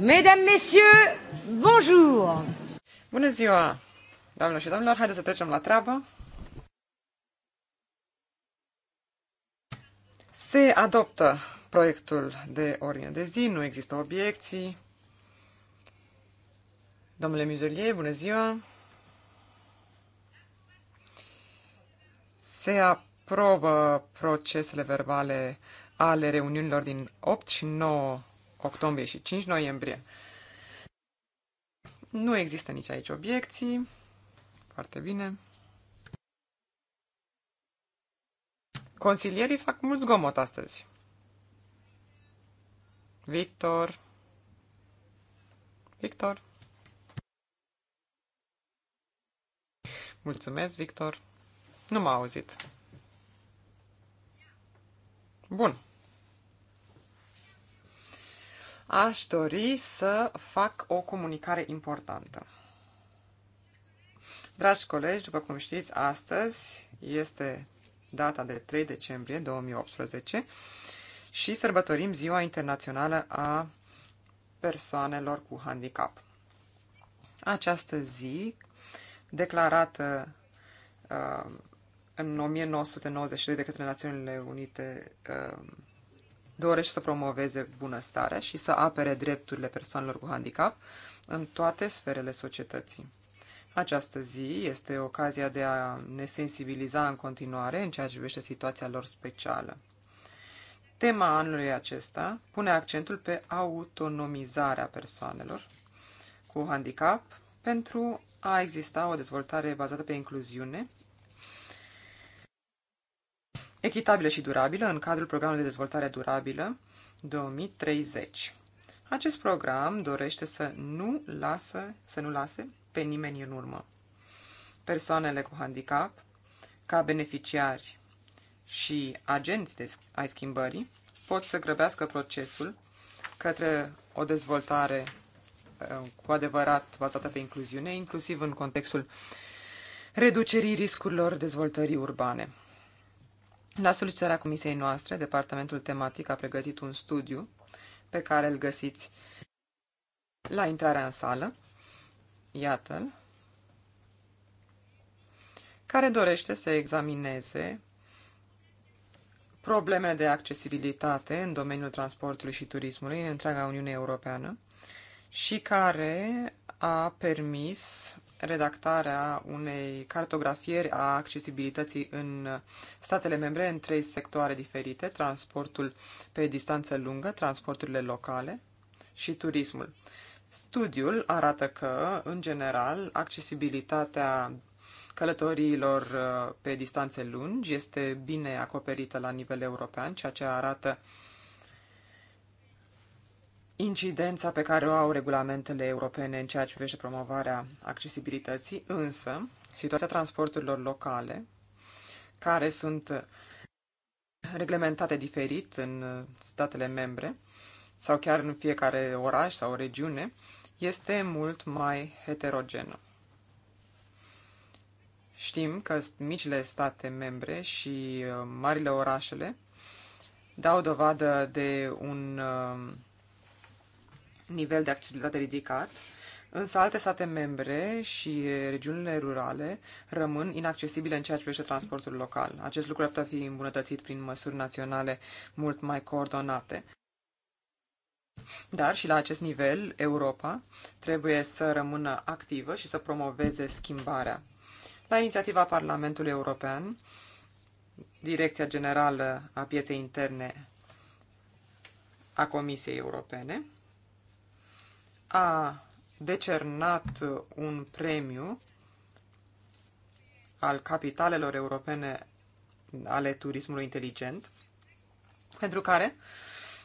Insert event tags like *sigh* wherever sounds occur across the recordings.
Mesdames, Messieurs, bonjour! Bună ziua, doamnelor și domnilor, haideți să trecem la treabă. Se adoptă proiectul de ordine de zi, nu există obiecții. Domnule Muzelier, bună ziua! Se aprobă procesele verbale ale reuniunilor din 8 și 9 octombrie și 5 noiembrie. Nu există nici aici obiecții. Foarte bine. Consilierii fac mult zgomot astăzi. Victor. Victor. Mulțumesc, Victor. Nu m-a auzit. Bun aș dori să fac o comunicare importantă. Dragi colegi, după cum știți, astăzi este data de 3 decembrie 2018 și sărbătorim Ziua Internațională a Persoanelor cu Handicap. Această zi, declarată uh, în 1992 de către Națiunile Unite uh, dorește să promoveze bunăstarea și să apere drepturile persoanelor cu handicap în toate sferele societății. Această zi este ocazia de a ne sensibiliza în continuare în ceea ce privește situația lor specială. Tema anului acesta pune accentul pe autonomizarea persoanelor cu handicap pentru a exista o dezvoltare bazată pe incluziune, echitabilă și durabilă în cadrul programului de dezvoltare durabilă 2030. Acest program dorește să nu, lasă, să nu lase pe nimeni în urmă. Persoanele cu handicap, ca beneficiari și agenți de, ai schimbării, pot să grăbească procesul către o dezvoltare uh, cu adevărat bazată pe incluziune, inclusiv în contextul reducerii riscurilor dezvoltării urbane. La solicitarea comisiei noastre, departamentul tematic a pregătit un studiu pe care îl găsiți la intrarea în sală. Iată-l care dorește să examineze problemele de accesibilitate în domeniul transportului și turismului în întreaga Uniune Europeană și care a permis redactarea unei cartografieri a accesibilității în statele membre în trei sectoare diferite, transportul pe distanță lungă, transporturile locale și turismul. Studiul arată că, în general, accesibilitatea călătoriilor uh, pe distanțe lungi este bine acoperită la nivel european, ceea ce arată incidența pe care o au regulamentele europene în ceea ce privește promovarea accesibilității, însă situația transporturilor locale, care sunt reglementate diferit în statele membre sau chiar în fiecare oraș sau regiune, este mult mai heterogenă. Știm că micile state membre și uh, marile orașele dau dovadă de un uh, nivel de accesibilitate ridicat, însă alte state membre și regiunile rurale rămân inaccesibile în ceea ce privește transportul local. Acest lucru ar putea fi îmbunătățit prin măsuri naționale mult mai coordonate. Dar și la acest nivel, Europa trebuie să rămână activă și să promoveze schimbarea. La inițiativa Parlamentului European, Direcția Generală a Pieței Interne a Comisiei Europene, a decernat un premiu al capitalelor europene ale turismului inteligent, pentru care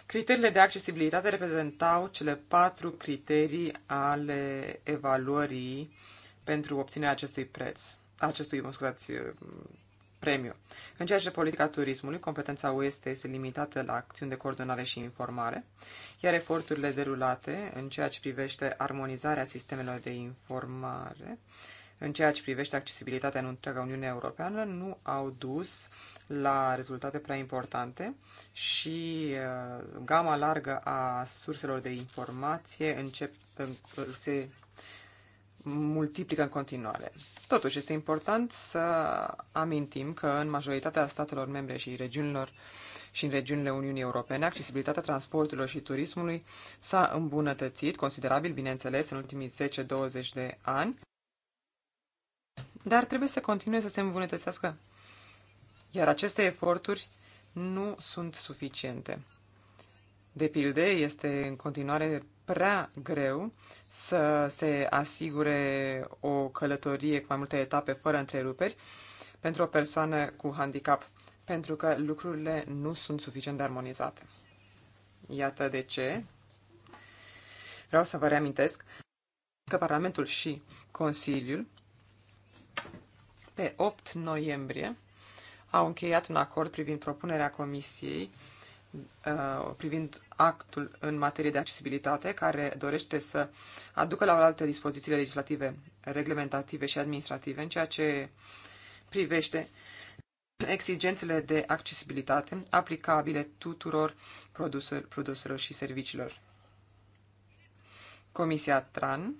criteriile de accesibilitate reprezentau cele patru criterii ale evaluării pentru obținerea acestui preț, acestui, mă scuzați, premiu. În ceea ce politica turismului, competența UE este, este limitată la acțiuni de coordonare și informare, iar eforturile derulate în ceea ce privește armonizarea sistemelor de informare, în ceea ce privește accesibilitatea în întreaga Uniune Europeană, nu au dus la rezultate prea importante și uh, gama largă a surselor de informație încep, se multiplică în continuare. Totuși, este important să amintim că în majoritatea statelor membre și regiunilor și în regiunile Uniunii Europene, accesibilitatea transporturilor și turismului s-a îmbunătățit considerabil, bineînțeles, în ultimii 10-20 de ani, dar trebuie să continue să se îmbunătățească. Iar aceste eforturi nu sunt suficiente. De pildă, este în continuare prea greu să se asigure o călătorie cu mai multe etape fără întreruperi pentru o persoană cu handicap, pentru că lucrurile nu sunt suficient de armonizate. Iată de ce vreau să vă reamintesc că Parlamentul și Consiliul pe 8 noiembrie au încheiat un acord privind propunerea Comisiei Uh, privind actul în materie de accesibilitate, care dorește să aducă la oaltă dispozițiile legislative, reglementative și administrative în ceea ce privește exigențele de accesibilitate aplicabile tuturor produselor și serviciilor. Comisia TRAN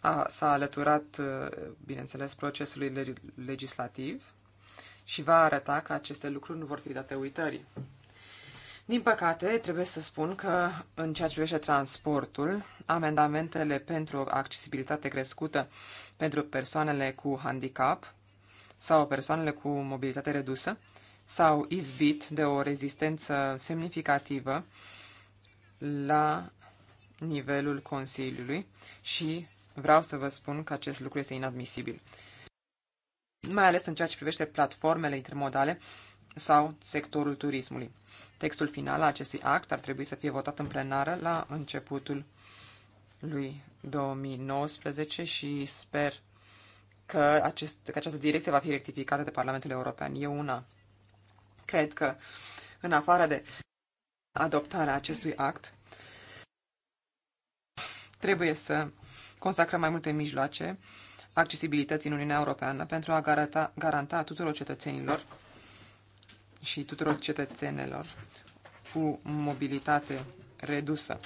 a, s-a alăturat, uh, bineînțeles, procesului legislativ și va arăta că aceste lucruri nu vor fi date uitării. Din păcate, trebuie să spun că, în ceea ce privește transportul, amendamentele pentru accesibilitate crescută pentru persoanele cu handicap sau persoanele cu mobilitate redusă sau izbit de o rezistență semnificativă la nivelul Consiliului și vreau să vă spun că acest lucru este inadmisibil mai ales în ceea ce privește platformele intermodale sau sectorul turismului. Textul final al acestui act ar trebui să fie votat în plenară la începutul lui 2019 și sper că, acest, că această direcție va fi rectificată de Parlamentul European. Eu una cred că, în afară de adoptarea acestui act, trebuie să consacrăm mai multe mijloace accesibilității în Uniunea Europeană pentru a garanta, garanta tuturor cetățenilor și tuturor cetățenelor cu mobilitate redusă,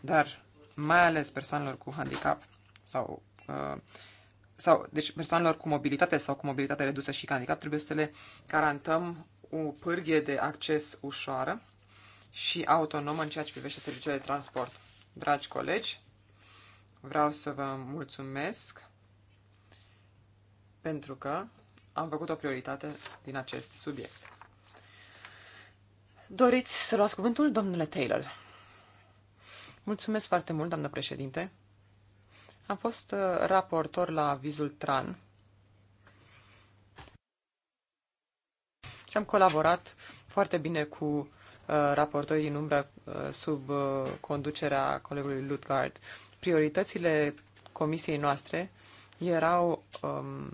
dar mai ales persoanelor cu handicap sau, uh, sau deci persoanelor cu mobilitate sau cu mobilitate redusă și handicap, trebuie să le garantăm o pârghie de acces ușoară și autonomă în ceea ce privește serviciile de transport. Dragi colegi, vreau să vă mulțumesc pentru că am făcut o prioritate din acest subiect. Doriți să luați cuvântul, domnule Taylor? Mulțumesc foarte mult, doamnă președinte. Am fost uh, raportor la vizul TRAN și am colaborat foarte bine cu uh, raportorii în umbră uh, sub conducerea colegului Lutgard. Prioritățile comisiei noastre erau um,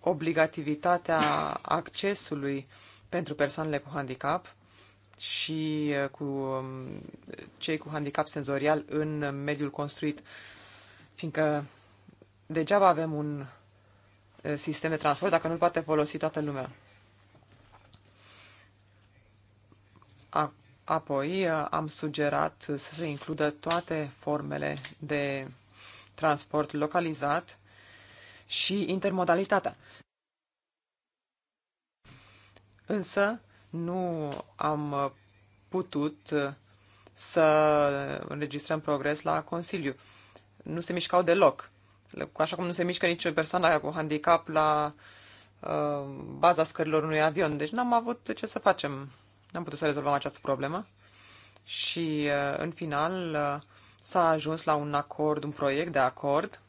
obligativitatea accesului pentru persoanele cu handicap și uh, cu um, cei cu handicap senzorial în mediul construit, fiindcă degeaba avem un uh, sistem de transport dacă nu-l poate folosi toată lumea. Apoi uh, am sugerat să se includă toate formele de transport localizat și intermodalitatea. Însă nu am putut să înregistrăm progres la Consiliu. Nu se mișcau deloc. Așa cum nu se mișcă nicio persoană cu handicap la uh, baza scărilor unui avion. Deci n-am avut ce să facem. N-am putut să rezolvăm această problemă. Și uh, în final uh, S-a ajuns la un acord, un proiect de acord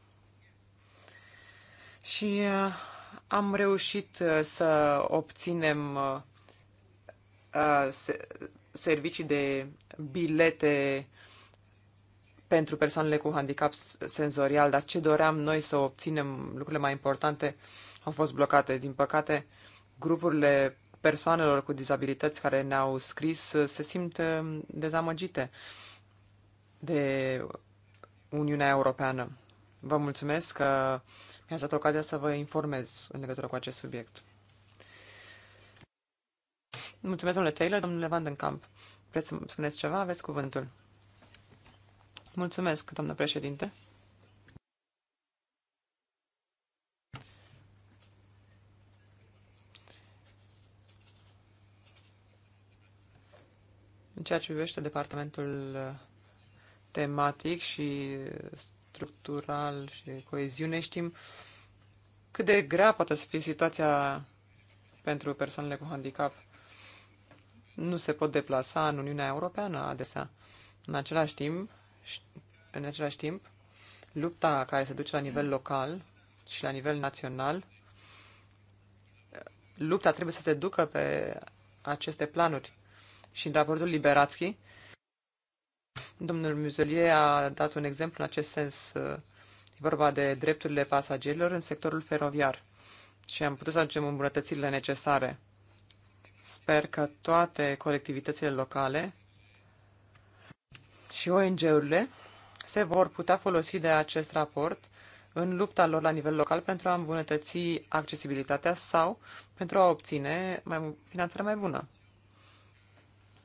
și uh, am reușit uh, să obținem uh, servicii de bilete pentru persoanele cu handicap senzorial, dar ce doream noi să obținem, lucrurile mai importante au fost blocate. Din păcate, grupurile persoanelor cu dizabilități care ne-au scris se simt dezamăgite. Uh, de Uniunea Europeană. Vă mulțumesc că mi-ați dat ocazia să vă informez în legătură cu acest subiect. Mulțumesc, domnule Taylor, domnule Van den Camp. Vreți să spuneți ceva? Aveți cuvântul. Mulțumesc, doamnă președinte. În ceea ce privește departamentul tematic și structural și coeziune, știm cât de grea poate să fie situația pentru persoanele cu handicap. Nu se pot deplasa în Uniunea Europeană adesea. În același timp, în același timp lupta care se duce la nivel local și la nivel național, lupta trebuie să se ducă pe aceste planuri. Și în raportul Liberațchi Domnul Muzelie a dat un exemplu în acest sens. E vorba de drepturile pasagerilor în sectorul feroviar și am putut să aducem îmbunătățirile necesare. Sper că toate colectivitățile locale și ONG-urile se vor putea folosi de acest raport în lupta lor la nivel local pentru a îmbunătăți accesibilitatea sau pentru a obține mai, finanțare mai bună.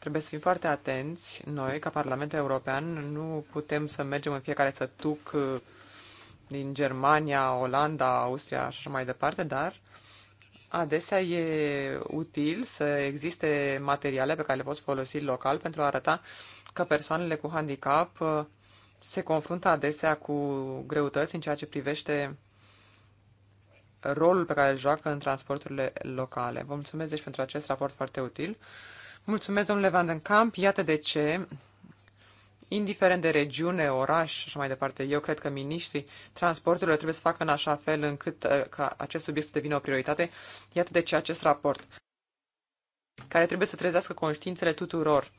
Trebuie să fim foarte atenți. Noi, ca Parlamentul European, nu putem să mergem în fiecare sătuc uh, din Germania, Olanda, Austria și așa mai departe, dar adesea e util să existe materiale pe care le poți folosi local pentru a arăta că persoanele cu handicap uh, se confruntă adesea cu greutăți în ceea ce privește rolul pe care îl joacă în transporturile locale. Vă mulțumesc deci pentru acest raport foarte util. Mulțumesc, domnule Van den Camp. Iată de ce, indiferent de regiune, oraș și așa mai departe, eu cred că miniștrii transporturilor trebuie să facă în așa fel încât uh, ca acest subiect să devină o prioritate. Iată de ce acest raport, care trebuie să trezească conștiințele tuturor,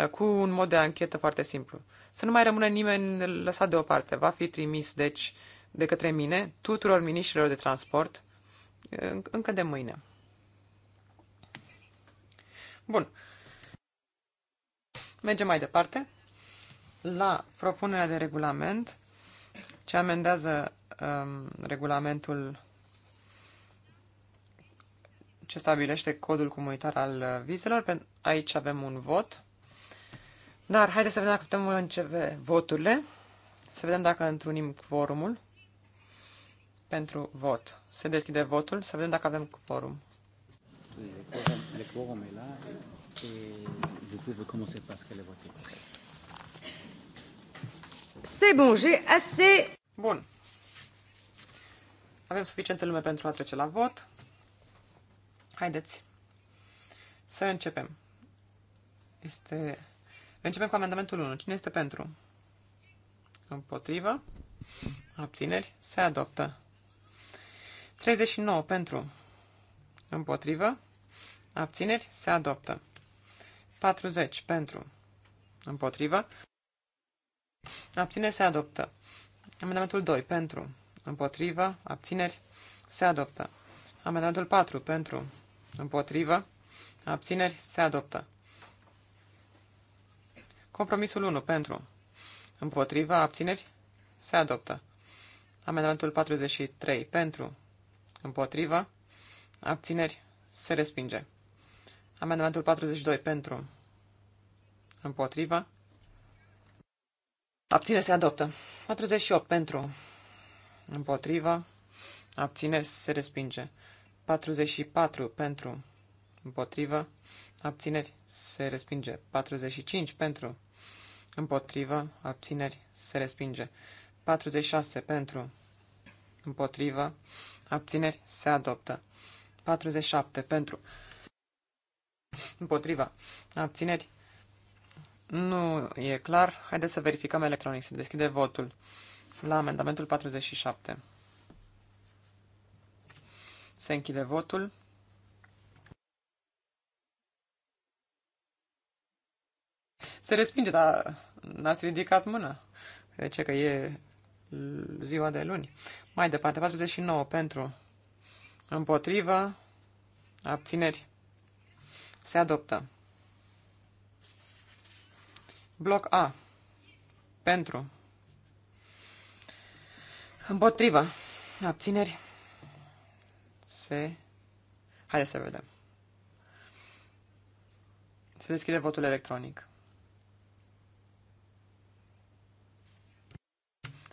uh, cu un mod de anchetă foarte simplu. Să nu mai rămână nimeni lăsat deoparte. Va fi trimis, deci, de către mine, tuturor miniștrilor de transport, uh, încă de mâine. Bun. Mergem mai departe la propunerea de regulament ce amendează um, regulamentul ce stabilește codul comunitar al uh, vizelor. Aici avem un vot. Dar haideți să vedem dacă putem începe voturile. Să vedem dacă întrunim quorumul pentru vot. Se deschide votul, să vedem dacă avem quorum le quorum est eh, là et vous pouvez commencer parce qu'elle est votée. C'est bon, j'ai assez. Bon. Avem suficientă lume pentru a trece la vot. Haideți să începem. Este... Începem cu amendamentul 1. Cine este pentru? Împotrivă. Abțineri. Se adoptă. 39 pentru. Împotrivă. Abțineri se adoptă. 40 pentru. Împotrivă. Abțineri se adoptă. Amendamentul 2 pentru. Împotrivă. Abțineri se adoptă. Amendamentul 4 pentru. Împotrivă. Abțineri se adoptă. Compromisul 1 pentru. Împotrivă. Abțineri se adoptă. Amendamentul 43 pentru. Împotrivă. Abțineri se respinge. Amendamentul 42 pentru. împotriva. Abține se adoptă. 48 pentru. împotriva. Abține se respinge. 44 pentru. Împotrivă. Abțineri se respinge. 45 pentru. Împotrivă. Abțineri se respinge. 46 pentru. Împotrivă. Abțineri se adoptă. 47 pentru. Împotriva. Abțineri. Nu e clar. Haideți să verificăm electronic. Se deschide votul la amendamentul 47. Se închide votul. Se respinge, dar n-ați ridicat mâna. De ce? Că e ziua de luni. Mai departe, 49 pentru, împotrivă, abțineri. Se adoptă. Bloc A. Pentru. Împotriva. Abțineri. Se... Haideți să vedem. Se deschide votul electronic.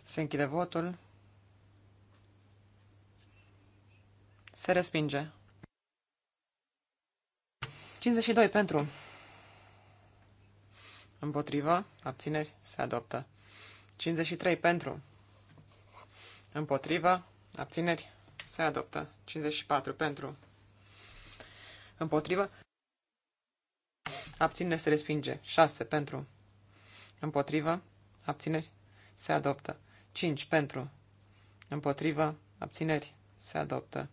Se închide votul. Se respinge. 52 pentru. Împotrivă. Abțineri. Se adoptă. 53 pentru. Împotrivă. Abțineri. Se adoptă. 54 pentru. Împotrivă. Abțineri se respinge. 6 pentru. Împotrivă. Abțineri. Se adoptă. 5 pentru. Împotrivă. Abțineri. Se adoptă.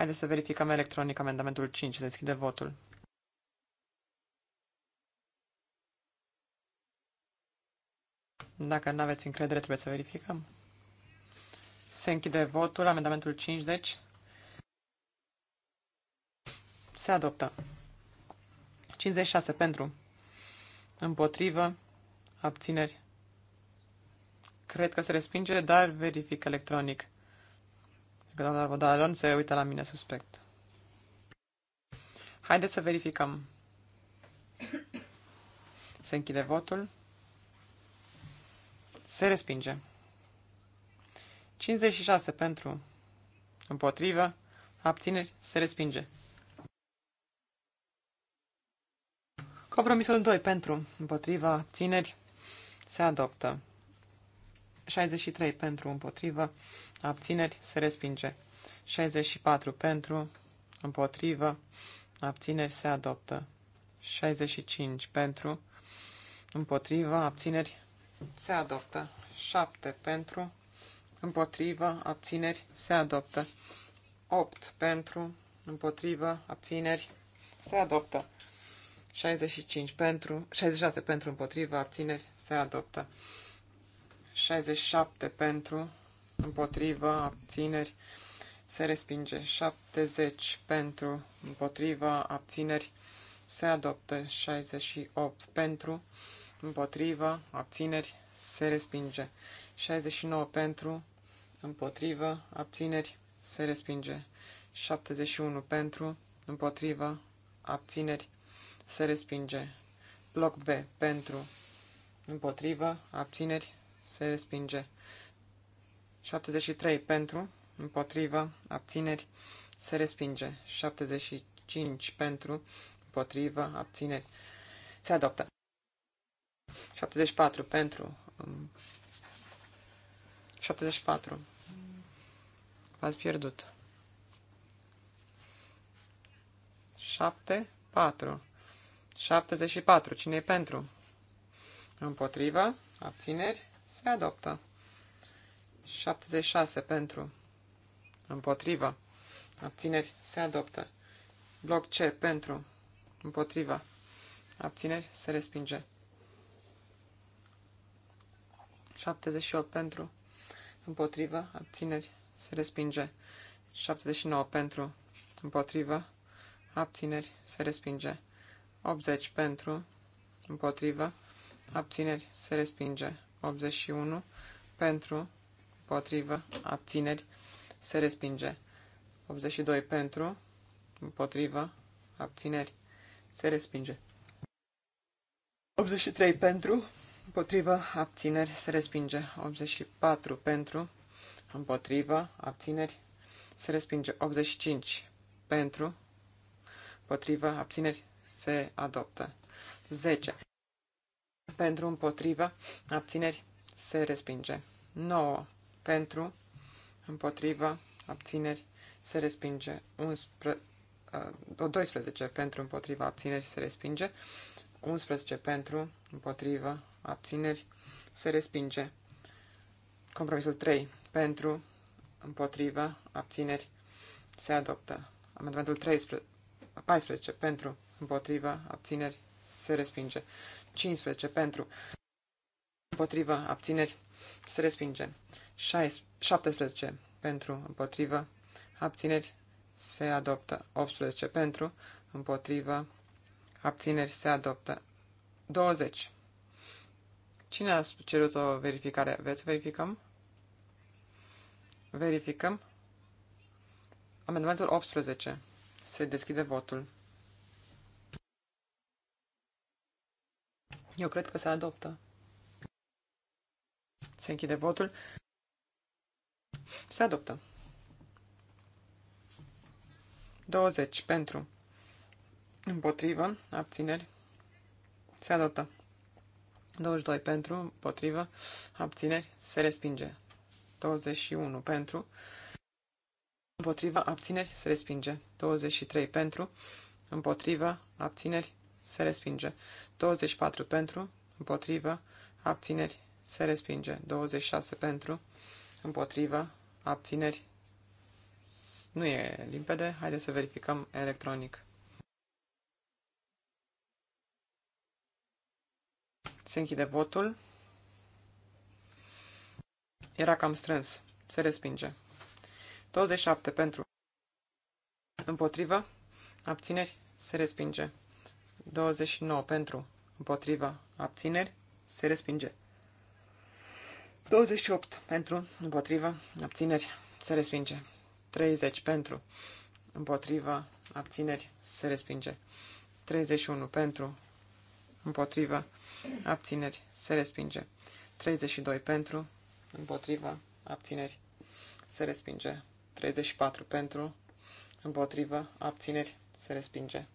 Haideți să verificăm electronic amendamentul 5. Se deschide votul. Dacă nu aveți încredere, trebuie să verificăm. Se închide votul. Amendamentul 5, deci, se adoptă. 56 pentru. Împotrivă. Abțineri. Cred că se respinge, dar verific electronic. Că doamna Vodalon se uită la mine suspect. Haideți să verificăm. Se închide votul. Se respinge. 56 pentru. Împotrivă. Abțineri. Se respinge. Compromisul 2 pentru. Împotriva. Abțineri. Se adoptă. 63 pentru împotrivă, abțineri, se respinge. 64 pentru împotrivă, abțineri, se adoptă. 65 pentru împotrivă, abțineri, se adoptă. 7 pentru împotrivă, abțineri, se adoptă. 8 pentru împotrivă, abțineri, se adoptă. 65 pentru, 66 pentru împotrivă, abțineri, se adoptă. 67 pentru, împotriva, abțineri, se respinge. 70 pentru, împotriva, abțineri, se adoptă. 68 pentru, împotriva, abțineri, se respinge. 69 pentru, împotriva, abțineri, se respinge. 71 pentru, împotriva, abțineri, se respinge. Bloc B pentru, împotriva, abțineri, se respinge. 73 pentru, împotrivă, abțineri, se respinge. 75 pentru, împotrivă, abțineri, se adoptă. 74 pentru, 74, um, v-ați pierdut. 7, 4, 74, cine e pentru? Împotrivă, abțineri, se adoptă. 76 pentru. Împotrivă. Abțineri. Se adoptă. Bloc C pentru. Împotrivă. Abțineri. Se respinge. 78 pentru. Împotrivă. Abțineri. Se respinge. 79 pentru. Împotrivă. Abțineri. Se respinge. 80 pentru. Împotrivă. Abțineri. Se respinge. 81 pentru, împotrivă, abțineri, se respinge. 82 pentru, împotrivă, abțineri, se respinge. 83 pentru, împotrivă, abțineri, se respinge. 84 pentru, împotrivă, abțineri, se respinge. 85 pentru, împotrivă, abțineri, se adoptă. 10 pentru împotrivă, abțineri, se respinge. 9 pentru împotrivă, abțineri, se respinge. 11, uh, 12 pentru împotriva abțineri se respinge, 11 pentru împotriva abțineri se respinge, compromisul 3 pentru împotriva abțineri se adoptă, amendamentul 13, 14 pentru împotriva abțineri se respinge, 15 pentru, împotrivă, abțineri, se respinge. 17 pentru, împotrivă, abțineri, se adoptă. 18 pentru, împotrivă, abțineri, se adoptă. 20. Cine a cerut o verificare? Veți verificăm? Verificăm. Amendamentul 18. Se deschide votul. Eu cred că se adoptă. Se închide votul. Se adoptă. 20 pentru. Împotrivă. Abțineri. Se adoptă. 22 pentru. Împotrivă. Abțineri. Se respinge. 21 pentru. Împotriva abțineri se respinge. 23 pentru. Împotriva abțineri se respinge. 24 pentru, împotrivă, abțineri, se respinge. 26 pentru, împotrivă, abțineri, nu e limpede. Haideți să verificăm electronic. Se închide votul. Era cam strâns. Se respinge. 27 pentru. Împotrivă. Abțineri. Se respinge. 29 pentru, împotriva, abțineri, se respinge. 28 pentru, împotriva, abțineri, se respinge. 30 pentru, împotriva, abțineri, se respinge. 31 pentru, împotriva, abțineri, se respinge. 32 pentru, împotriva, abțineri, se respinge. 34 pentru, împotriva, abțineri, se respinge.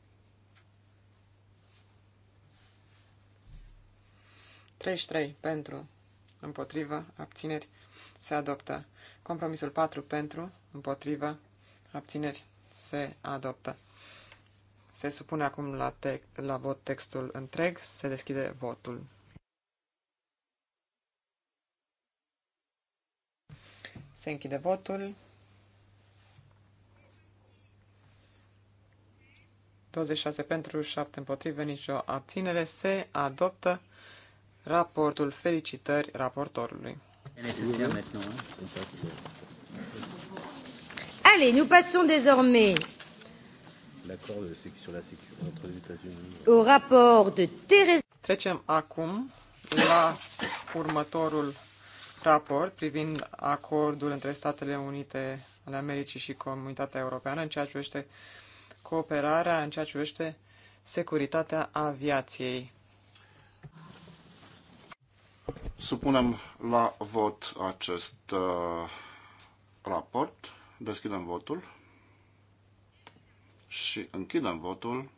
33 pentru, împotrivă, abțineri, se adoptă. Compromisul 4 pentru, împotrivă, abțineri, se adoptă. Se supune acum la, te- la vot textul întreg, se deschide votul. Se închide votul. 26 pentru, 7 împotrivă, nicio abținere. Se adoptă raportul. Felicitări raportorului. Allez, nous passons désormais au rapport de Thérèse. Trecem acum la următorul raport privind acordul între Statele Unite ale Americii și Comunitatea Europeană în ceea ce privește cooperarea, în ceea ce privește securitatea aviației. Supunem la vot acest uh, raport. Deschidem votul și închidem votul.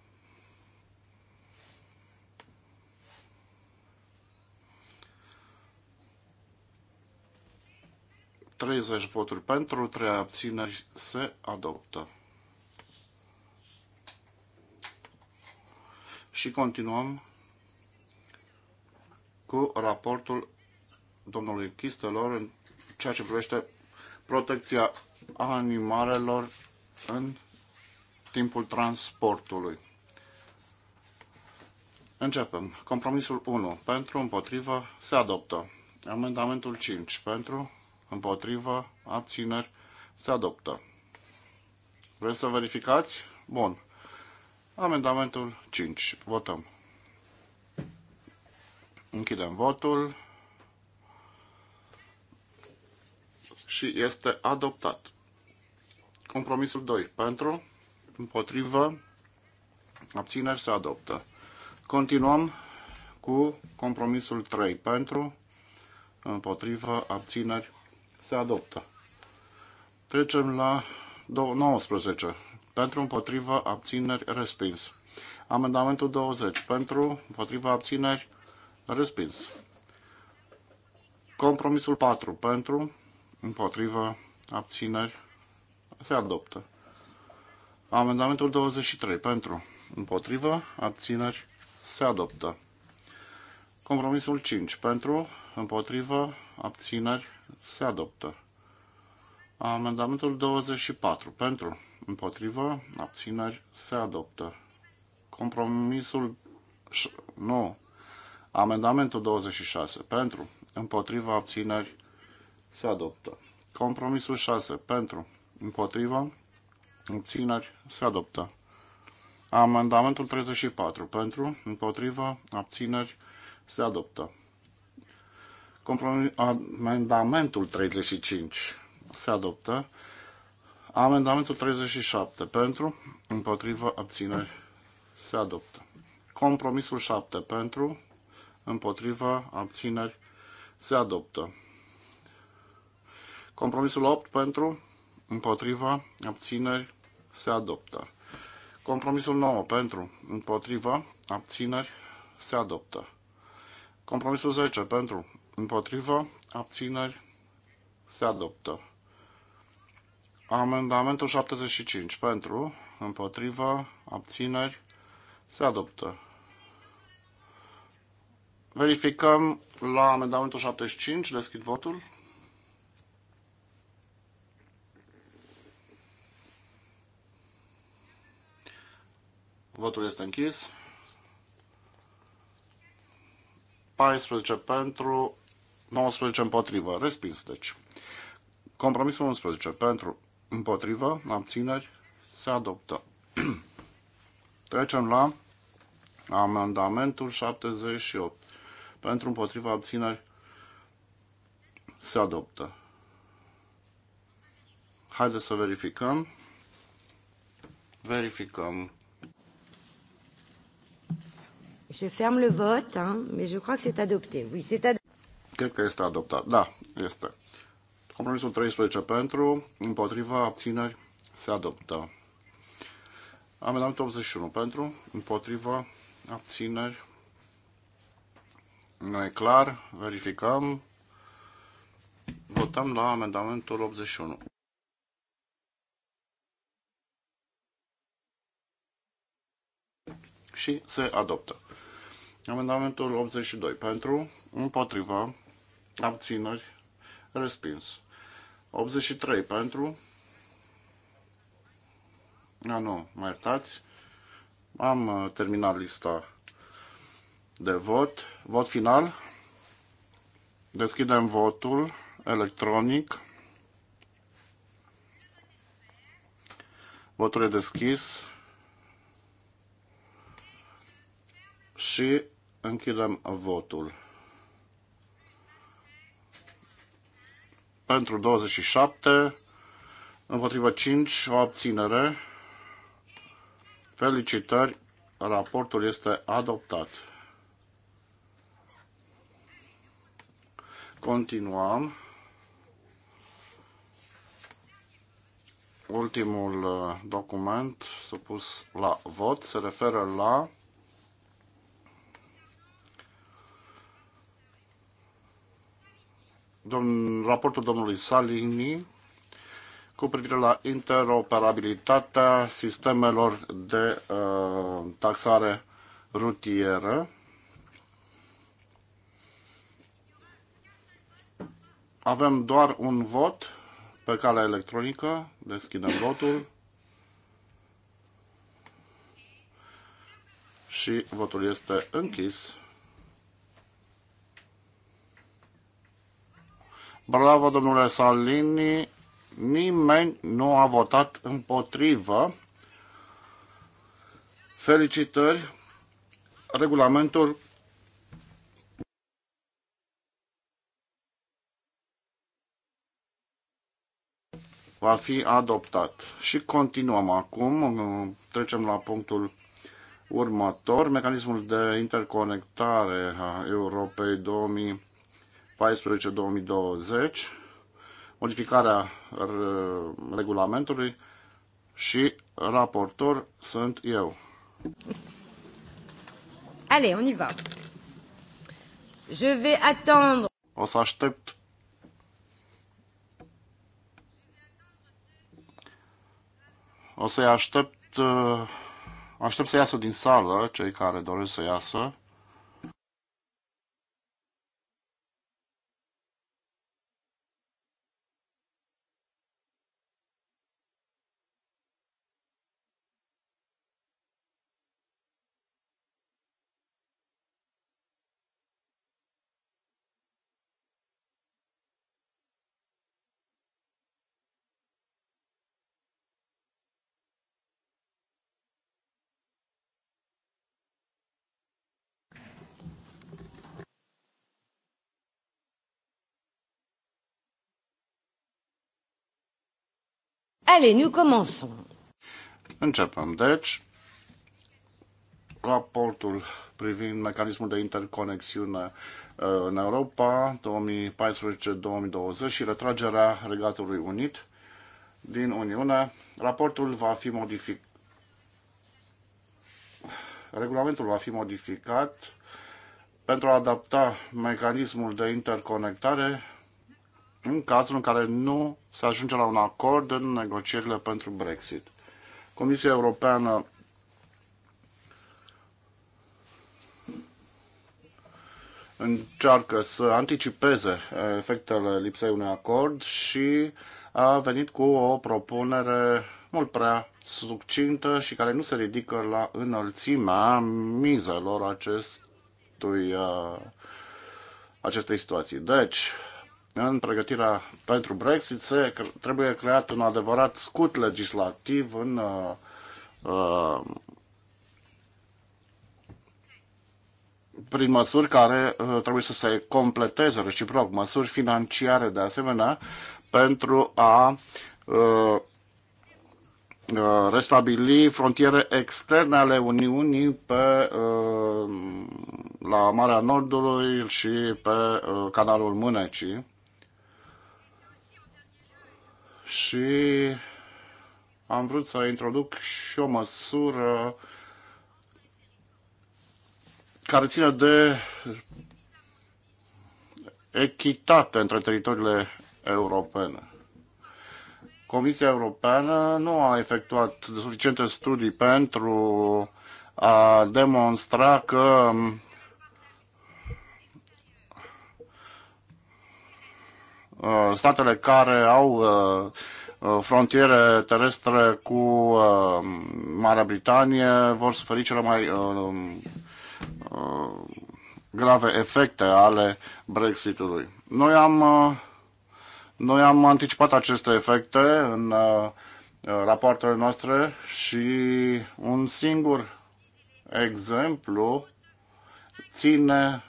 Treizeci voturi pentru, trei abțineri se adoptă. Și continuăm cu raportul domnului Chistelor în ceea ce privește protecția animalelor în timpul transportului. Începem. Compromisul 1. Pentru, împotrivă, se adoptă. Amendamentul 5. Pentru, împotrivă, abțineri, se adoptă. Vreți să verificați? Bun. Amendamentul 5. Votăm. Închidem votul. și este adoptat. Compromisul 2. Pentru, împotrivă, abțineri se adoptă. Continuăm cu compromisul 3. Pentru, împotrivă, abțineri se adoptă. Trecem la 19. Pentru, împotrivă, abțineri respins. Amendamentul 20. Pentru, împotriva abțineri, respins. Compromisul 4. Pentru, împotrivă, abțineri, se adoptă. Amendamentul 23 pentru, împotrivă, abțineri, se adoptă. Compromisul 5 pentru, împotrivă, abțineri, se adoptă. Amendamentul 24 pentru, împotrivă, abțineri, se adoptă. Compromisul 9. Amendamentul 26 pentru, împotrivă, abțineri, se adoptă. Compromisul 6 pentru, împotriva, abțineri, se adoptă. Amendamentul 34 pentru, împotriva, abțineri, se adoptă. Compromis, amendamentul 35 se adoptă. Amendamentul 37 pentru, împotriva, abțineri, se adoptă. Compromisul 7 pentru, împotriva, abțineri, se adoptă. Compromisul 8 pentru, împotriva, abțineri, se adoptă. Compromisul 9 pentru, împotriva, abțineri, se adoptă. Compromisul 10 pentru, împotriva, abțineri, se adoptă. Amendamentul 75 pentru, împotriva, abțineri, se adoptă. Verificăm la amendamentul 75, deschid votul. Votul este închis. 14 pentru, 19 împotrivă. Respins, deci. Compromisul 11 pentru, împotrivă, abțineri, se adoptă. *clears throat* Trecem la amendamentul 78. Pentru împotrivă, abțineri se adoptă. Haideți să verificăm. Verificăm Je ferme le vote, hein, mais je crois que c'est adopté. Oui, c'est adopté. Cred că este adoptat. Da, este. Compromisul 13 pentru, împotriva, abțineri, se adoptă. Amendamentul 81 pentru, împotriva, abțineri, nu e clar, verificăm, votăm la amendamentul 81. Și se adoptă. Amendamentul 82 pentru, împotriva, abțineri, respins. 83 pentru, a, nu, mai iertați, am uh, terminat lista de vot. Vot final. Deschidem votul electronic. Votul e deschis. Și Închidem votul. Pentru 27, împotriva 5, o abținere. Felicitări, raportul este adoptat. Continuăm. Ultimul uh, document supus la vot se referă la domn, raportul domnului Salini cu privire la interoperabilitatea sistemelor de uh, taxare rutieră. Avem doar un vot pe calea electronică. Deschidem votul. Și votul este închis. Bravo, domnule Salini. Nimeni nu a votat împotrivă. Felicitări. Regulamentul va fi adoptat. Și continuăm acum, trecem la punctul următor, mecanismul de interconectare a Europei 2000 modificarea regulamentului și raportor sunt eu. Allez, on y va. Je vais attendre. O să aștept O să-i aștept, uh, aștept să iasă din sală cei care doresc să iasă. Allez, nous commençons. Începem, deci, raportul privind mecanismul de interconexiune uh, în Europa 2014-2020 și retragerea Regatului Unit din Uniune. Raportul va fi modificat. Regulamentul va fi modificat pentru a adapta mecanismul de interconectare în cazul în care nu se ajunge la un acord în negocierile pentru Brexit. Comisia Europeană încearcă să anticipeze efectele lipsei unui acord și a venit cu o propunere mult prea succintă și care nu se ridică la înălțimea mizelor acestui, uh, acestei situații. Deci, în pregătirea pentru Brexit se trebuie creat un adevărat scut legislativ în uh, uh, prin măsuri care uh, trebuie să se completeze reciproc, măsuri financiare de asemenea pentru a uh, uh restabili frontiere externe ale Uniunii pe, uh, la Marea Nordului și pe uh, canalul Mânecii și am vrut să introduc și o măsură care ține de echitate între teritoriile europene. Comisia Europeană nu a efectuat suficiente studii pentru a demonstra că Uh, statele care au uh, uh, frontiere terestre cu Marea Britanie vor suferi cele mai grave efecte ale Brexitului. Noi am, noi am anticipat aceste efecte în rapoartele noastre și un singur exemplu ține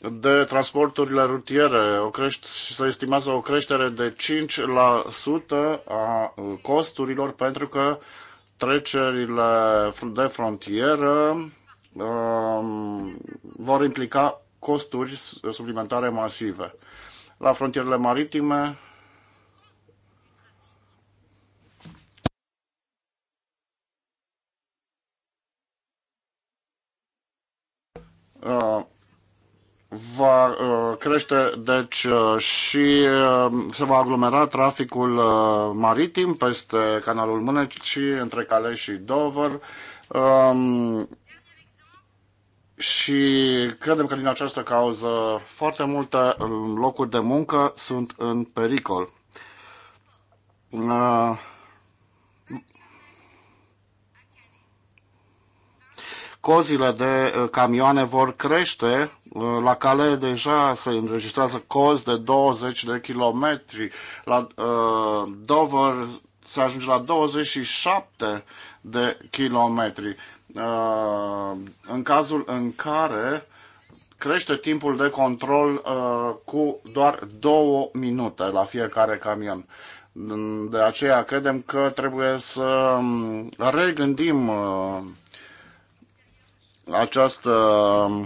de transporturile rutiere. O crește, se estimează o creștere de 5% a uh, costurilor pentru că trecerile de frontieră um, vor implica costuri suplimentare masive. La frontierele maritime, uh, va uh, crește deci uh, și uh, se va aglomera traficul maritim peste canalul Mânecii între Calais și Dover. Um, și credem că din această cauză foarte multe um, locuri de muncă sunt în pericol. cozile de camioane vor crește Eh, la cale deja se înregistrează cozi de 20 de kilometri. La uh, Dover se ajunge la 27 de kilometri. Uh, în cazul în care crește timpul de control uh, cu doar două minute la fiecare camion. De aceea credem că trebuie să mm, regândim uh, această uh,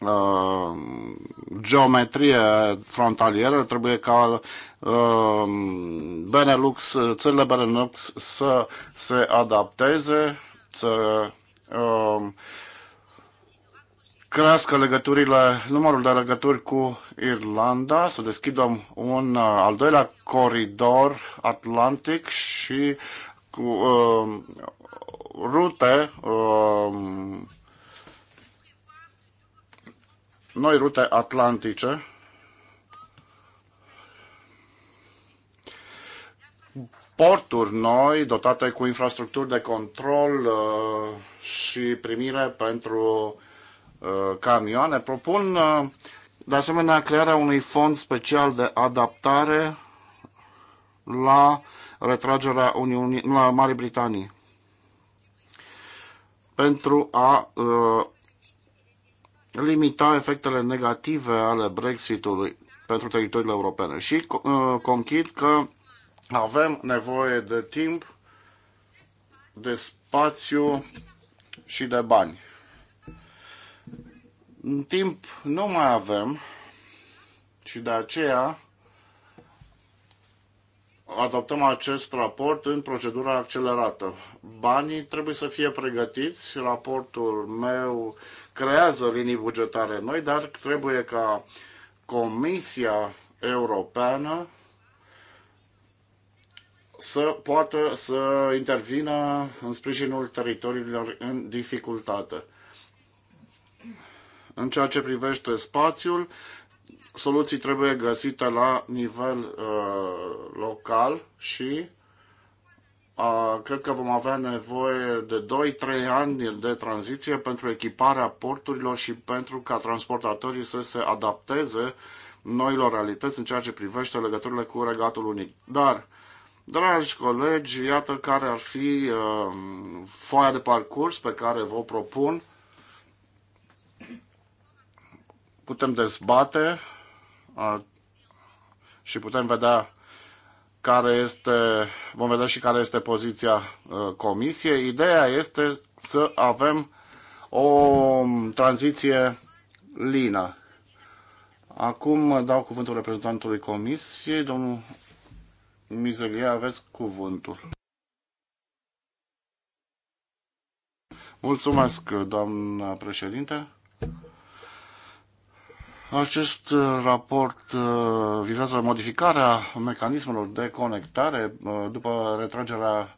uh, geometrie frontalieră, trebuie ca uh, Benelux, țările Benelux să se adapteze, să uh, crească legăturile, numărul de legături cu Irlanda, să deschidem un uh, al doilea coridor atlantic și cu uh, rute uh, noi rute atlantice porturi noi dotate cu infrastructuri de control uh, și primire pentru uh, camioane. Propun uh, de asemenea crearea unui fond special de adaptare la retragerea Uniunii, la Marii Britanii pentru a uh, limita efectele negative ale Brexitului pentru teritoriile europene. Și uh, conchid că avem nevoie de timp, de spațiu și de bani. În timp nu mai avem și de aceea adoptăm acest raport în procedura accelerată. Banii trebuie să fie pregătiți, raportul meu creează linii bugetare noi, dar trebuie ca Comisia Europeană să poată să intervină în sprijinul teritoriilor în dificultate. În ceea ce privește spațiul, soluții trebuie găsite la nivel uh, local și cred că vom avea nevoie de 2-3 ani de tranziție pentru echiparea porturilor și pentru ca transportatorii să se adapteze noilor realități în ceea ce privește legăturile cu regatul unic. Dar, dragi colegi, iată care ar fi uh, foaia de parcurs pe care vă propun. Putem dezbate uh, și putem vedea care este, vom vedea și care este poziția uh, comisiei. Ideea este să avem o um, tranziție lină. Acum dau cuvântul reprezentantului comisiei, domnul Mizelie, aveți cuvântul. Mulțumesc, doamna președinte. Acest uh, raport uh, vizează modificarea mecanismelor de conectare uh, după retragerea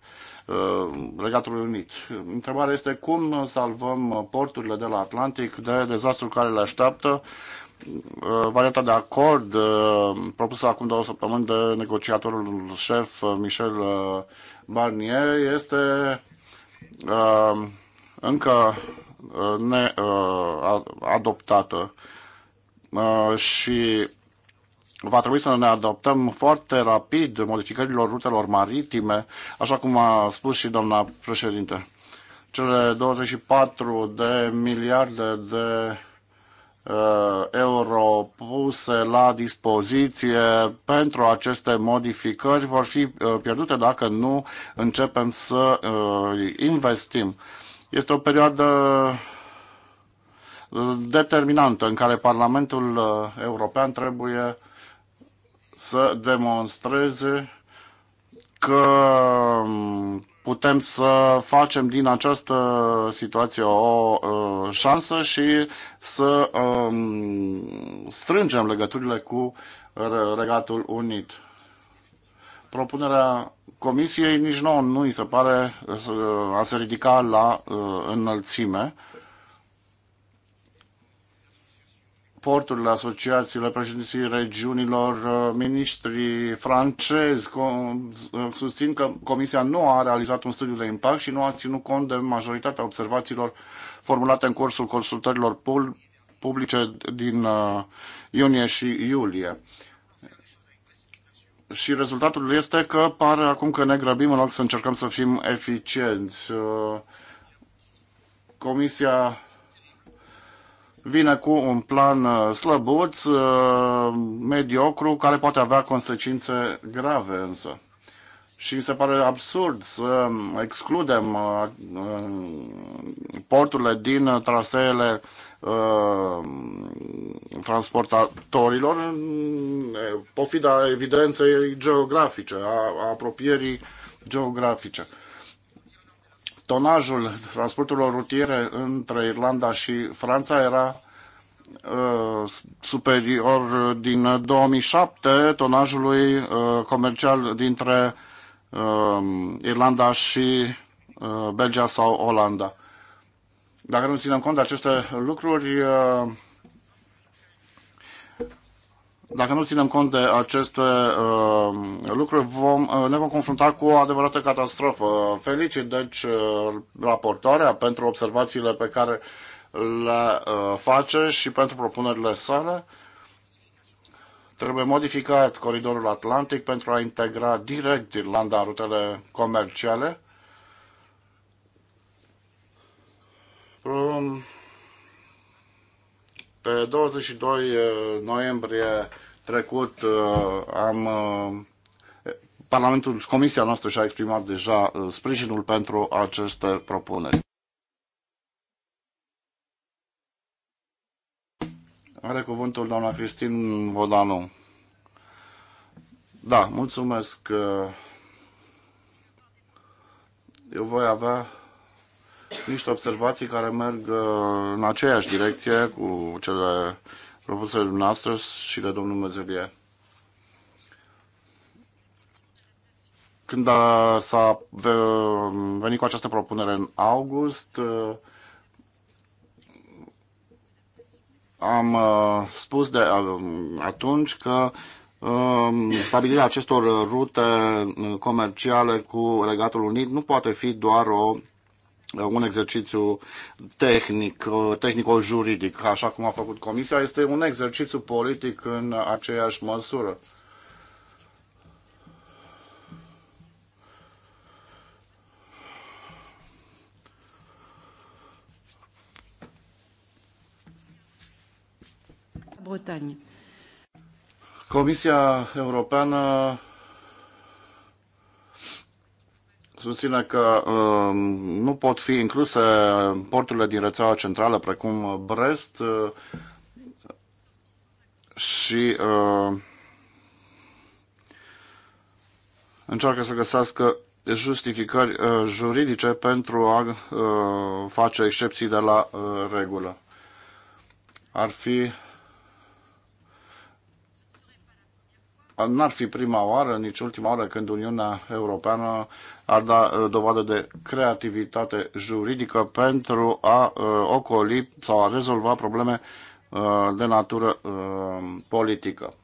Regatului Unit. Întrebarea este cum salvăm porturile de la Atlantic de dezastrul care le așteaptă. Varianta de acord propusă acum două săptămâni de negociatorul șef Michel Barnier este încă neadoptată. Uh, și va trebui să ne adoptăm foarte rapid modificărilor rutelor maritime, așa cum a spus și doamna președinte. Cele 24 de miliarde de uh, euro puse la dispoziție pentru aceste modificări vor fi uh, pierdute dacă nu începem să investim. Este o perioadă determinantă în care Parlamentul uh, European trebuie să demonstreze că um, putem să facem din această situație o uh, șansă și să um, strângem legăturile cu Regatul Unit. Propunerea Comisiei nici nouă nu îi se pare uh, a se ridica la uh, înălțime. raporturile asociațiilor președinții regiunilor, uh, ministrii francezi uh, susțin că Comisia nu a realizat un studiu de impact și nu a ținut cont de majoritatea observațiilor formulate în cursul consultărilor publice din uh, iunie și iulie. Și rezultatul este că pare acum că ne grăbim în loc să încercăm să fim eficienți. Comisia vine cu un plan uh, slăbuț, uh, mediocru, care poate avea consecințe grave însă. Și mi se pare absurd să excludem uh, porturile din traseele transportatorilor pofida evidenței geografice, a apropierii geografice tonajul transporturilor rutiere între Irlanda și Franța era uh, superior din 2007 tonajului uh, comercial dintre uh, Irlanda și uh, Belgia sau Olanda. Dacă nu ținem cont de aceste lucruri, uh, dacă nu ținem cont de aceste uh, lucruri, vom, uh, ne vom confrunta cu o adevărată catastrofă. Felicit, deci, uh, raportoarea pentru observațiile pe care le uh, face și pentru propunerile sale. Trebuie modificat coridorul atlantic pentru a integra direct Irlanda în rutele comerciale. Um, pe 22 uh, noiembrie trecut uh, am uh, Parlamentul, Comisia noastră și-a exprimat deja sprijinul pentru aceste propuneri. Are cuvântul doamna Cristin Vodanu. Da, mulțumesc. Eu voi avea niște observații care merg uh, în aceeași direcție cu cele propuse dumneavoastră și de domnul Mezelie. Când s-a venit cu această propunere în august, uh, am uh, spus de atunci că um, stabilirea acestor rute comerciale cu Regatul Unit nu poate fi doar o un exercițiu tehnic, tehnico-juridic, așa cum a făcut Comisia, este un exercițiu politic în aceeași măsură. Bretagne. Comisia Europeană susține că uh, nu pot fi incluse porturile din rețeaua centrală, precum Brest uh, și uh, încearcă să găsească justificări uh, juridice pentru a uh, face excepții de la uh, regulă. Ar fi N-ar fi prima oară, nici ultima oară, când Uniunea Europeană ar da uh, dovadă de creativitate juridică pentru a uh, ocoli sau a rezolva probleme uh, de natură politică.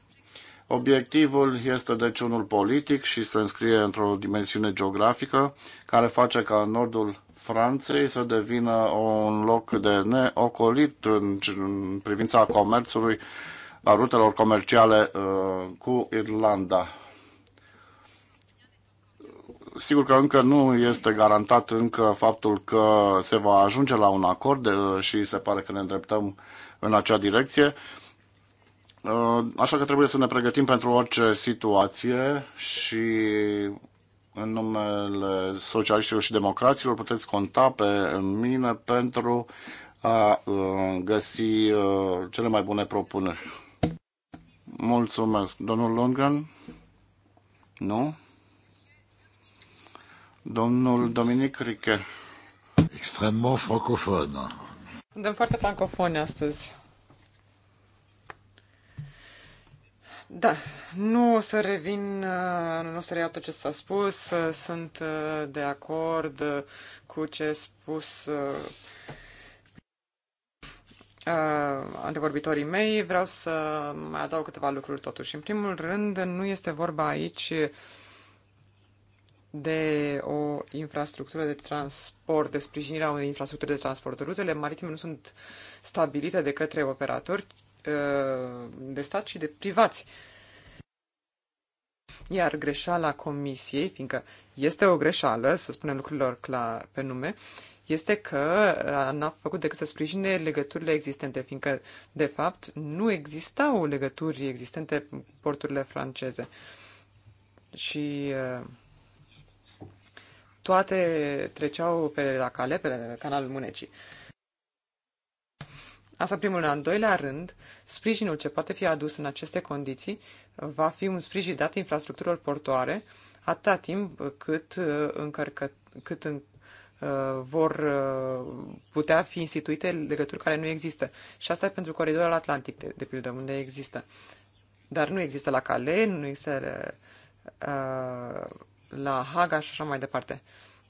Obiectivul este deci unul politic și se înscrie într-o dimensiune geografică care face ca nordul Franței să devină un loc de neocolit în privința comerțului a rutelor comerciale uh, cu Irlanda. Sigur că încă nu este garantat încă faptul că se va ajunge la un acord uh, și se pare că ne îndreptăm în acea direcție. Uh, așa că trebuie să ne pregătim pentru orice situație și în numele socialiștilor și democraților puteți conta pe mine pentru a găsi cele mai bune propuneri. Mulțumesc. Domnul Lundgren? Nu? Domnul Dominic Riche. Extremement francofon. Suntem foarte francofoni astăzi. Da, nu o să revin, uh, nu o să reiau tot ce s-a spus, uh, sunt uh, de acord cu ce a spus Uh, antevorbitorii mei, vreau să mai adaug câteva lucruri totuși. În primul rând, nu este vorba aici de o infrastructură de transport, de sprijinirea unei infrastructuri de transport. Rutele maritime nu sunt stabilite de către operatori uh, de stat și de privați. Iar greșeala comisiei, fiindcă este o greșeală, să spunem lucrurilor clar, pe nume, este că n-a făcut decât să sprijine legăturile existente, fiindcă, de fapt, nu existau legături existente în porturile franceze. Și toate treceau pe la cale, pe canalul Mânecii. Asta primul an, În doilea rând, sprijinul ce poate fi adus în aceste condiții va fi un sprijin dat infrastructurilor portoare atâta timp cât, încărcă, cât în, Uh, vor uh, putea fi instituite legături care nu există. Și asta e pentru coridorul atlantic, de, de pildă, unde există. Dar nu există la Calais, nu există uh, la Haga și așa mai departe.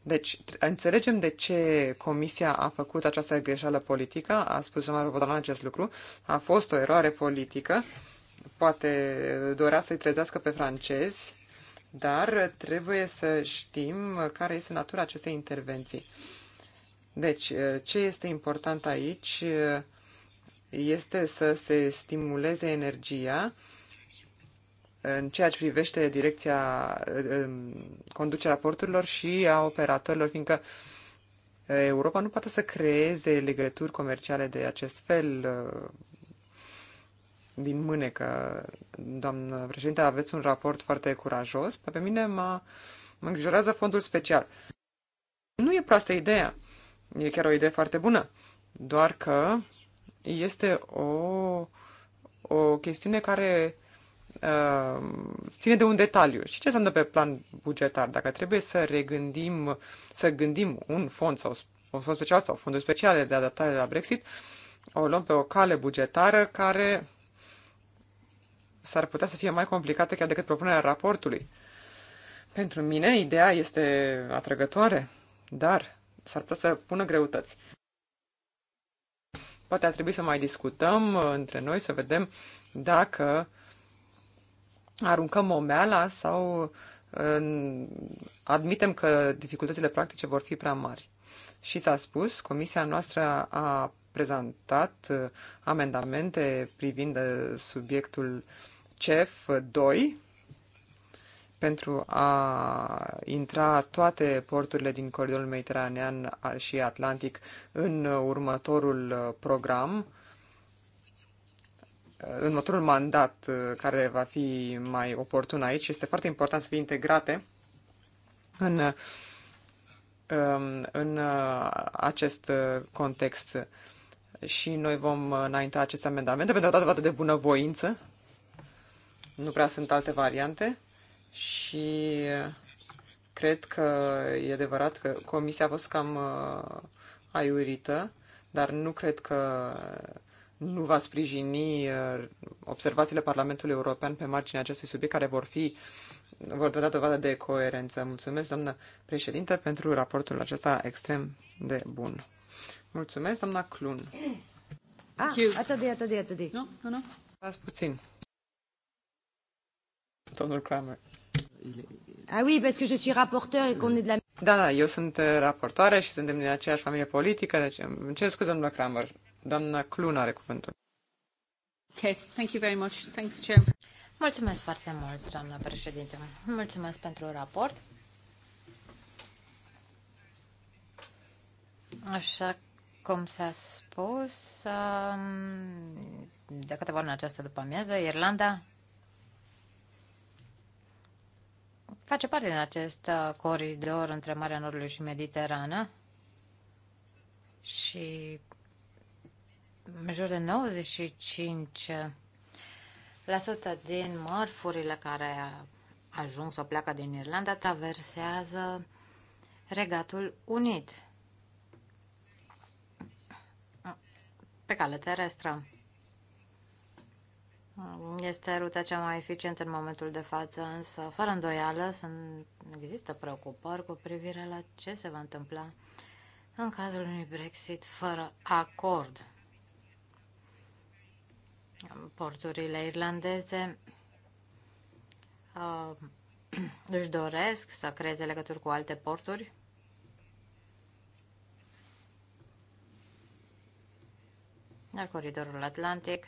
Deci, înțelegem de ce Comisia a făcut această greșeală politică, a spus Omar Bodalan acest lucru, a fost o eroare politică, poate dorea să-i trezească pe francezi, dar trebuie să știm care este natura acestei intervenții. Deci, ce este important aici este să se stimuleze energia în ceea ce privește direcția conducerea porturilor și a operatorilor, fiindcă Europa nu poate să creeze legături comerciale de acest fel din mânecă. Doamnă președinte, aveți un raport foarte curajos. Pe mine mă, mă îngrijorează fondul special. Nu e proastă ideea. E chiar o idee foarte bună. Doar că este o, o chestiune care uh, ține de un detaliu. Și ce se întâmplă pe plan bugetar? Dacă trebuie să regândim, să gândim un fond sau un fond special sau fonduri speciale de adaptare la Brexit, o luăm pe o cale bugetară care s-ar putea să fie mai complicată chiar decât propunerea raportului. Pentru mine, ideea este atrăgătoare, dar s-ar putea să pună greutăți. Poate ar trebui să mai discutăm uh, între noi, să vedem dacă aruncăm omeala sau uh, admitem că dificultățile practice vor fi prea mari. Și s-a spus, comisia noastră a prezentat uh, amendamente privind subiectul CEF 2 pentru a intra toate porturile din coridorul mediteranean și atlantic în următorul program, în următorul mandat care va fi mai oportun aici. Este foarte important să fie integrate în, um, în acest context și noi vom înainta aceste amendamente pentru o dată de bunăvoință nu prea sunt alte variante și cred că e adevărat că comisia a fost cam uh, aiurită, dar nu cred că nu va sprijini uh, observațiile Parlamentului European pe marginea acestui subiect, care vor fi vor da dovadă de coerență. Mulțumesc, doamnă președinte, pentru raportul acesta extrem de bun. Mulțumesc, doamna Clun. Ah, atât de, atât de, atât de. Nu, nu, nu. Las puțin. Domnul Kramer. Ah oui, parce que je suis rapporteur et qu'on est de la... Da, da, eu sunt uh, raportoare și suntem din aceeași familie politică, deci îmi cer scuze, domnul Kramer. Doamna Clun are cuvântul. Ok, thank you very much. Thanks, Chair. Mulțumesc foarte mult, doamna președinte. Mulțumesc pentru raport. Așa cum s-a spus, um, de câteva ori în această după amiază, Irlanda face parte din acest uh, coridor între Marea Nordului și Mediterană și în jur de 95 uh, din mărfurile care ajung sau pleacă din Irlanda traversează Regatul Unit pe cale terestră. Este ruta cea mai eficientă în momentul de față, însă, fără îndoială, sunt, există preocupări cu privire la ce se va întâmpla în cazul unui Brexit fără acord. Porturile irlandeze uh, *clears throat* își doresc să creeze legături cu alte porturi. Dar coridorul Atlantic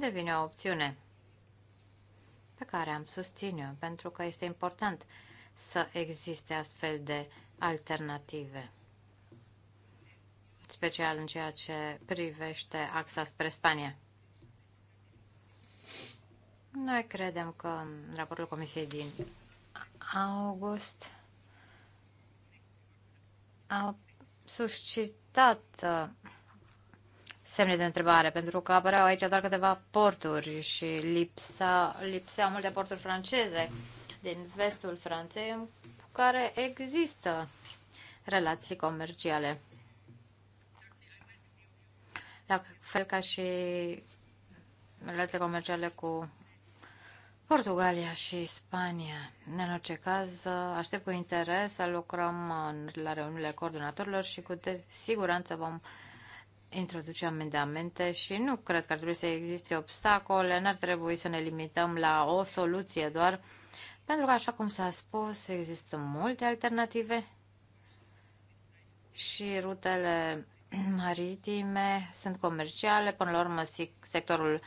devine o opțiune pe care am susținut, pentru că este important să existe astfel de alternative, special în ceea ce privește axa spre Spania. Noi credem că raportul Comisiei din august a suscitat uh, semne de întrebare, pentru că apăreau aici doar câteva porturi și lipsa, lipseau multe porturi franceze din vestul Franței în care există relații comerciale. La fel ca și relații comerciale cu Portugalia și Spania. În orice caz, aștept cu interes să lucrăm la reuniunile coordonatorilor și cu siguranță vom introduce amendamente și nu cred că ar trebui să existe obstacole, n-ar trebui să ne limităm la o soluție doar, pentru că, așa cum s-a spus, există multe alternative și rutele *clears throat* maritime sunt comerciale, până la urmă sectorul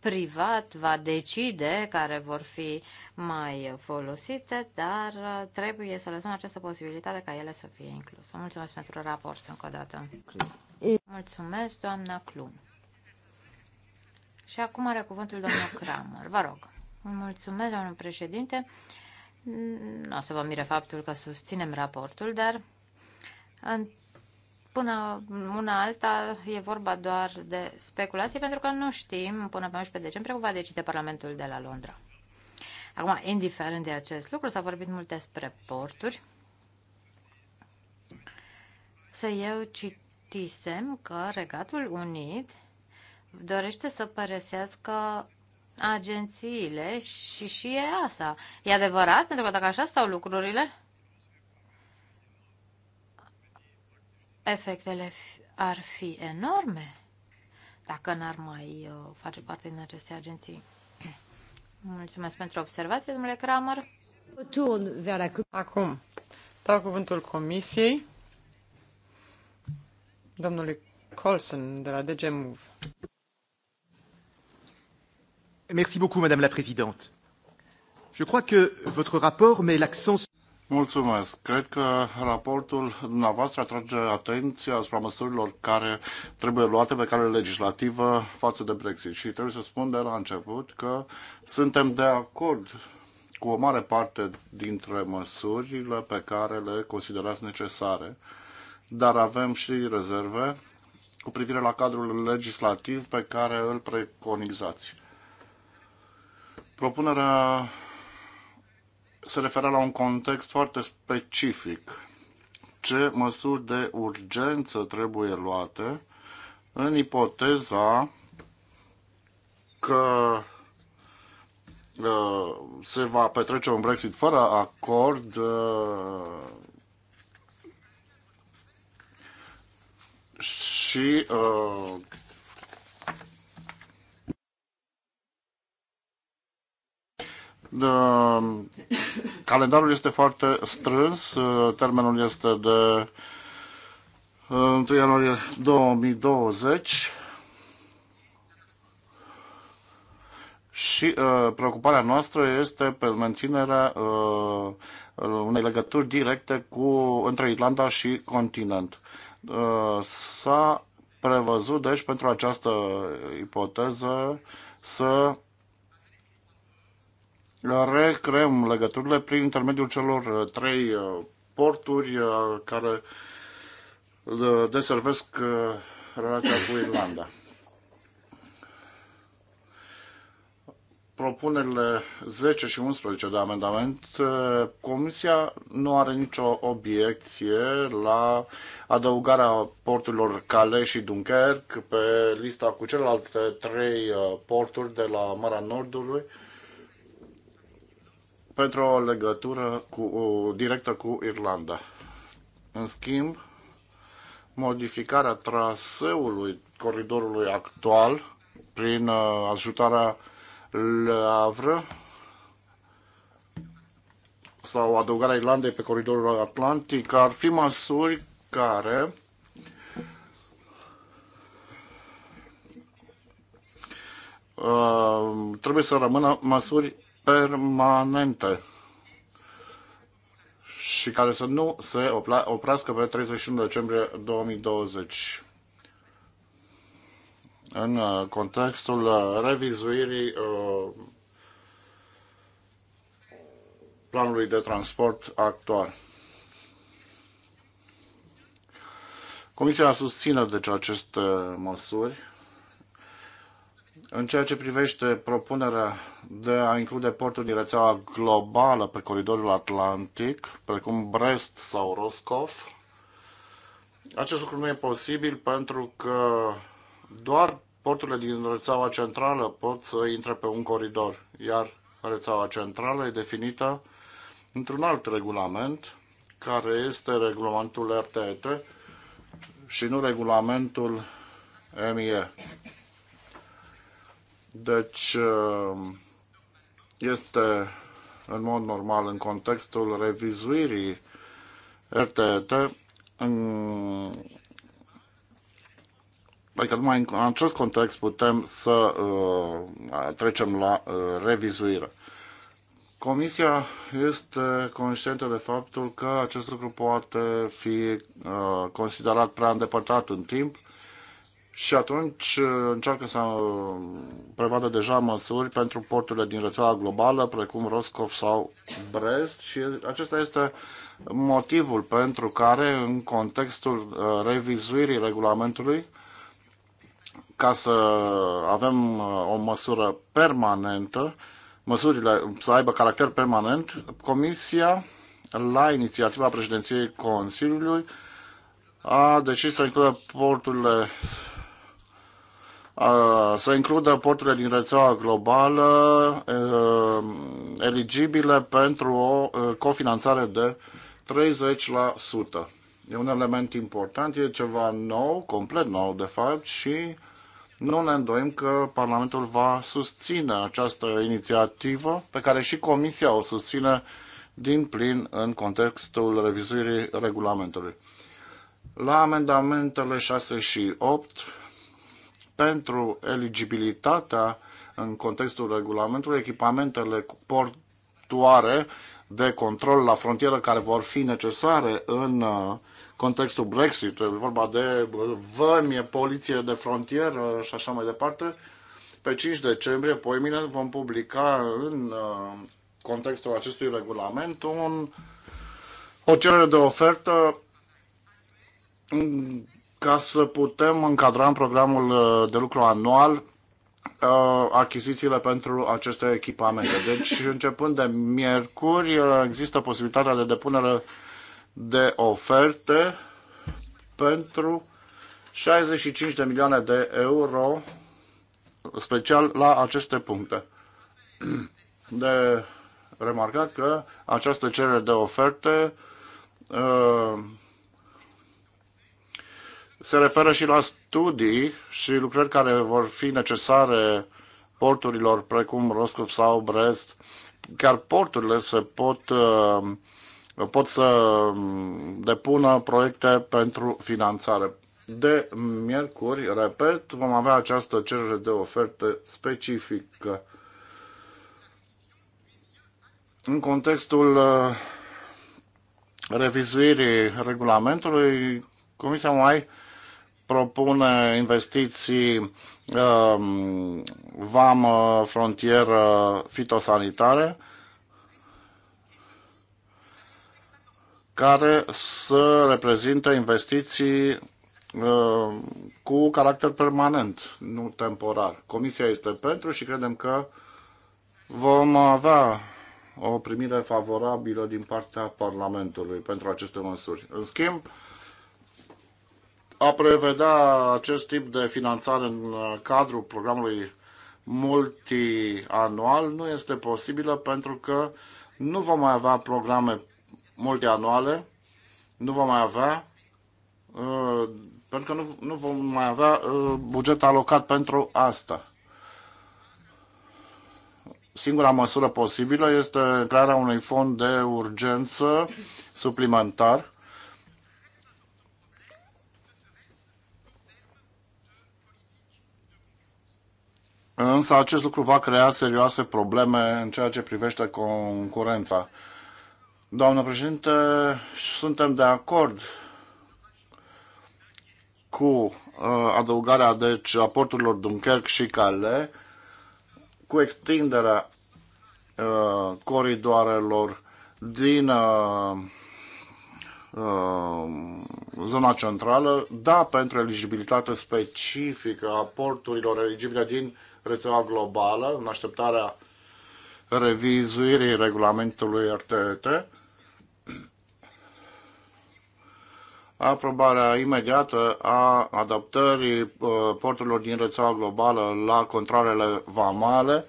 privat va decide care vor fi mai folosite, dar uh, trebuie să lăsăm această posibilitate ca ele să fie incluse. Mulțumesc pentru raport încă o dată. Mulțumesc, doamna Clum. Și acum are cuvântul domnul Kramer. Vă rog. Mulțumesc, domnul președinte. Nu o să vă mire faptul că susținem raportul, dar în, până una alta e vorba doar de speculații, pentru că nu știm până pe 11 decembrie cum va decide Parlamentul de la Londra. Acum, indiferent de acest lucru, s-a vorbit mult despre porturi. Să eu citesc citisem că Regatul Unit dorește să părăsească agențiile și și EASA. E adevărat? Pentru că dacă așa stau lucrurile, efectele ar fi enorme dacă n-ar mai uh, face parte din aceste agenții. *clears throat* Mulțumesc pentru observație, domnule Kramer. Acum, dau cuvântul Comisiei domnului Colson de la DG Move. Merci beaucoup, Madame la Présidente. Je crois que votre rapport met l'accent Mulțumesc. Cred că raportul dumneavoastră atrage atenția asupra măsurilor care trebuie luate pe care legislativă față de Brexit. Și trebuie să spun de la început că suntem de acord cu o mare parte dintre măsurile pe care le considerați necesare dar avem și rezerve cu privire la cadrul legislativ pe care îl preconizați. Propunerea se referă la un context foarte specific. Ce măsuri de urgență trebuie luate în ipoteza că uh, se va petrece un Brexit fără acord uh, și uh, da, calendarul este foarte strâns, uh, termenul este de 1 uh, ianuarie 2020 și uh, preocuparea noastră este pe menținerea uh, unei legături directe cu, între Irlanda și continent. Uh, s-a prevăzut, deci, pentru această ipoteză să recreăm legăturile prin intermediul celor trei uh, porturi uh, care deservesc relația cu Irlanda. propunerile 10 și 11 de amendament, eh, Comisia nu are nicio obiecție la adăugarea porturilor Calais și Dunkerque pe lista cu celelalte trei eh, porturi de la Marea Nordului pentru o legătură cu, o, directă cu Irlanda. În schimb, modificarea traseului coridorului actual prin eh, ajutarea le Havre sau adăugarea Irlandei pe coridorul Atlantic ar fi măsuri care uh, trebuie să rămână măsuri permanente și care să nu se oprească pe 31 decembrie 2020 în uh, contextul uh, revizuirii uh, planului de transport actual. Comisia susține deci aceste măsuri. În ceea ce privește propunerea de a include portul din rețeaua globală pe coridorul Atlantic, precum Brest sau Roscoff, acest lucru nu e posibil pentru că doar porturile din rețeaua centrală pot să intre pe un coridor, iar rețeaua centrală e definită într-un alt regulament, care este regulamentul RTET și nu regulamentul MIE. Deci este în mod normal în contextul revizuirii RTET în Adică numai în acest context putem să uh, trecem la uh, revizuire. Comisia este conștientă de faptul că acest lucru poate fi uh, considerat prea îndepărtat în timp și atunci uh, încearcă să uh, prevadă deja măsuri pentru porturile din rețeaua globală, precum Roscov sau Brest și acesta este motivul pentru care în contextul uh, revizuirii regulamentului ca să avem uh, o măsură permanentă, măsurile să aibă caracter permanent, Comisia, la inițiativa președinției Consiliului, a decis să includă porturile să includă porturile din rețeaua globală eligibile pentru o cofinanțare de 30%. E un element important, e ceva nou, complet nou de fapt și nu ne îndoim că Parlamentul va susține această inițiativă pe care și Comisia o susține din plin în contextul revizuirii regulamentului. La amendamentele 6 și 8, pentru eligibilitatea în contextul regulamentului, echipamentele portoare de control la frontieră care vor fi necesare în uh, contextul Brexit, e vorba de vămie, poliție de frontieră și așa mai departe. Pe 5 decembrie, poimine, vom publica în uh, contextul acestui regulament un, o cerere de ofertă ca să putem încadra în programul uh, de lucru anual uh, achizițiile pentru aceste echipamente. Deci, începând de miercuri, există posibilitatea de depunere de oferte pentru 65 de milioane de euro special la aceste puncte. De remarcat că această cerere de oferte uh, se referă și la studii și lucrări care vor fi necesare porturilor precum Roscov sau Brest. Chiar porturile se pot uh, pot să mm, depună proiecte pentru finanțare. De miercuri, repet, vom avea această cerere de oferte specifică. În contextul uh, revizuirii regulamentului, Comisia mai propune investiții um, vamă frontieră fitosanitare, care să reprezinte investiții uh, cu caracter permanent, nu temporar. Comisia este pentru și credem că vom avea o primire favorabilă din partea Parlamentului pentru aceste măsuri. În schimb, a prevedea acest tip de finanțare în cadrul programului multianual nu este posibilă pentru că nu vom mai avea programe multianuale nu vom mai avea uh, pentru că nu, nu vom mai avea uh, buget alocat pentru asta. Singura măsură posibilă este crearea unui fond de urgență suplimentar Însă acest lucru va crea serioase probleme în ceea ce privește concurența. Doamnă președinte, suntem de acord cu uh, adăugarea deci a porturilor Dunkerque și Calais, cu extinderea uh, coridoarelor din uh, uh, zona centrală, da pentru eligibilitate specifică a porturilor eligibile din rețeaua globală, în așteptarea revizuirii regulamentului RTT, aprobarea imediată a adaptării uh, porturilor din rețeaua globală la controlele vamale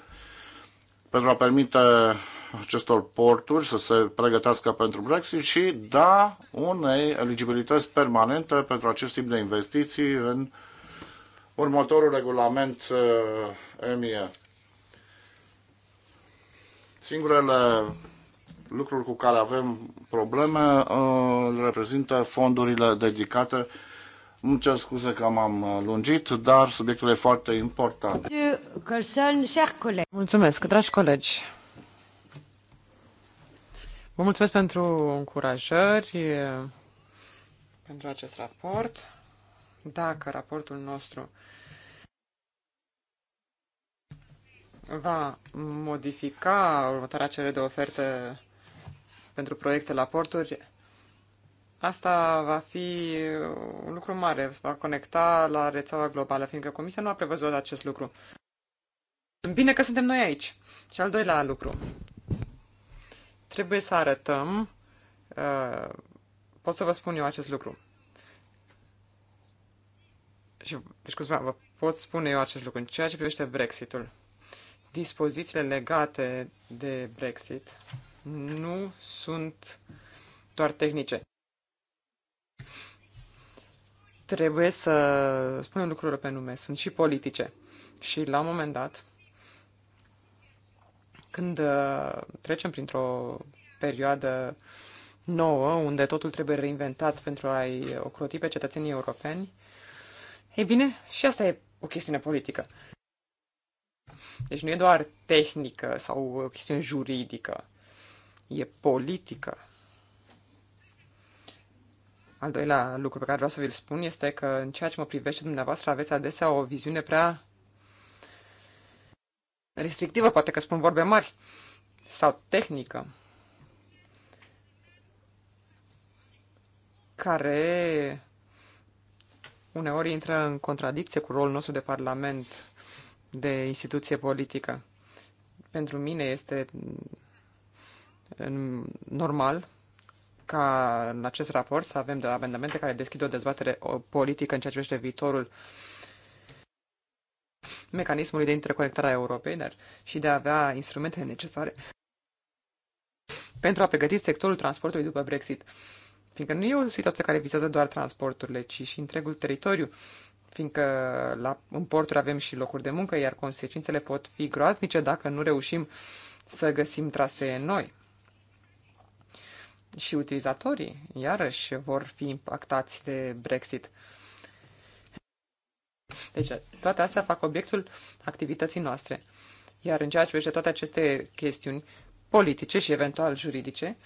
pentru a permite acestor porturi să se pregătească pentru Brexit și da unei eligibilități permanente pentru acest tip de investiții în următorul regulament EMIE. Uh, Singurele lucruri cu care avem probleme uh, reprezintă fondurile dedicate. Îmi cer scuze că m-am uh, lungit, dar subiectul e foarte important. Mulțumesc, dragi colegi. Vă mulțumesc pentru încurajări, pentru acest raport. Dacă raportul nostru va modifica următoarea cerere de ofertă pentru proiecte la porturi, asta va fi un lucru mare, se va conecta la rețeaua globală, fiindcă Comisia nu a prevăzut acest lucru. Bine că suntem noi aici. Și al doilea lucru. Trebuie să arătăm, uh, pot să vă spun eu acest lucru. Și, deci, cum spuneam, vă pot spune eu acest lucru. În ceea ce privește Brexitul, dispozițiile legate de Brexit nu sunt doar tehnice. Trebuie să spunem lucrurile pe nume. Sunt și politice. Și la un moment dat, când uh, trecem printr-o perioadă nouă, unde totul trebuie reinventat pentru a-i ocroti pe cetățenii europeni, ei bine, și asta e o chestiune politică. Deci nu e doar tehnică sau o chestiune juridică e politică. Al doilea lucru pe care vreau să vi-l spun este că în ceea ce mă privește dumneavoastră aveți adesea o viziune prea restrictivă, poate că spun vorbe mari, sau tehnică, care uneori intră în contradicție cu rolul nostru de parlament, de instituție politică. Pentru mine este normal ca în acest raport să avem de amendamente care deschid o dezbatere politică în ceea ce privește viitorul mecanismului de interconectare a Europei, dar și de a avea instrumente necesare pentru a pregăti sectorul transportului după Brexit. Fiindcă nu e o situație care vizează doar transporturile, ci și întregul teritoriu, fiindcă la, în porturi avem și locuri de muncă, iar consecințele pot fi groaznice dacă nu reușim să găsim trasee noi și utilizatorii, iarăși, vor fi impactați de Brexit. Deci, toate astea fac obiectul activității noastre. Iar în ceea ce privește toate aceste chestiuni politice și eventual juridice,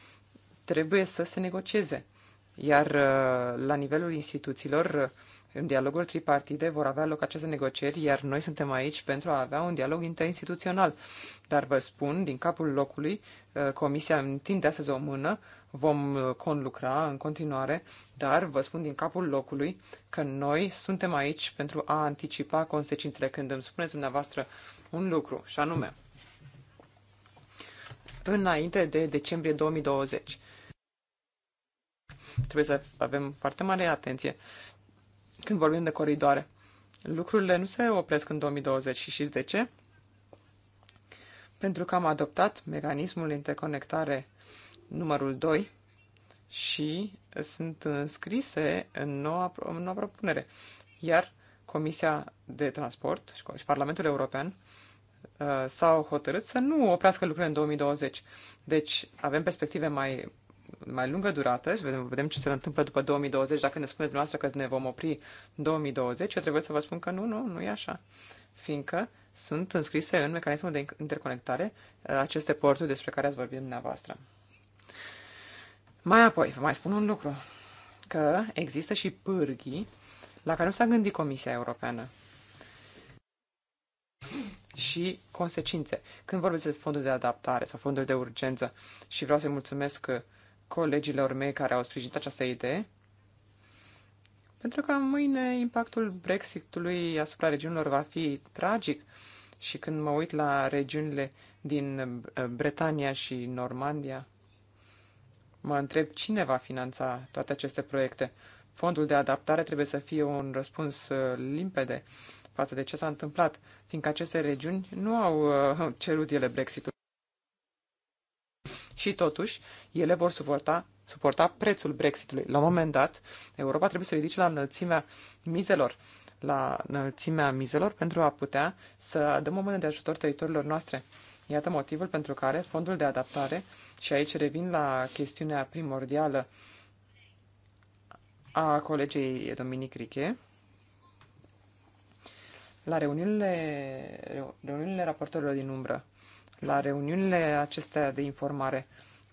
trebuie să se negocieze. Iar uh, la nivelul instituțiilor, în dialoguri tripartite vor avea loc aceste negocieri, iar noi suntem aici pentru a avea un dialog interinstituțional. Dar vă spun, din capul locului, uh, Comisia întinde astăzi o mână vom uh, conlucra în continuare, dar vă spun din capul locului că noi suntem aici pentru a anticipa consecințele. Când îmi spuneți dumneavoastră un lucru, și anume, înainte de decembrie 2020, trebuie să avem foarte mare atenție când vorbim de coridoare. Lucrurile nu se opresc în 2020 și știți de ce? Pentru că am adoptat mecanismul interconectare numărul 2 și sunt înscrise în noua, în noua propunere. Iar Comisia de Transport și Parlamentul European uh, s-au hotărât să nu oprească lucrurile în 2020. Deci avem perspective mai, mai lungă durată și vedem, vedem ce se întâmplă după 2020. Dacă ne spuneți dumneavoastră că ne vom opri în 2020, eu trebuie să vă spun că nu, nu, nu e așa. Fiindcă sunt înscrise în mecanismul de interconectare uh, aceste porturi despre care ați vorbit dumneavoastră. Mai apoi, vă mai spun un lucru, că există și pârghii la care nu s-a gândit Comisia Europeană și consecințe. Când vorbesc de fonduri de adaptare sau fonduri de urgență și vreau să-i mulțumesc colegilor mei care au sprijinit această idee, pentru că mâine impactul Brexitului asupra regiunilor va fi tragic și când mă uit la regiunile din uh, Bretania și Normandia, Mă întreb cine va finanța toate aceste proiecte. Fondul de adaptare trebuie să fie un răspuns uh, limpede față de ce s-a întâmplat, fiindcă aceste regiuni nu au uh, *laughs* cerut ele Brexitul. Și totuși, ele vor suporta, suporta prețul Brexitului. La un moment dat, Europa trebuie să ridice la înălțimea mizelor la înălțimea mizelor pentru a putea să dăm o mână de ajutor teritoriilor noastre. Iată motivul pentru care fondul de adaptare, și aici revin la chestiunea primordială a colegei Dominic Riche, la reuniunile, reuniunile raportorilor din umbră, la reuniunile acestea de informare,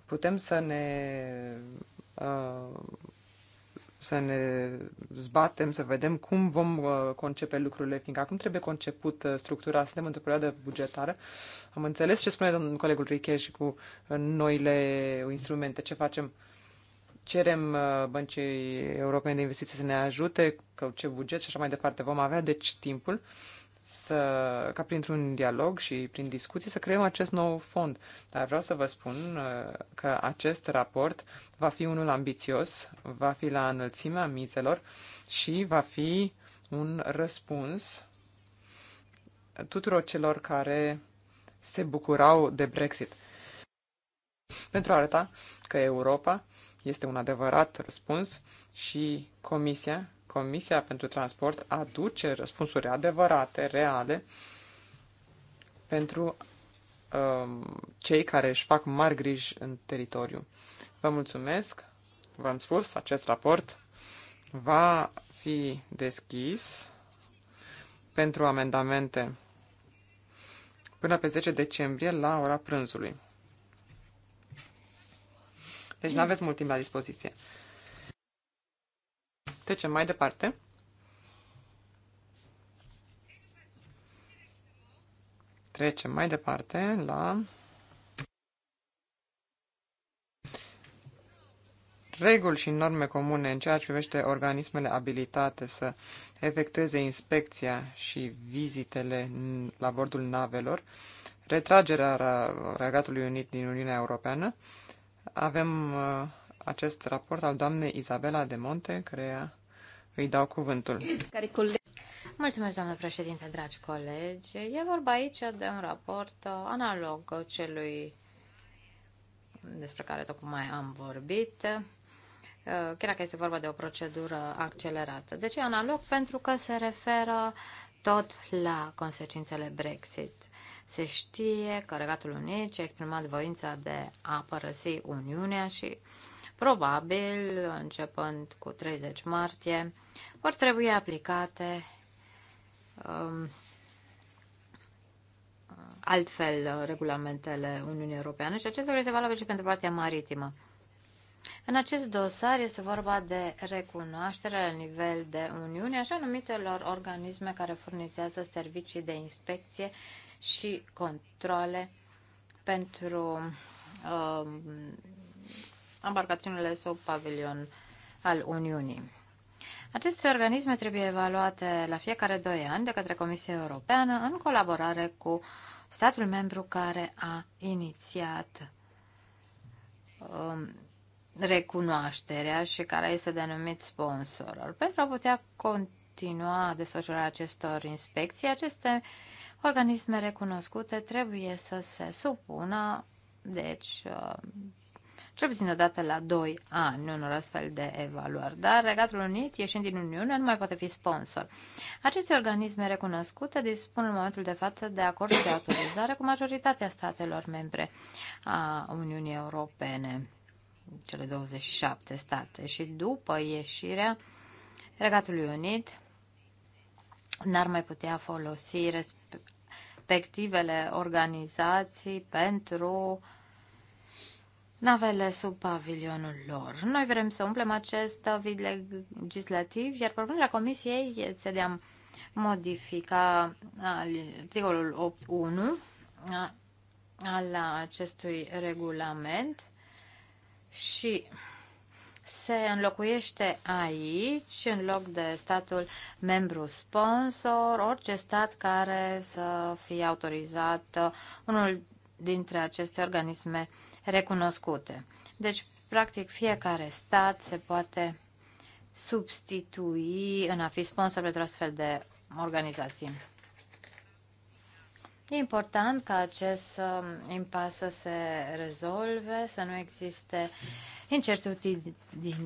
putem să ne uh, să ne zbatem, să vedem cum vom uh, concepe lucrurile, fiindcă acum trebuie conceput uh, structura, suntem într-o perioadă bugetară. Am înțeles ce spune domnul colegul Riche și cu uh, noile instrumente, ce facem. Cerem băncii europene de investiții să ne ajute, că ce buget și așa mai departe vom avea, deci timpul să, ca printr-un dialog și prin discuții să creăm acest nou fond. Dar vreau să vă spun uh, că acest raport va fi unul ambițios, va fi la înălțimea mizelor și va fi un răspuns tuturor celor care se bucurau de Brexit. Pentru a arăta că Europa este un adevărat răspuns și Comisia Comisia pentru Transport aduce răspunsuri adevărate, reale, pentru um, cei care își fac mari griji în teritoriu. Vă mulțumesc, v-am spus, acest raport va fi deschis pentru amendamente până pe 10 decembrie la ora prânzului. Deci nu aveți mult timp la dispoziție. Trecem mai departe. Trecem mai departe la reguli și norme comune în ceea ce privește organismele abilitate să efectueze inspecția și vizitele la bordul navelor, retragerea Regatului Unit din Uniunea Europeană, avem uh, acest raport al doamnei Isabela de Monte, care îi dau cuvântul. Mulțumesc, doamnă președinte, dragi colegi. E vorba aici de un raport uh, analog celui despre care tocmai am vorbit, uh, chiar dacă este vorba de o procedură accelerată. De ce analog? Pentru că se referă tot la consecințele Brexit. Se știe că Regatul Unit a exprimat voința de a părăsi Uniunea și uh, probabil începând cu 30 martie, vor trebui aplicate um, altfel uh, regulamentele Uniunii Europeane și acest lucru este valabil și pentru partea maritimă. În acest dosar este vorba de recunoașterea la nivel de Uniune așa numitelor organisme care furnizează servicii de inspecție și controle pentru uh, embarcațiunile sub pavilion al Uniunii. Aceste organisme trebuie evaluate la fiecare doi ani de către Comisia Europeană în colaborare cu statul membru care a inițiat um, recunoașterea și care este denumit sponsor. Pentru a putea continua desfășurarea acestor inspecții, aceste organisme recunoscute trebuie să se supună deci um, cel puțin o dată la 2 ani unor astfel de evaluări. Dar Regatul Unit, ieșind din Uniune, nu mai poate fi sponsor. Aceste organisme recunoscute dispun în momentul de față de acordul de autorizare cu majoritatea statelor membre a Uniunii Europene, cele 27 state. Și după ieșirea Regatului Unit, n-ar mai putea folosi respectivele organizații pentru navele sub pavilionul lor. Noi vrem să umplem acest vid legislativ, iar propunerea Comisiei este de a modifica articolul 8.1 al acestui regulament și se înlocuiește aici, în loc de statul membru sponsor, orice stat care să fie autorizat unul dintre aceste organisme uh, recunoscute. Deci, practic, fiecare stat se poate substitui în a fi sponsor pentru astfel de organizații. E important ca acest um, impas să se rezolve, să nu existe incertitudini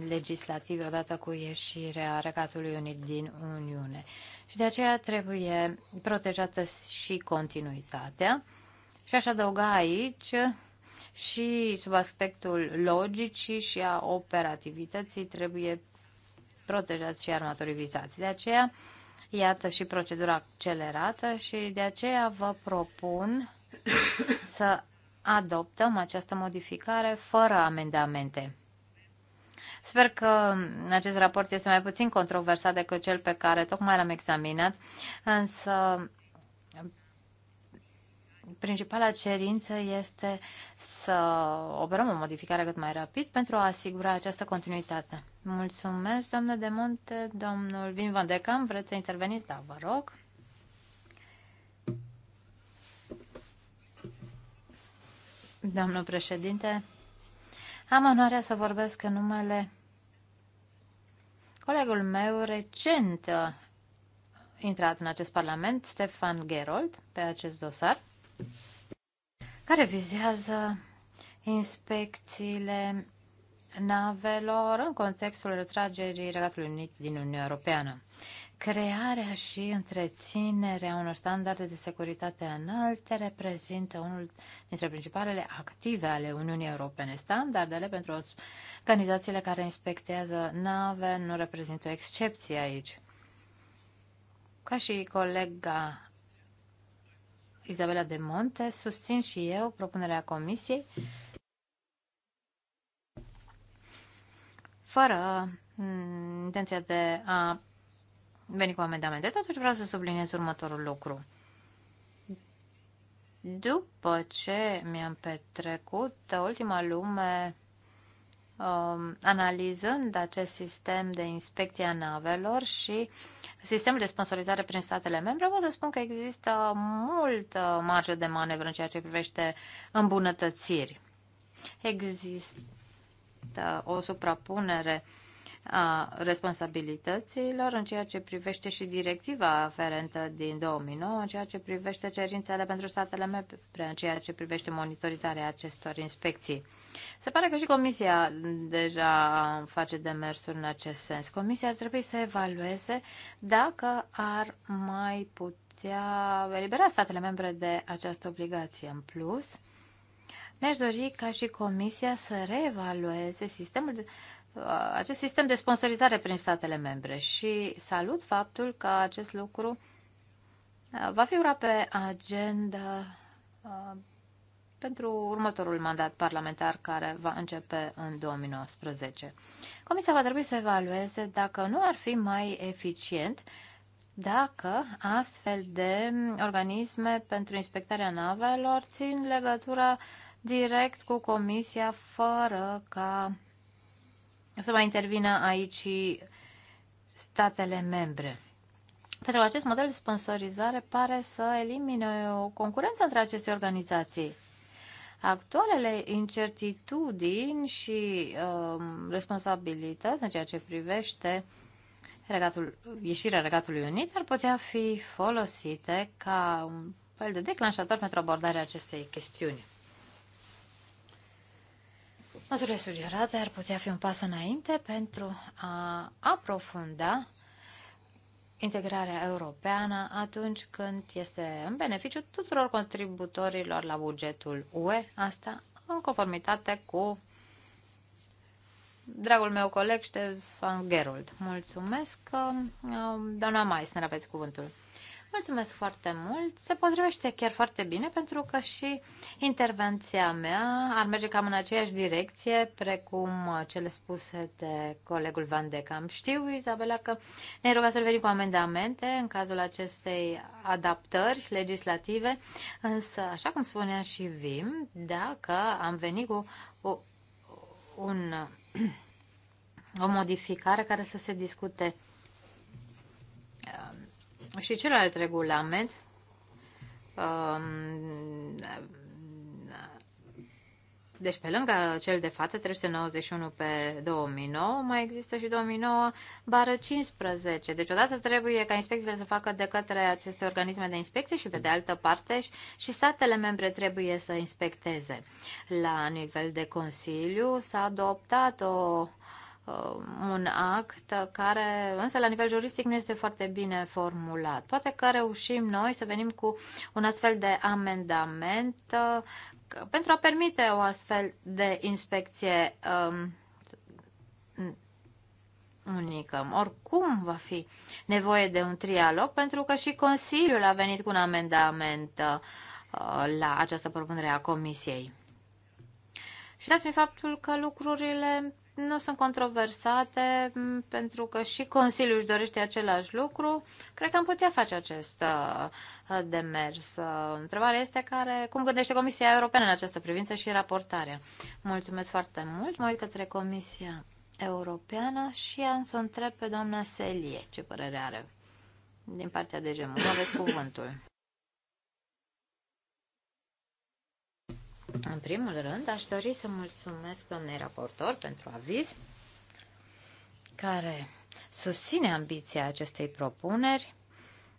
legislative odată cu ieșirea Regatului Unit din Uniune. Și de aceea trebuie protejată și continuitatea. Și aș adăuga aici și sub aspectul logicii și a operativității trebuie protejați și armatorii vizați. De aceea, iată și procedura accelerată și de aceea vă propun să adoptăm această modificare fără amendamente. Sper că acest raport este mai puțin controversat decât cel pe care tocmai l-am examinat, însă Principala cerință este să operăm o modificare cât mai rapid pentru a asigura această continuitate. Mulțumesc, doamnă de munte, Domnul Vin Van de Cam, vreți să interveniți? Da, vă rog. Domnul președinte, am onoarea să vorbesc în numele colegul meu recent intrat în acest parlament, Stefan Gerold, pe acest dosar care vizează inspecțiile navelor în contextul retragerii Regatului Unit din Uniunea Europeană. Crearea și întreținerea unor standarde de securitate înalte reprezintă unul dintre principalele active ale Uniunii Europene. Standardele pentru organizațiile care inspectează nave nu reprezintă o excepție aici. Ca și colega Izabela de Monte, susțin și eu propunerea comisiei fără mm, intenția de a veni cu amendamente. Totuși vreau să subliniez următorul lucru. După ce mi-am petrecut ultima lume Um, analizând acest sistem de inspecție a navelor și sistemul de sponsorizare prin statele membre, vă să spun că există multă marjă de manevră în ceea ce privește îmbunătățiri. Există o suprapunere uh, a responsabilităților în ceea ce privește și directiva aferentă din 2009, în ceea ce privește cerințele pentru statele membre, în ceea ce privește monitorizarea acestor inspecții. Se pare că și Comisia deja face demersuri în acest sens. Comisia ar trebui să evalueze dacă ar mai putea elibera statele membre de această obligație în plus. Mi-aș dori ca și Comisia să reevalueze sistemul Uh, acest sistem de sponsorizare prin statele membre și salut faptul că acest lucru uh, va fi urat pe agenda uh, pentru următorul mandat parlamentar care va începe în 2019. Comisia va trebui să evalueze dacă nu ar fi mai eficient dacă astfel de organisme pentru inspectarea navelor țin legătura direct cu Comisia fără ca să mai intervină aici și statele membre. Pentru că acest model de sponsorizare pare să elimine o concurență între aceste organizații. Actualele incertitudini și um, responsabilități în ceea ce privește regatul, ieșirea Regatului Unit ar putea fi folosite ca un fel de declanșator pentru abordarea acestei chestiuni. Măsurile sugerate ar putea fi un pas înainte pentru a aprofunda integrarea europeană atunci când este în beneficiu tuturor contributorilor la bugetul UE, asta în conformitate cu dragul meu coleg Ștefan Gerold. Mulțumesc, um, doamna ne aveți cuvântul. Mulțumesc foarte mult. Se potrivește chiar foarte bine pentru că și intervenția mea ar merge cam în aceeași direcție precum cele spuse de colegul Van de Cam. Știu, Izabela, că ne rugat să venim cu amendamente în cazul acestei adaptări legislative, însă, așa cum spunea și Vim, dacă am venit cu o, un, *clears throat* o modificare care să se discute și celălalt regulament um, deci pe lângă cel de față 391 pe 2009 mai există și 2009 bară 15 deci odată trebuie ca inspecțiile să facă de către aceste organisme de inspecție și pe de altă parte și statele membre trebuie să inspecteze la nivel de Consiliu s-a adoptat o uh, Uh, un act care, însă, la nivel juristic nu este foarte bine formulat. Poate că reușim noi să venim cu un astfel de amendament uh, pentru a permite o astfel de inspecție um, unică. Oricum va fi nevoie de un trialog, pentru că și Consiliul a venit cu un amendament uh, la această propunere a Comisiei. Și dat faptul că lucrurile nu sunt controversate pentru că și Consiliul își dorește același lucru. Cred că am putea face acest uh, uh, demers. Uh, întrebarea este care, cum gândește Comisia Europeană în această privință și raportarea. Mulțumesc foarte mult. Mă uit către Comisia Europeană și am să o întreb pe doamna Selie ce părere are din partea de gemul. Aveți cuvântul. În primul rând, aș dori să mulțumesc domnului raportor pentru aviz, care susține ambiția acestei propuneri,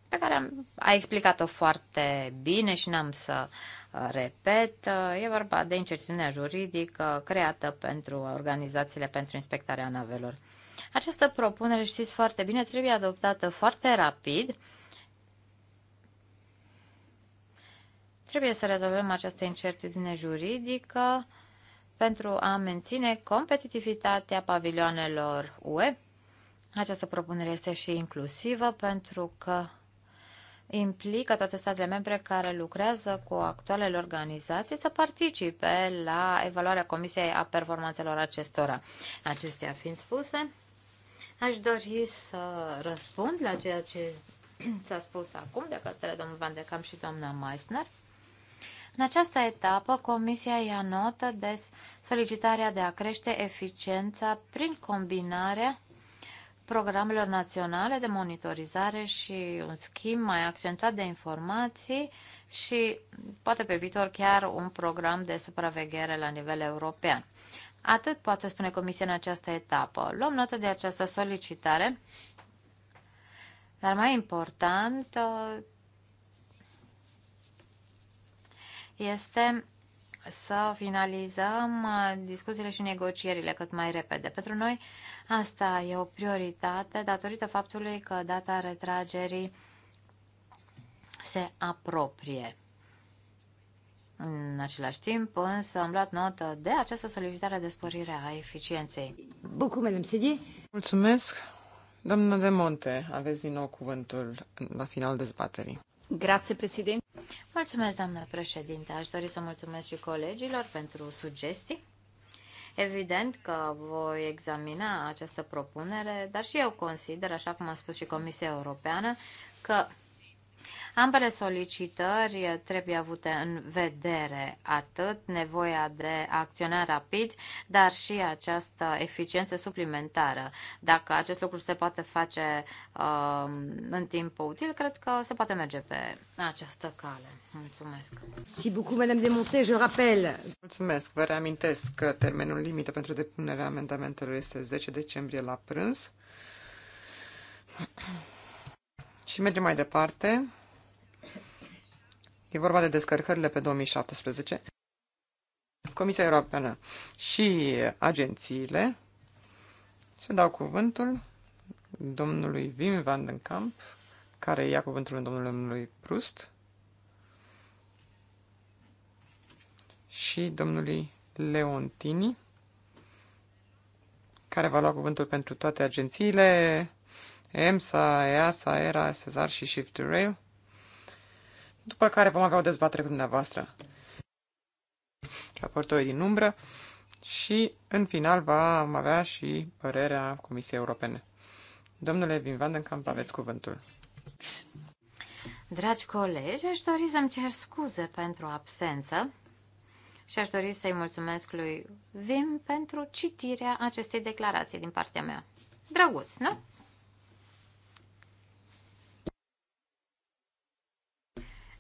pe care am, a explicat-o foarte bine și n-am să uh, repet. Uh, e vorba de incertitudinea juridică creată pentru organizațiile pentru inspectarea navelor. Această propunere, știți foarte bine, trebuie adoptată foarte rapid, Trebuie să rezolvăm această incertitudine juridică pentru a menține competitivitatea pavilioanelor UE. Această propunere este și inclusivă pentru că implică toate statele membre care lucrează cu actualele organizații să participe la evaluarea Comisiei a performanțelor acestora. Acestea fiind spuse, aș dori să răspund la ceea ce s-a spus acum de către domnul Van de Camp și doamna Meissner. În această etapă, Comisia ia notă de solicitarea de a crește eficiența prin combinarea programelor naționale de monitorizare și un schimb mai accentuat de informații și poate pe viitor chiar un program de supraveghere la nivel european. Atât poate spune Comisia în această etapă. Luăm notă de această solicitare, dar mai important, este să finalizăm uh, discuțiile și negocierile cât mai repede. Pentru noi asta e o prioritate datorită faptului că data retragerii se apropie. În același timp, însă, am luat notă de această solicitare de sporire a eficienței. Mulțumesc! Doamnă de Monte, aveți din nou cuvântul la final dezbaterii. Grazie, președinte. Mulțumesc, doamnă președinte. Aș dori să mulțumesc și colegilor pentru sugestii. Evident că voi examina această propunere, dar și eu consider, așa cum a spus și Comisia Europeană, că Ambele solicitări trebuie avute în vedere atât nevoia de a acționa rapid, dar și această eficiență suplimentară. Dacă acest lucru se poate face uh, în timp util, cred că se poate merge pe această cale. Mulțumesc. Si beaucoup, Madame Monte, je rappelle. Mulțumesc. Vă reamintesc că termenul limită pentru depunerea amendamentelor este 10 decembrie la prânz. Și mergem mai departe. E vorba de descărcările pe 2017. Comisia Europeană și agențiile se dau cuvântul domnului Wim van den Kamp, care ia cuvântul în domnului Prust și domnului Leontini, care va lua cuvântul pentru toate agențiile EMSA, EASA, ERA, Cezar și Shift to Rail, după care vom avea o dezbatere cu dumneavoastră raportorii din umbră și, în final, va avea și părerea Comisiei Europene. Domnule Vin Vandenkamp, aveți cuvântul. Dragi colegi, aș dori să-mi cer scuze pentru absență și aș dori să-i mulțumesc lui Vim pentru citirea acestei declarații din partea mea. Drăguț, nu?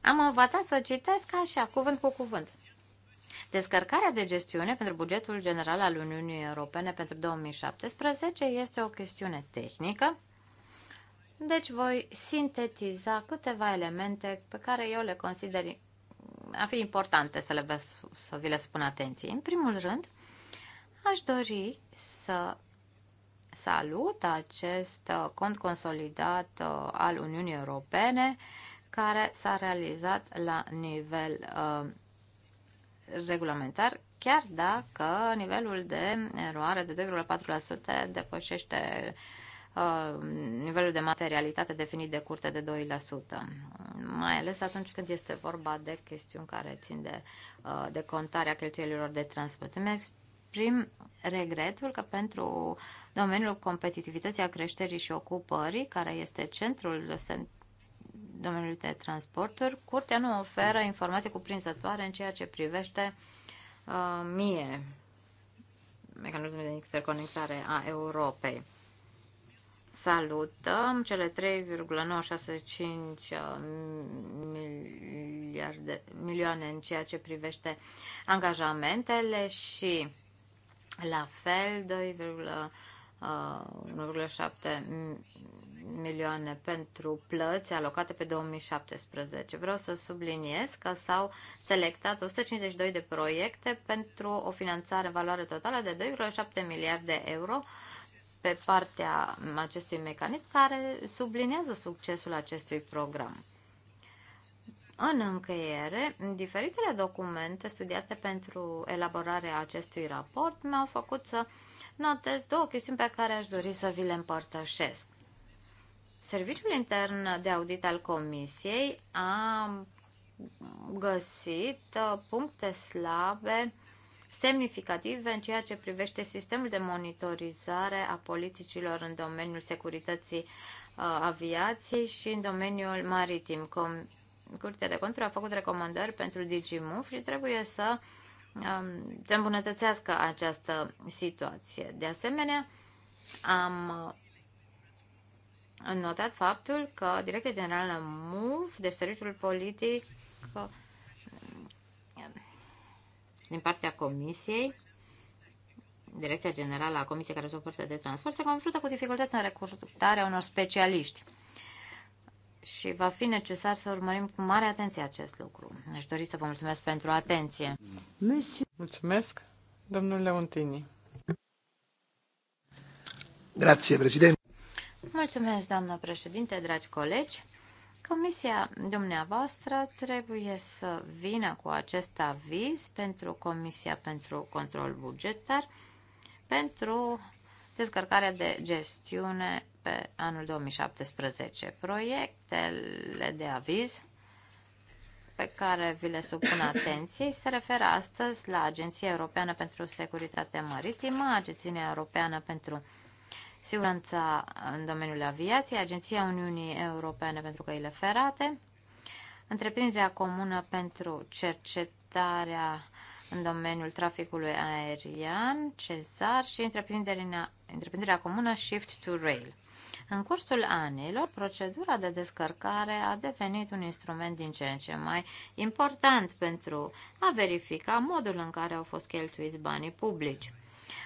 Am învățat să citesc așa, cuvânt cu cuvânt. Descărcarea de gestiune pentru bugetul general al Uniunii Europene pentru 2017 este o chestiune tehnică, deci voi sintetiza câteva elemente pe care eu le consider a fi importante să, le vă, să vi le spun atenție. În primul rând, aș dori să salut acest uh, cont consolidat uh, al Uniunii Europene, uh, care s-a realizat la nivel uh, regulamentar, chiar dacă nivelul de eroare de 2,4% depășește uh, nivelul de materialitate definit de curte de 2%, mai ales atunci când este vorba de chestiuni care țin de, uh, de contarea cheltuielilor de transport. Îmi exprim regretul că pentru domeniul competitivității, a creșterii și ocupării, care este centrul domeniul de transporturi, curtea nu oferă informații cuprinzătoare în ceea ce privește uh, mie, mecanismul de interconectare a Europei. Salutăm cele 3,965 uh, miliarde, milioane în ceea ce privește angajamentele și la fel 2, 1,7 uh, milioane pentru plăți alocate pe 2017. Vreau să subliniez că s-au selectat 152 de proiecte pentru o finanțare în valoare totală de 2,7 miliarde de euro pe partea acestui mecanism care subliniază succesul acestui program. În încheiere, diferitele documente studiate pentru elaborarea acestui raport mi-au făcut să uh, notez două chestiuni pe care aș dori să vi le împărtășesc. Serviciul intern de audit al Comisiei a găsit uh, puncte slabe semnificative în ceea ce privește sistemul de monitorizare a politicilor în domeniul securității uh, aviației și în domeniul maritim. Curtea de conturi a făcut recomandări pentru DigiMove și trebuie să uh, Um, să îmbunătățească această situație. De asemenea, am uh, notat faptul că Direcția Generală MUV, deci serviciul politic uh, din partea Comisiei, Direcția Generală a Comisiei care se ofertă de transport, se confruntă cu dificultăți în recrutarea unor specialiști și va fi necesar să urmărim cu mare atenție acest lucru. Aș dori să vă mulțumesc pentru atenție. Mulțumesc, domnule Leontini. Grazie, președinte. Mulțumesc, doamnă președinte, dragi colegi. Comisia dumneavoastră trebuie să vină cu acest aviz pentru Comisia pentru Control Bugetar pentru descărcarea de gestiune pe anul 2017. Proiectele de aviz pe care vi le supun atenției se referă astăzi la Agenția Europeană pentru Securitate Maritimă, Agenția Europeană pentru Siguranța în domeniul aviației, Agenția Uniunii Europene pentru Căile Ferate, Întreprinderea Comună pentru Cercetarea în domeniul traficului aerian, Cezar și întreprinderea, întreprinderea comună Shift to Rail. În cursul anilor, procedura de descărcare a devenit un instrument din ce în ce mai important pentru a verifica modul în care au fost cheltuiți banii publici.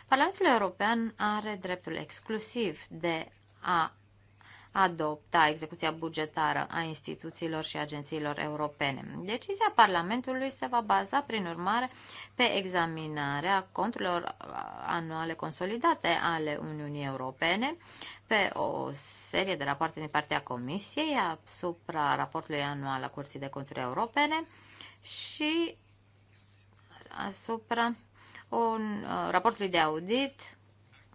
Parlamentul European are dreptul exclusiv de a adopta execuția bugetară a instituțiilor și agențiilor europene. Decizia Parlamentului se va baza, prin urmare, pe examinarea conturilor anuale consolidate ale Uniunii Europene, pe o serie de rapoarte din partea Comisiei asupra raportului anual a Curții de Conturi Europene și asupra un, uh, raportului de audit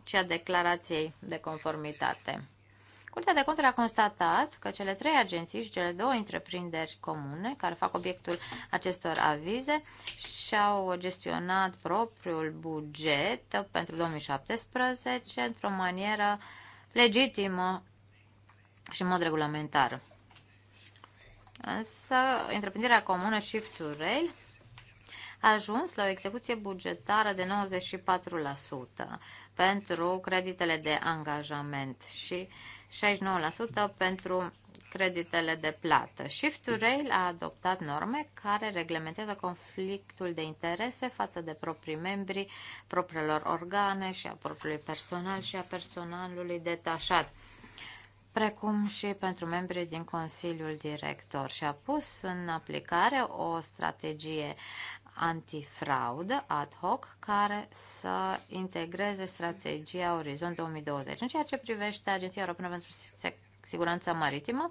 și a declarației de conformitate. Curtea de conturi a constatat că cele trei agenții și cele două întreprinderi comune care fac obiectul acestor avize și-au gestionat propriul buget pentru 2017 într-o manieră legitimă și în mod regulamentar. Însă, întreprinderea comună Shift to Rail a ajuns la o execuție bugetară de 94% pentru creditele de angajament și uh, 69% pentru creditele de plată. Shift to Rail a adoptat norme care reglementează conflictul de interese față de proprii membri, propriilor organe și a propriului personal și a personalului detașat precum și pentru membrii din Consiliul Director și a pus în aplicare o strategie antifraudă ad hoc care să integreze strategia Orizont 2020. În ceea ce privește Agenția Europeană pentru Siguranța Maritimă,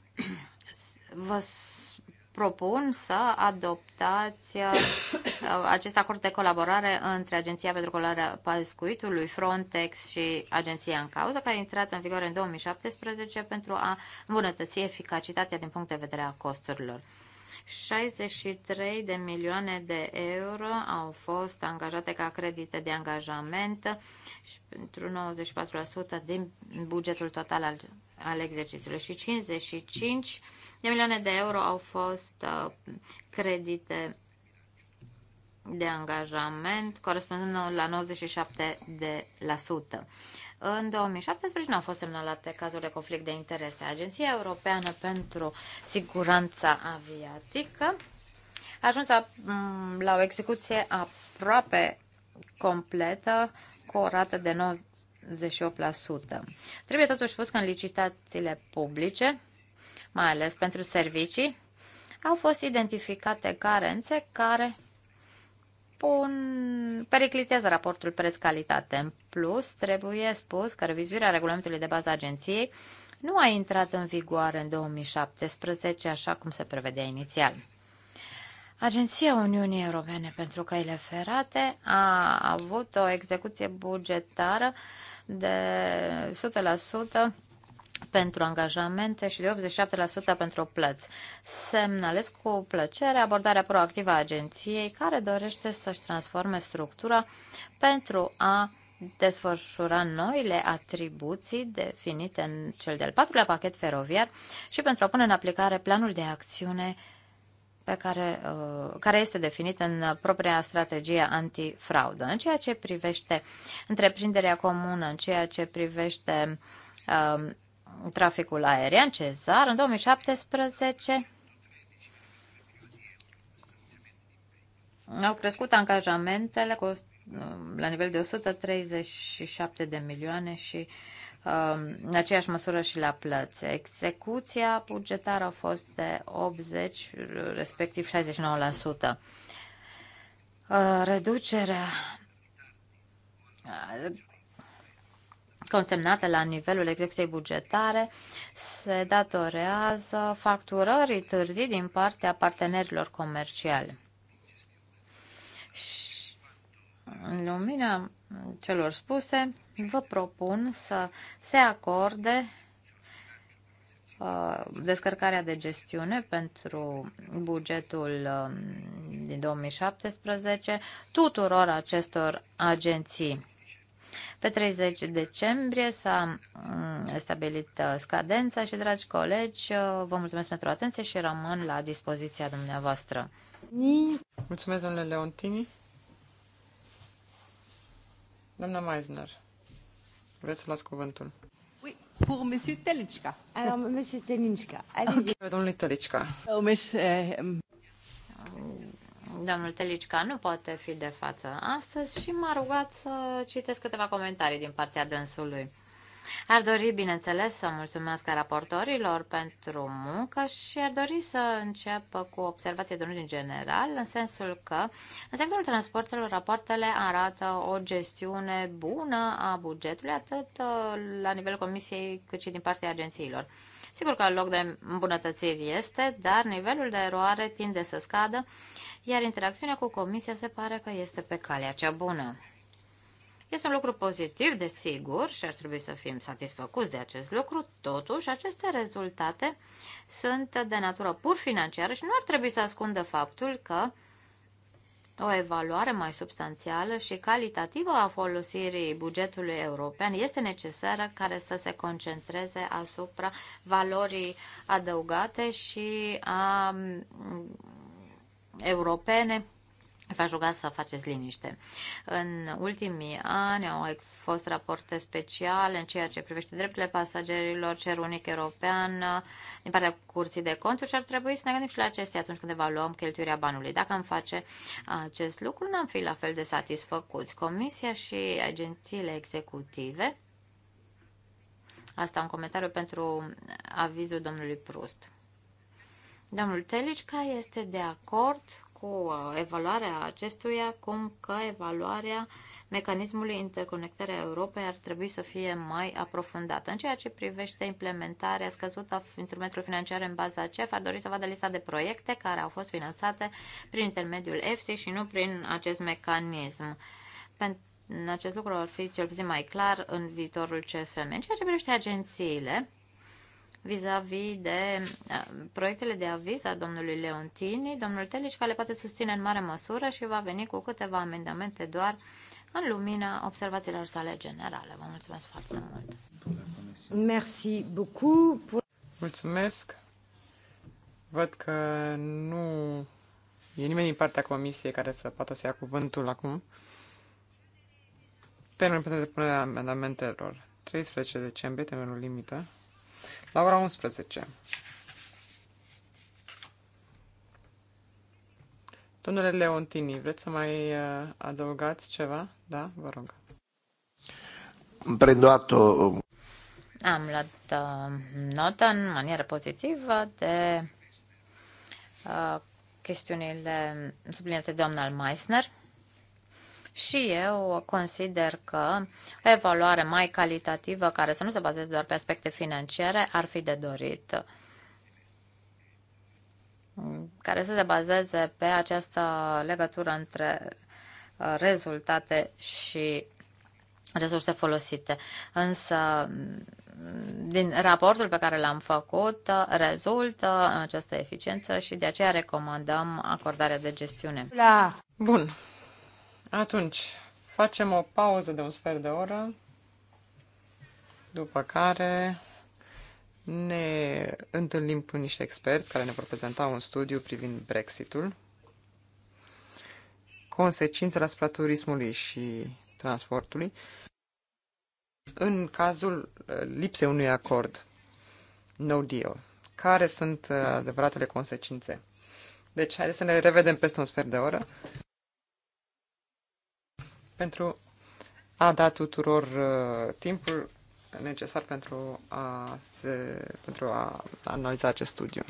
*clears throat* vă propun să adoptați uh, uh, acest acord de colaborare între Agenția pentru Colarea Pescuitului, Frontex și Agenția în cauză, care a intrat în vigoare în 2017 pentru a îmbunătăți eficacitatea din punct de vedere a costurilor. 63 de milioane de euro au fost angajate ca credite de angajament și pentru 94% din bugetul total al, al exercițiului și 55 de milioane de euro au fost uh, credite de angajament, corespunzând la 97%. În 2017 nu au fost semnalate cazuri de conflict de interese. Agenția Europeană pentru Siguranța Aviatică a ajuns mm, la o execuție aproape completă cu o rată de 98%. Trebuie totuși spus că în licitațiile publice, mai ales pentru servicii, au fost identificate carențe care spun, periclitează raportul preț-calitate. În plus, trebuie spus că revizuirea regulamentului de bază a agenției nu a intrat în vigoare în 2017, așa cum se prevedea inițial. Agenția Uniunii Europene pentru Căile Ferate a avut o execuție bugetară de pentru angajamente și de 87% pentru plăți. Semnalez cu plăcere abordarea proactivă a agenției care dorește să-și transforme structura pentru a desfășura noile atribuții definite în cel de-al patrulea pachet feroviar și pentru a pune în aplicare planul de acțiune pe care, uh, care este definit în propria strategie antifraudă. În ceea ce privește întreprinderea comună, în ceea ce privește uh, traficul aerian, Cezar, în 2017 au crescut angajamentele cu, la nivel de 137 de milioane și um, în aceeași măsură și la plăți. Execuția bugetară a fost de 80, respectiv 69%. Uh, reducerea consemnate la nivelul execuției bugetare se datorează facturării târzii din partea partenerilor comerciali. Și în lumina celor spuse, vă propun să se acorde uh, descărcarea de gestiune pentru bugetul um, din 2017 tuturor acestor agenții. Pe 30 decembrie s-a mm, stabilit uh, scadența și, dragi colegi, uh, vă mulțumesc pentru atenție și rămân la dispoziția dumneavoastră. Mulțumesc, domnule Leontini. Doamna Meisner, vreți să las cuvântul? Pentru domnul Telicica. Telinchka. Domnul Monsieur Telinchka, allez domnul Telicica nu poate fi de față astăzi și m-a rugat să citesc câteva comentarii din partea dânsului. Ar dori, bineînțeles, să mulțumesc raportorilor pentru muncă și ar dori să încep cu observație de unul general, în sensul că în sectorul transportelor rapoartele arată o gestiune bună a bugetului, atât uh, la nivelul Comisiei cât și din partea agențiilor. Sigur că loc de îmbunătățiri este, dar nivelul de eroare tinde să scadă, iar interacțiunea cu Comisia se pare că este pe calea cea bună. Este un lucru pozitiv, desigur, și ar trebui să fim satisfăcuți de acest lucru. Totuși, aceste rezultate sunt de natură pur financiară și nu ar trebui să ascundă faptul că o evaluare mai substanțială și calitativă a folosirii bugetului european este necesară care să se concentreze asupra valorii adăugate și a mm, europene V-aș ruga să faceți liniște. În ultimii ani au fost rapoarte speciale în ceea ce privește drepturile pasagerilor, cer unic european din partea Curții de Conturi și ar trebui să ne gândim și la acestea atunci când evaluăm cheltuirea banului. Dacă am face acest lucru, n-am fi la fel de satisfăcuți. Comisia și agențiile executive. Asta un comentariu pentru avizul domnului Prust. Domnul Telici, este de acord cu uh, evaluarea acestuia, cum că evaluarea mecanismului interconectarea Europei ar trebui să fie mai aprofundată. În ceea ce privește implementarea scăzută a instrumentului financiar în baza CEF, ar dori să vadă lista de proiecte care au fost finanțate prin intermediul EFSI și nu prin acest mecanism. Pentru acest lucru ar fi cel puțin mai clar în viitorul CFM. În ceea ce privește agențiile, vis-a-vis -vis de proiectele de aviz a domnului Leontini, domnul Telici, care poate susține în mare măsură și va veni cu câteva amendamente doar în lumina observațiilor sale generale. Vă mulțumesc foarte mult! Merci beaucoup! Mulțumesc! Văd că nu e nimeni din partea comisiei care să poată să ia cuvântul acum. Termenul pentru depunerea amendamentelor 13 decembrie, termenul limită. La ora 11. Domnule Leontini, vreți să mai uh, adăugați ceva? Da, vă rog. Prendo atto um, am luat nota uh, notă în manieră pozitivă de uh, chestiunile subliniate de domnul Meissner. Și eu consider că o evaluare mai calitativă, care să nu se bazeze doar pe aspecte financiare, ar fi de dorit care să se bazeze pe această legătură între uh, rezultate și resurse folosite. Însă, din raportul pe care l-am făcut, uh, rezultă această eficiență și de aceea recomandăm acordarea de gestiune. La. Bun. Atunci, facem o pauză de un sfert de oră, după care ne întâlnim cu niște experți care ne vor prezenta un studiu privind Brexitul, consecințele asupra turismului și transportului în cazul uh, lipsei unui acord, no deal. Care sunt uh, adevăratele consecințe? Deci, haideți să ne revedem peste un sfert de oră pentru a da tuturor uh, timpul necesar pentru a, se, pentru a analiza acest studiu.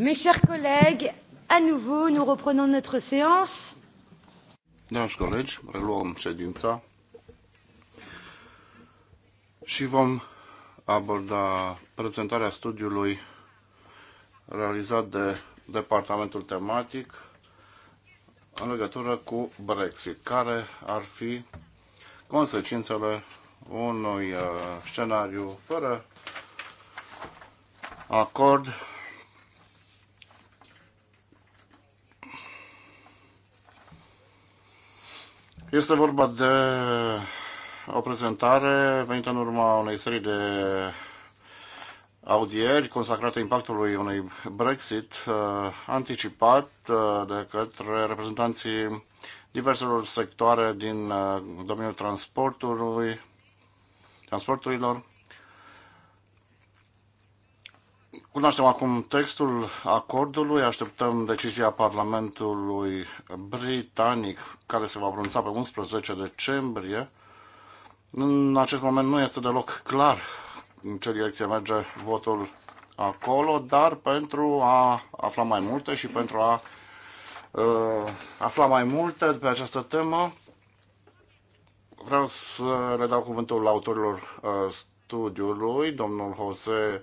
Mes chers collègues, à nouveau, nous reprenons notre séance. Dragi colegi, reluăm ședința și vom aborda prezentarea studiului realizat de departamentul tematic în legătură cu Brexit, care ar fi consecințele unui uh, scenariu fără acord Este vorba de o prezentare venită în urma unei serii de audieri consacrate impactului unui Brexit uh, anticipat uh, de către reprezentanții diverselor sectoare din uh, domeniul transportului, transporturilor, Cunoaștem acum textul acordului, așteptăm decizia Parlamentului Britanic, care se va pronunța pe 11 decembrie. În acest moment nu este deloc clar în ce direcție merge votul acolo, dar pentru a afla mai multe și pentru a uh, afla mai multe pe această temă, vreau să le dau cuvântul autorilor uh, studiului, domnul Jose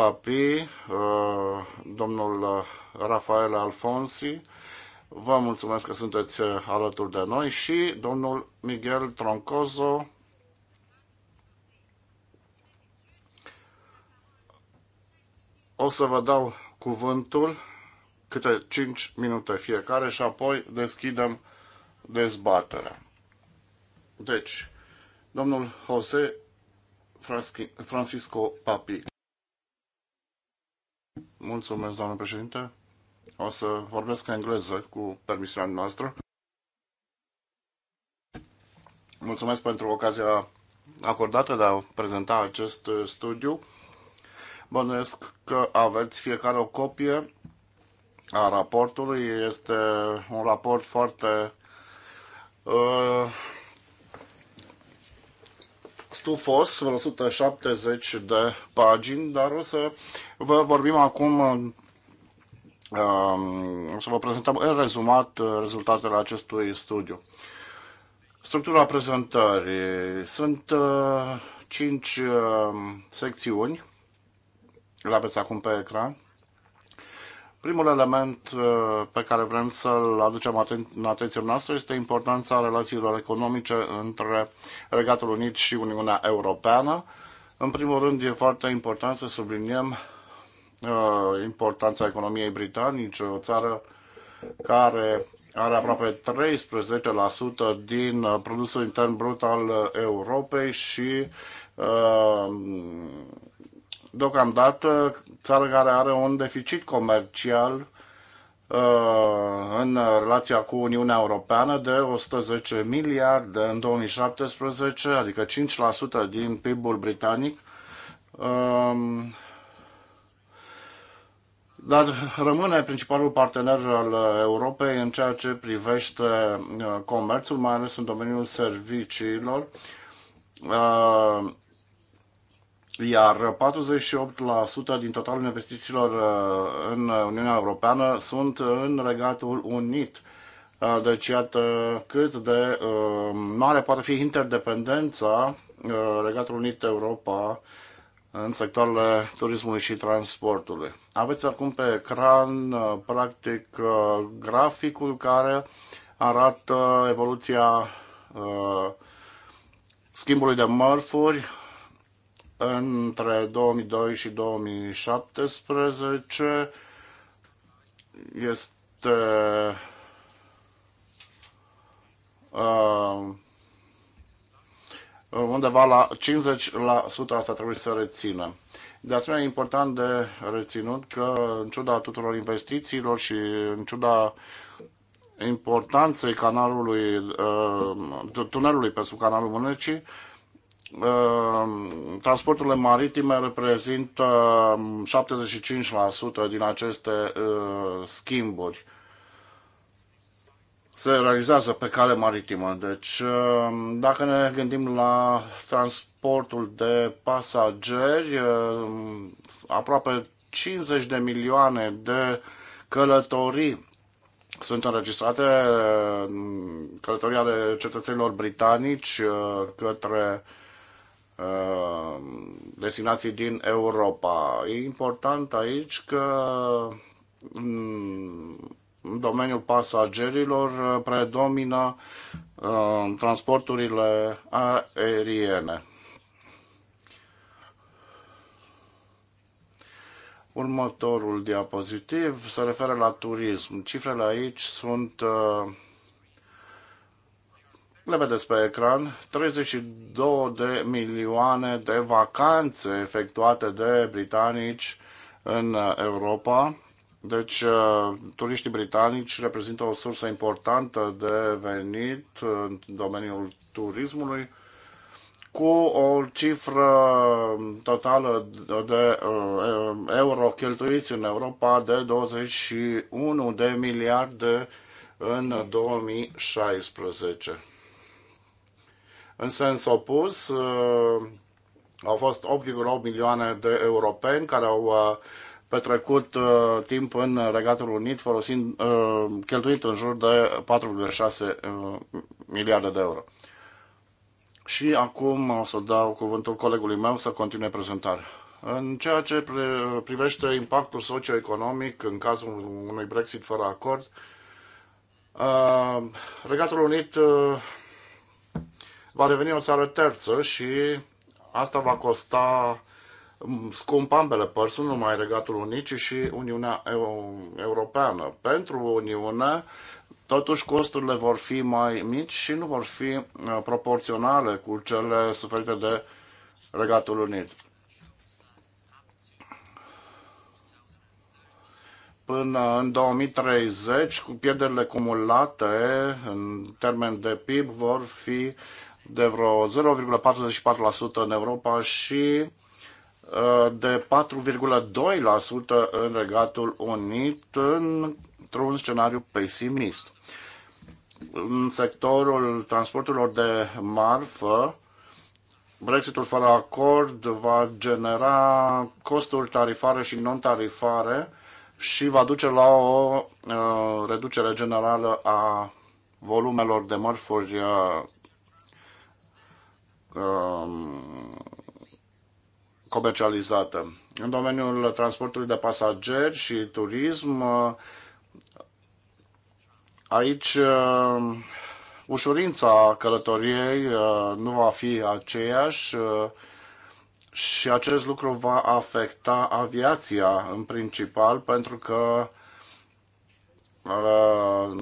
Papi, uh, domnul uh, Rafael Alfonsi, vă mulțumesc că sunteți uh, alături de noi și domnul Miguel Troncozo, O să vă dau cuvântul, câte 5 minute fiecare și apoi deschidem dezbaterea. Deci, domnul Jose Francisco Papi. Mulțumesc, doamnă președinte. O să vorbesc în engleză, cu permisiunea noastră. Mulțumesc pentru ocazia acordată de a prezenta acest studiu. Bănuiesc că aveți fiecare o copie a raportului. Este un raport foarte uh, stufos, vreo 170 de pagini, dar o să vă vorbim acum, um, o să vă prezentăm în rezumat uh, rezultatele acestui studiu. Structura prezentării. Sunt uh, cinci uh, secțiuni, le aveți acum pe ecran. Primul element uh, pe care vrem să-l aducem aten- în atenția noastră este importanța relațiilor economice între Regatul Unit și Uniunea Europeană. În primul rând, e foarte important să subliniem uh, importanța economiei britanice, o țară care are aproape 13% din uh, produsul intern brut al Europei și uh, deocamdată țară care are un deficit comercial uh, în relația cu Uniunea Europeană de 110 miliarde în 2017, adică 5% din PIB-ul britanic. Um, dar rămâne principalul partener al Europei în ceea ce privește uh, comerțul, mai ales în domeniul serviciilor. Uh, iar 48% din totalul investițiilor uh, în Uniunea Europeană sunt în Regatul Unit. Uh, deci, iată cât de uh, mare poate fi interdependența Regatul Unit Europa în sectoarele turismului și transportului. Aveți acum pe ecran, practic, graficul care arată evoluția schimbului de mărfuri între 2002 și 2017 este uh, undeva la 50%, asta trebuie să rețină. De asemenea, e important de reținut că, în ciuda tuturor investițiilor și în ciuda importanței canalului, uh, tunelului pe sub canalul Mânecii, Ehm, transporturile maritime reprezintă 75% ehm, din aceste ehm, schimburi. Se realizează pe cale maritimă. Deci, dacă ne gândim la transportul de pasageri, aproape 50 de milioane de călătorii sunt înregistrate călătorii ale cetățenilor britanici către Uh, destinații din Europa. E important aici că mm, în domeniul pasagerilor uh, predomină uh, transporturile aeriene. Următorul diapozitiv se referă la turism. Cifrele aici sunt uh, le vedeți pe ecran, 32 de milioane de vacanțe efectuate de britanici în Europa. Deci, uh, turiștii britanici reprezintă o sursă importantă de venit în domeniul turismului, cu o cifră totală de uh, euro cheltuiți în Europa de 21 de miliarde în 2016. În sens opus, uh, au fost 8,8 milioane de europeni care au uh, petrecut uh, timp în Regatul Unit folosind, cheltuit în jur de 4,6 miliarde de euro. Și acum o să dau cuvântul colegului meu să continue prezentarea. În ceea ce privește impactul socioeconomic în cazul unui Brexit fără acord, Regatul Unit va deveni o țară terță și asta va costa mm, scump ambele părți, nu numai Regatul Unit, ci și Uniunea Europeană. Pentru Uniune, totuși costurile vor fi mai mici și nu vor fi uh, proporționale cu cele suferite de Regatul Unit. Până în 2030, cu pierderile cumulate în termen de PIB vor fi de vreo 0,44% în Europa și uh, de 4,2% în Regatul Unit într-un scenariu pesimist. În sectorul transporturilor de marfă, Brexitul fără acord va genera costuri tarifare și non-tarifare și va duce la o uh, reducere generală a volumelor de mărfuri uh, Um, comercializată. În domeniul transportului de pasageri și turism, uh, aici uh, ușurința călătoriei uh, nu va fi aceeași și acest lucru va afecta aviația în principal pentru că uh,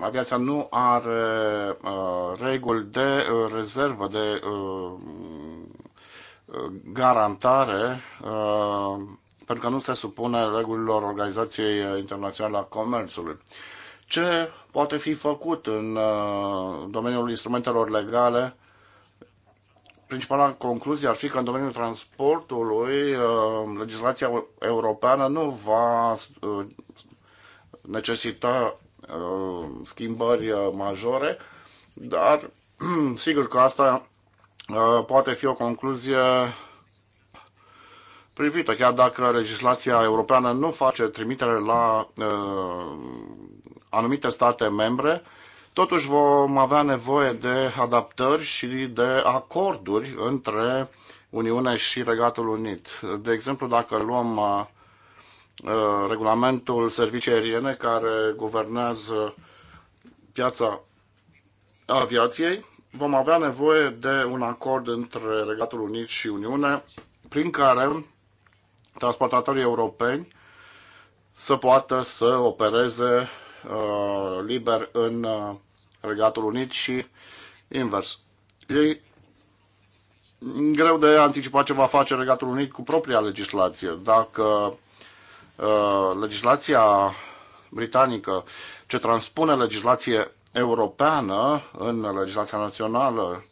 aviația nu are uh, reguli de uh, rezervă, de uh, garantare, uh, pentru că nu se supune regulilor Organizației Internaționale a Comerțului. Ce poate fi făcut în uh, domeniul instrumentelor legale? Principala concluzie ar fi că în domeniul transportului uh, legislația europeană nu va uh, necesita uh, schimbări uh, majore, dar *clears throat* sigur că asta uh, poate fi o concluzie privită, chiar dacă legislația europeană nu face trimitere la uh, anumite state membre, totuși vom avea nevoie de adaptări și de acorduri între Uniune și Regatul Unit. De exemplu, dacă luăm uh, Uh, regulamentul servicii aeriene care guvernează piața aviației, vom avea nevoie de un acord între Regatul Unit și Uniune prin care transportatorii europeni să poată să opereze uh, liber în uh, Regatul Unit și invers. E greu de anticipat ce va face Regatul Unit cu propria legislație. Dacă Uh, legislația britanică ce transpune legislație europeană în legislația națională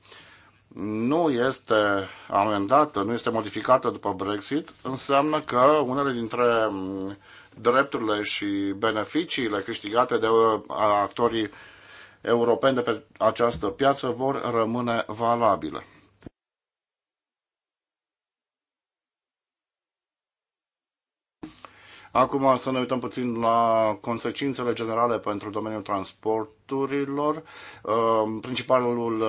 nu este amendată, nu este modificată după Brexit, înseamnă că unele dintre um, drepturile și beneficiile câștigate de uh, actorii europeni de pe această piață vor rămâne valabile. Acum să ne uităm puțin la consecințele generale pentru domeniul transporturilor, uh, principalul uh,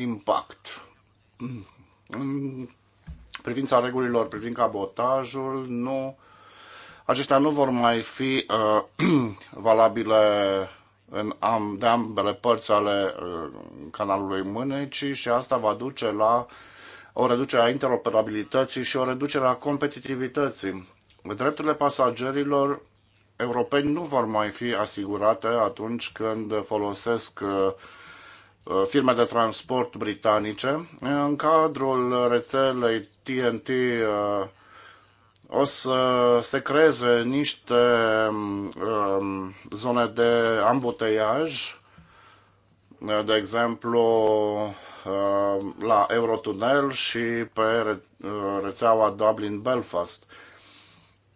impact. În privința regulilor privind cabotajul, nu, acestea nu vor mai fi uh, *clears throat* valabile în am, de ambele părți ale uh, canalului Mânecii și asta va duce la o reducere a interoperabilității și o reducere a competitivității drepturile pasagerilor europeni nu vor mai fi asigurate atunci când folosesc uh, uh, firme de transport britanice. În cadrul rețelei TNT uh, o să se creeze niște um, um, zone de ambuteiaj, de exemplu la Eurotunnel și pe rețeaua Dublin-Belfast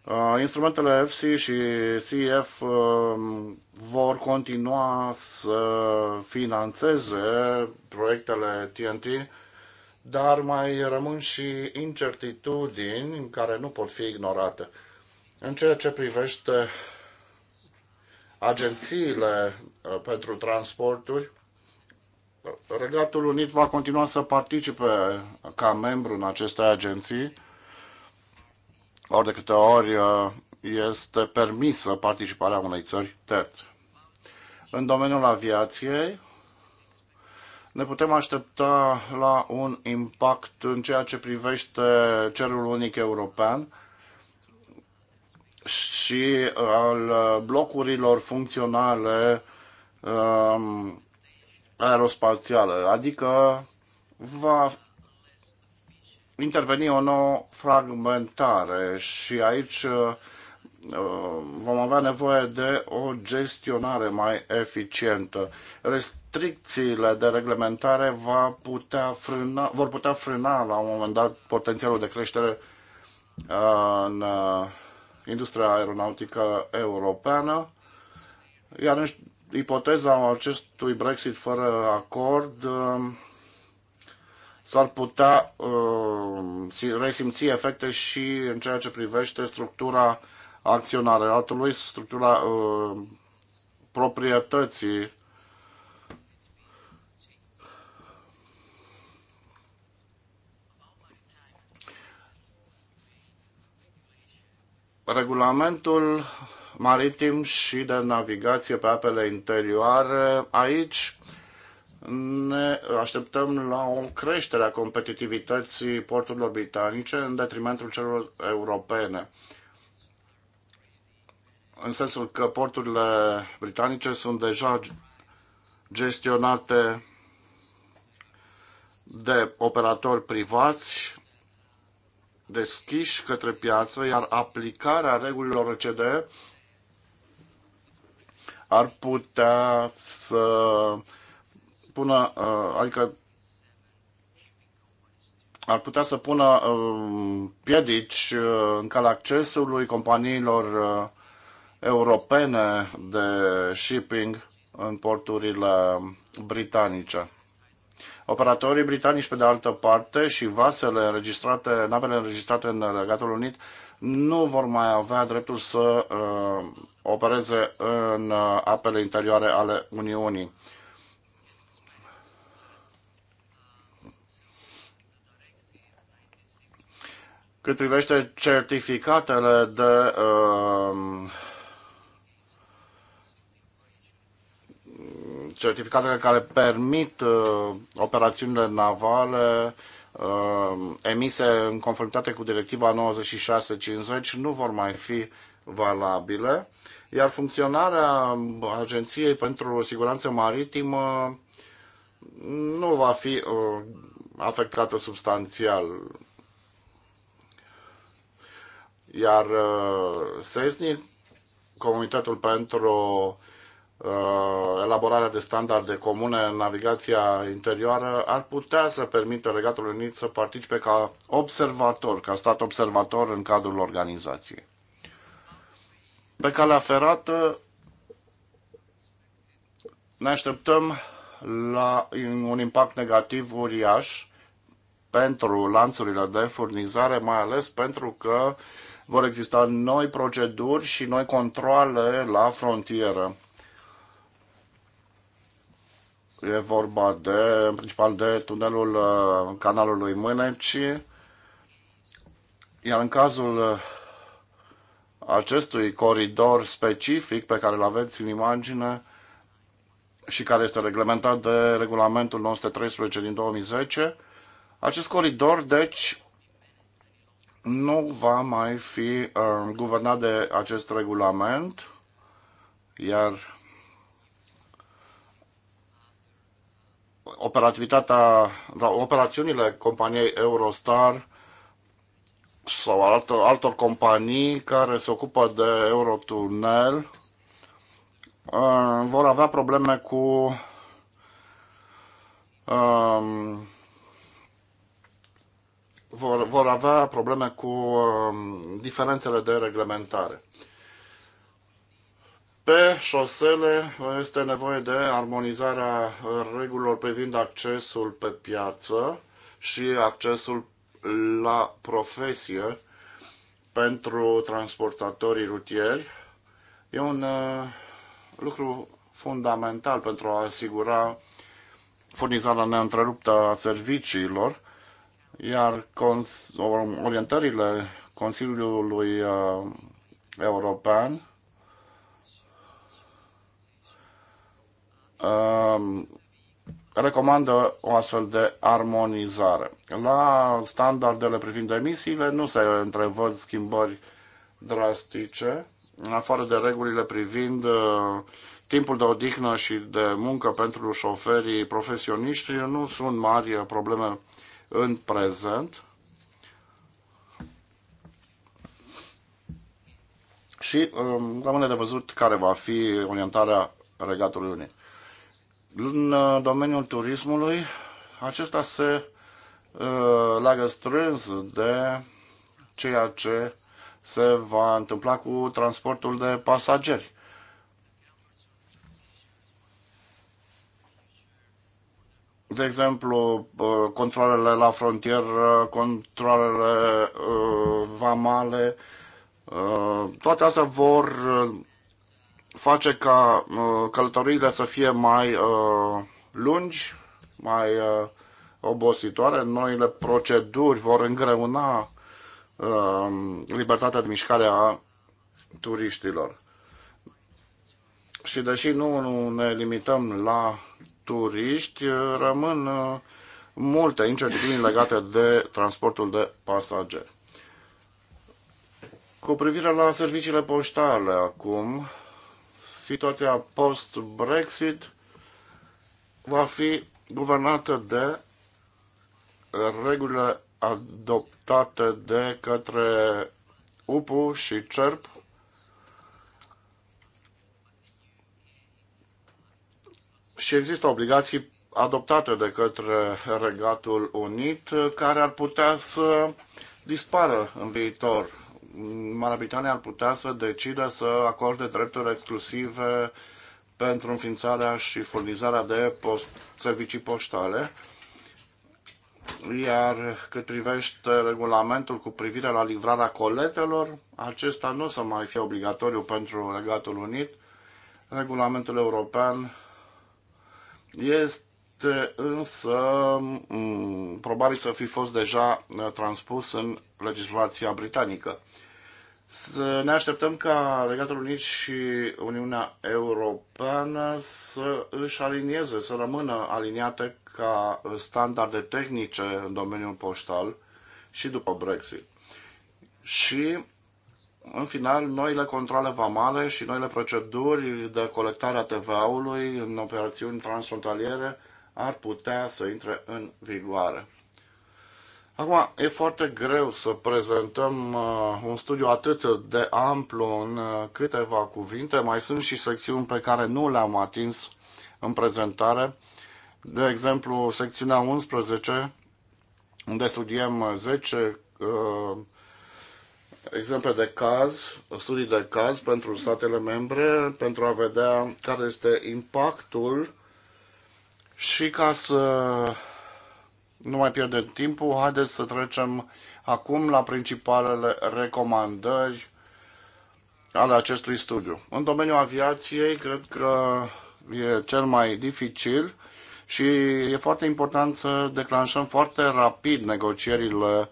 Uh, instrumentele EFSI și CF um, vor continua să financeze proiectele TNT, dar mai rămân și incertitudini care nu pot fi ignorate. În ceea ce privește agențiile uh, pentru transporturi, Regatul Unit va continua să participe ca membru în aceste agenții ori de câte ori uh, este permisă participarea unei țări terțe. În domeniul aviației, ne putem aștepta la un impact în ceea ce privește cerul unic european și uh, al blocurilor funcționale um, aerospațiale, adică va interveni o nouă fragmentare și aici uh, uh, vom avea nevoie de o gestionare mai eficientă. Restricțiile de reglementare va putea frâna, vor putea frâna la un moment dat potențialul de creștere uh, în industria aeronautică europeană, iar în ipoteza acestui Brexit fără acord s-ar putea uh, resimți efecte și în ceea ce privește structura acționariatului, structura uh, proprietății regulamentul maritim și de navigație pe apele interioare. Aici ne așteptăm la o creștere a competitivității porturilor britanice în detrimentul celor europene. În sensul că porturile britanice sunt deja gestionate de operatori privați deschiși către piață, iar aplicarea regulilor CDE ar putea să pună, uh, adică ar putea să pună uh, piedici uh, în calea accesului companiilor europene de shipping în porturile britanice. Operatorii britanici, pe de altă parte, și vasele înregistrate, navele înregistrate în Regatul Unit, nu vor mai avea dreptul să uh, opereze în uh, apele interioare ale Uniunii. Cât privește certificatele de uh, certificatele care permit uh, operațiunile navale uh, emise în conformitate cu directiva 9650 nu vor mai fi valabile, iar funcționarea Agenției pentru Siguranță Maritimă nu va fi uh, afectată substanțial. Iar uh, SESNI, Comunitatul pentru uh, elaborarea de standarde comune în navigația interioară ar putea să permită Regatul Unit să participe ca observator, ca stat observator în cadrul organizației. Pe calea ferată ne așteptăm la un impact negativ uriaș pentru lanțurile de furnizare, mai ales pentru că uh, vor exista noi proceduri și noi controle la frontieră. E vorba de, în principal de tunelul uh, canalului Mâneci, iar în cazul uh, acestui coridor specific pe care îl aveți în imagine și care este reglementat de regulamentul 913 din 2010, acest coridor, deci, nu va mai fi uh, guvernat de acest regulament, iar operativitatea, da, operațiunile companiei Eurostar sau altor, altor companii care se ocupă de Eurotunnel uh, vor avea probleme cu uh, vor, vor avea probleme cu um, diferențele de reglementare. Pe șosele este nevoie de armonizarea regulilor privind accesul pe piață și accesul la profesie pentru transportatorii rutieri. E un uh, lucru fundamental pentru a asigura furnizarea neîntreruptă a serviciilor iar orientările Consiliului uh, European um, recomandă o astfel de armonizare. La standardele privind emisiile nu se întrevăd schimbări drastice, în afară de regulile privind uh, timpul de odihnă și de muncă pentru șoferii profesioniști, nu sunt mari probleme în prezent și um, rămâne de văzut care va fi orientarea Regatului Unii. În uh, domeniul turismului, acesta se uh, leagă strâns de ceea ce se va întâmpla cu transportul de pasageri. de exemplu, controlele la frontieră, controlele ă, vamale, ă, toate astea vor ă, face ca călătoriile să fie mai lungi, mai obositoare. Noile proceduri vor îngreuna libertatea de mișcare a turiștilor. Și deși nu ne limităm la turiști, uh, rămân uh, multe incertitudini legate de transportul de pasageri. Cu privire la serviciile poștale acum, situația post-Brexit va fi guvernată de regulile adoptate de către UPU și CERP și există obligații adoptate de către Regatul Unit care ar putea să dispară în viitor. Marea Britanie ar putea să decide să acorde drepturi exclusive pentru înființarea și furnizarea de post, servicii poștale, iar cât privește regulamentul cu privire la livrarea coletelor, acesta nu o să mai fie obligatoriu pentru Regatul Unit. Regulamentul european este însă mm, probabil să fi fost deja uh, transpus în legislația britanică. Să ne așteptăm ca Regatul Unit și Uniunea Europeană să își alinieze, să rămână aliniate ca standarde tehnice în domeniul poștal și după Brexit. Și în final, noile controle vamale și noile proceduri de colectare a TVA-ului în operațiuni transfrontaliere ar putea să intre în vigoare. Acum, e foarte greu să prezentăm uh, un studiu atât de amplu în uh, câteva cuvinte. Mai sunt și secțiuni pe care nu le-am atins în prezentare. De exemplu, secțiunea 11, unde studiem 10 uh, exemple de caz, studii de caz pentru statele membre, pentru a vedea care este impactul și ca să nu mai pierdem timpul, haideți să trecem acum la principalele recomandări ale acestui studiu. În domeniul aviației, cred că e cel mai dificil și e foarte important să declanșăm foarte rapid negocierile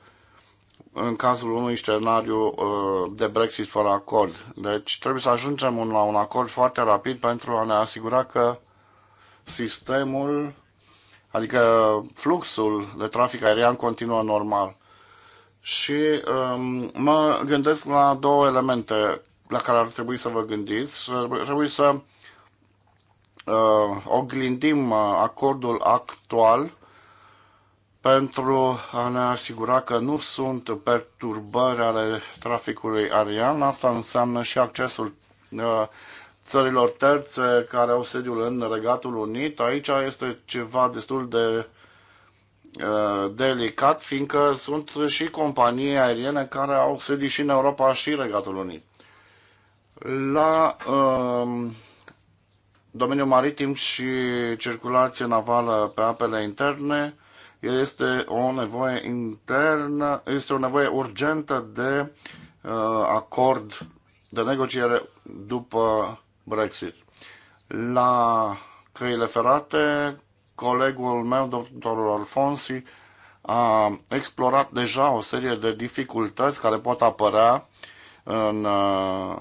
în cazul unui scenariu uh, de Brexit fără acord. Deci trebuie să ajungem la un acord foarte rapid pentru a ne asigura că sistemul, adică fluxul de trafic aerian continuă normal. Și um, mă gândesc la două elemente la care ar trebui să vă gândiți. Trebuie să uh, oglindim uh, acordul actual pentru a ne asigura că nu sunt perturbări ale traficului aerian. Asta înseamnă și accesul uh, țărilor terțe care au sediul în Regatul Unit. Aici este ceva destul de uh, delicat, fiindcă sunt și companii aeriene care au sedii și în Europa și Regatul Unit. La um, domeniul maritim și circulație navală pe apele interne, este o nevoie internă, este o nevoie urgentă de uh, acord de negociere după Brexit. La căile ferate, colegul meu, doctorul Alfonsi, a explorat deja o serie de dificultăți care pot apărea în uh,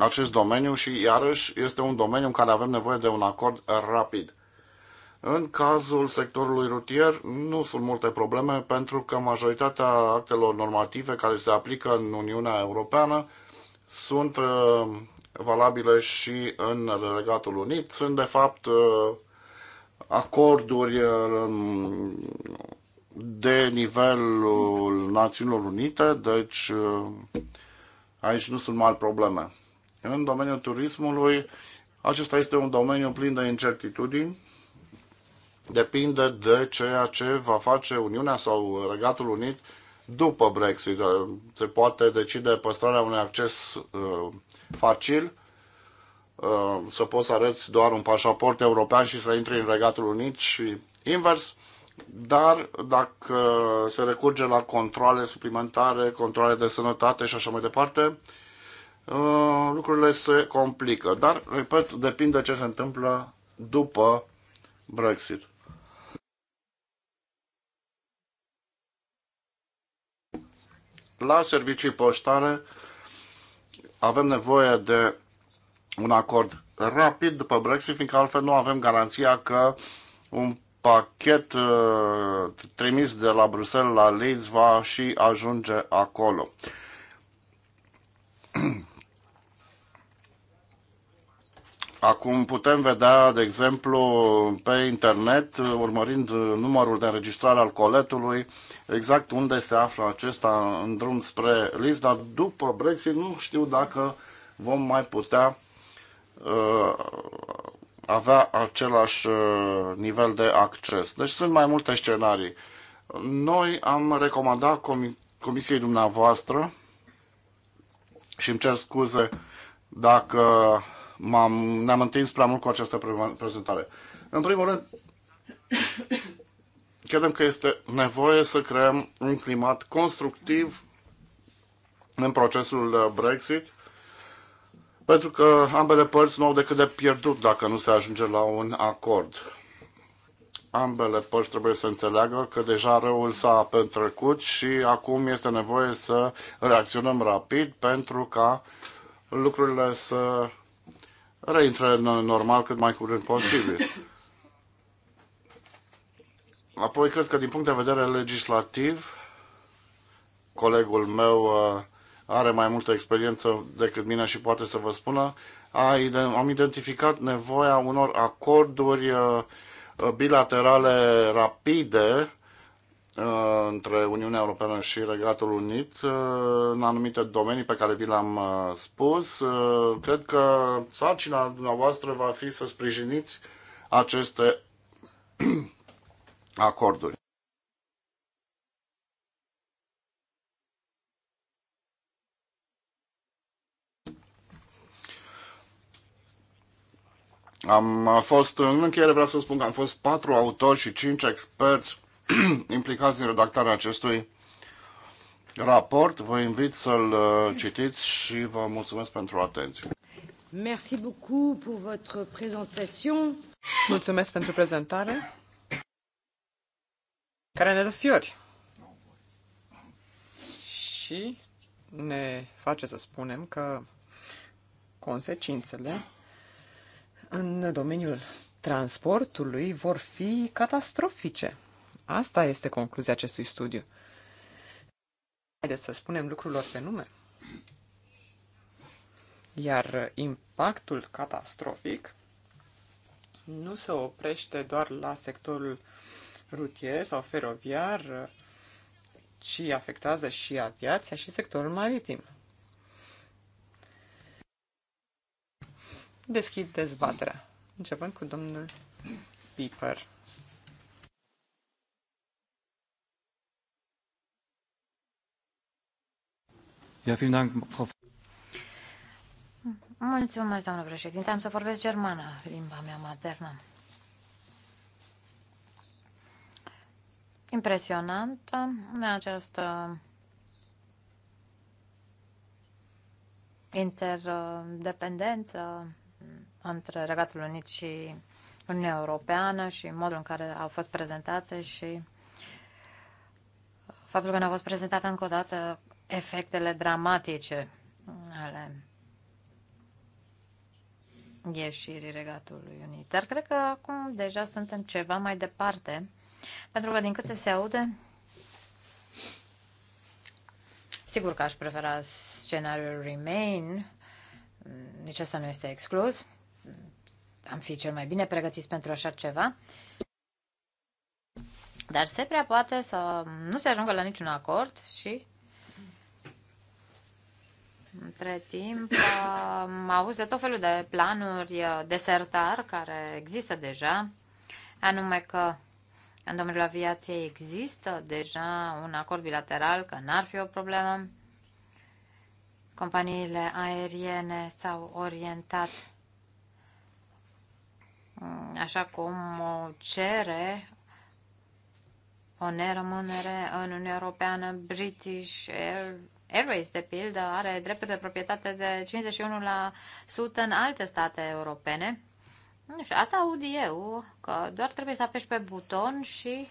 acest domeniu și iarăși este un domeniu în care avem nevoie de un acord rapid. În cazul sectorului rutier nu sunt multe probleme pentru că majoritatea actelor normative care se aplică în Uniunea Europeană sunt uh, valabile și în Regatul Unit. Sunt de fapt uh, acorduri uh, de nivelul Națiunilor Unite, deci aici nu sunt mari probleme. În domeniul turismului, acesta este un domeniu plin de incertitudini depinde de ceea ce va face Uniunea sau Regatul Unit după Brexit. Se poate decide păstrarea unui acces uh, facil, uh, să poți să arăți doar un pașaport european și să intri în Regatul Unit și invers, dar dacă se recurge la controle suplimentare, controle de sănătate și așa mai departe, uh, lucrurile se complică. Dar, repet, depinde ce se întâmplă după Brexit. La servicii poștare avem nevoie de un acord rapid după Brexit, fiindcă altfel nu avem garanția că un pachet uh, trimis de la Bruxelles la Leeds va și ajunge acolo. *clears throat* Acum putem vedea, de exemplu, pe internet, urmărind numărul de înregistrare al coletului, exact unde se află acesta în drum spre list, dar după Brexit nu știu dacă vom mai putea uh, avea același uh, nivel de acces. Deci sunt mai multe scenarii. Noi am recomandat comi comisiei dumneavoastră și îmi cer scuze dacă am ne-am întins prea mult cu această prezentare. În primul rând, credem că este nevoie să creăm un climat constructiv în procesul uh, Brexit, pentru că ambele părți nu au decât de pierdut dacă nu se ajunge la un acord. Ambele părți trebuie să înțeleagă că deja răul s-a petrecut și acum este nevoie să reacționăm rapid pentru ca lucrurile să reintră în normal cât mai curând posibil. Apoi, cred că din punct de vedere legislativ, colegul meu uh, are mai multă experiență decât mine și poate să vă spună, am identificat nevoia unor acorduri uh, bilaterale rapide Uh, între Uniunea Europeană și Regatul Unit uh, în anumite domenii pe care vi le-am uh, spus. Cred că sarcina dumneavoastră va fi să sprijiniți aceste *clears throat* acorduri. Am fost, în încheiere vreau să spun că am fost patru autori și cinci experți *clears throat* implicați în redactarea acestui raport. Vă invit să-l uh, citiți și vă mulțumesc pentru atenție. Merci beaucoup pour votre présentation. Mulțumesc pentru prezentare. Care ne dă fiori. Și ne face să spunem că consecințele în domeniul transportului vor fi catastrofice. Asta este concluzia acestui studiu. Haideți să spunem lucrurilor pe nume. Iar impactul catastrofic nu se oprește doar la sectorul rutier sau feroviar, ci afectează și aviația și sectorul maritim. Deschid dezbaterea, începând cu domnul Piper. Mulțumesc, doamnă președinte. Am să vorbesc germană, limba mea maternă. Impresionantă această interdependență între Regatul Unit și Uniunea Europeană și modul în care au fost prezentate și faptul că ne-a fost prezentată încă o dată efectele dramatice ale ieșirii Regatului Unit. Dar cred că acum deja suntem ceva mai departe, pentru că din câte se aude, sigur că aș prefera scenariul Remain, nici asta nu este exclus, am fi cel mai bine pregătiți pentru așa ceva, dar se prea poate să nu se ajungă la niciun acord și între timp, am auzit de tot felul de planuri desertar care există deja, anume că în domeniul aviației există deja un acord bilateral, că n-ar fi o problemă. Companiile aeriene s-au orientat mm, așa cum o cere o nerămânere în Uniunea Europeană British Air, Airways, de pildă, are drepturi de proprietate de 51% în alte state europene. Nu știu, asta aud eu, că doar trebuie să apeși pe buton și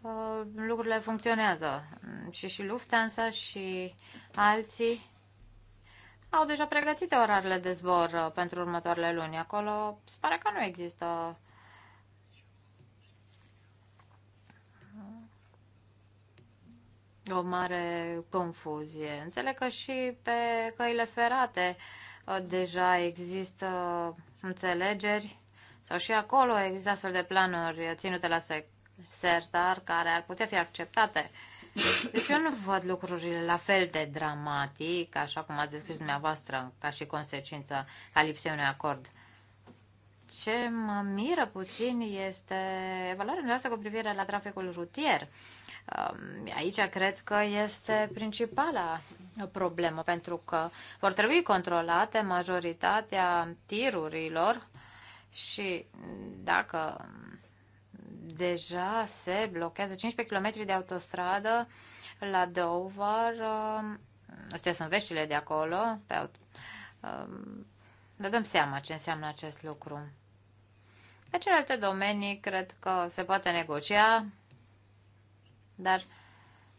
uh, lucrurile funcționează. Și și Lufthansa și alții au deja pregătite orarele de zbor uh, pentru următoarele luni. Acolo se pare că nu există o mare confuzie. Înțeleg că și pe căile ferate uh, deja există înțelegeri sau și acolo există astfel de planuri ținute la sertar care ar putea fi acceptate. Deci eu nu văd lucrurile la fel de dramatic, așa cum ați descris dumneavoastră, ca și consecința a lipsei unui acord. Ce mă miră puțin este evaluarea noastră cu privire la traficul rutier. Uh, Aici cred că este principala problemă, pentru că vor trebui controlate majoritatea tirurilor și dacă deja se blochează 15 km de autostradă la Dover, uh, astea sunt veștile de acolo, pe, um, ne dăm seama ce înseamnă acest lucru. Pe celelalte domenii, cred că se poate negocia, dar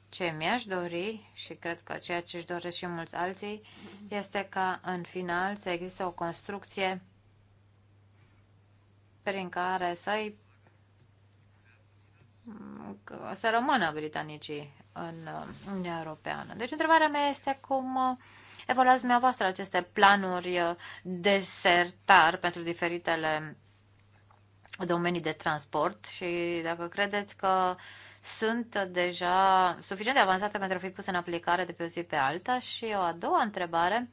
ce mi-aș dori și cred că ceea ce își doresc și mulți alții este ca în final să existe o construcție prin care să-i să rămână britanicii în uh, Uniunea Europeană. Deci întrebarea mea este cum uh, evoluați dumneavoastră aceste planuri uh, desertar pentru diferitele domenii de transport și dacă credeți că uh, sunt deja suficient de avansate pentru a fi puse în aplicare de pe o zi pe alta? Și o a doua întrebare,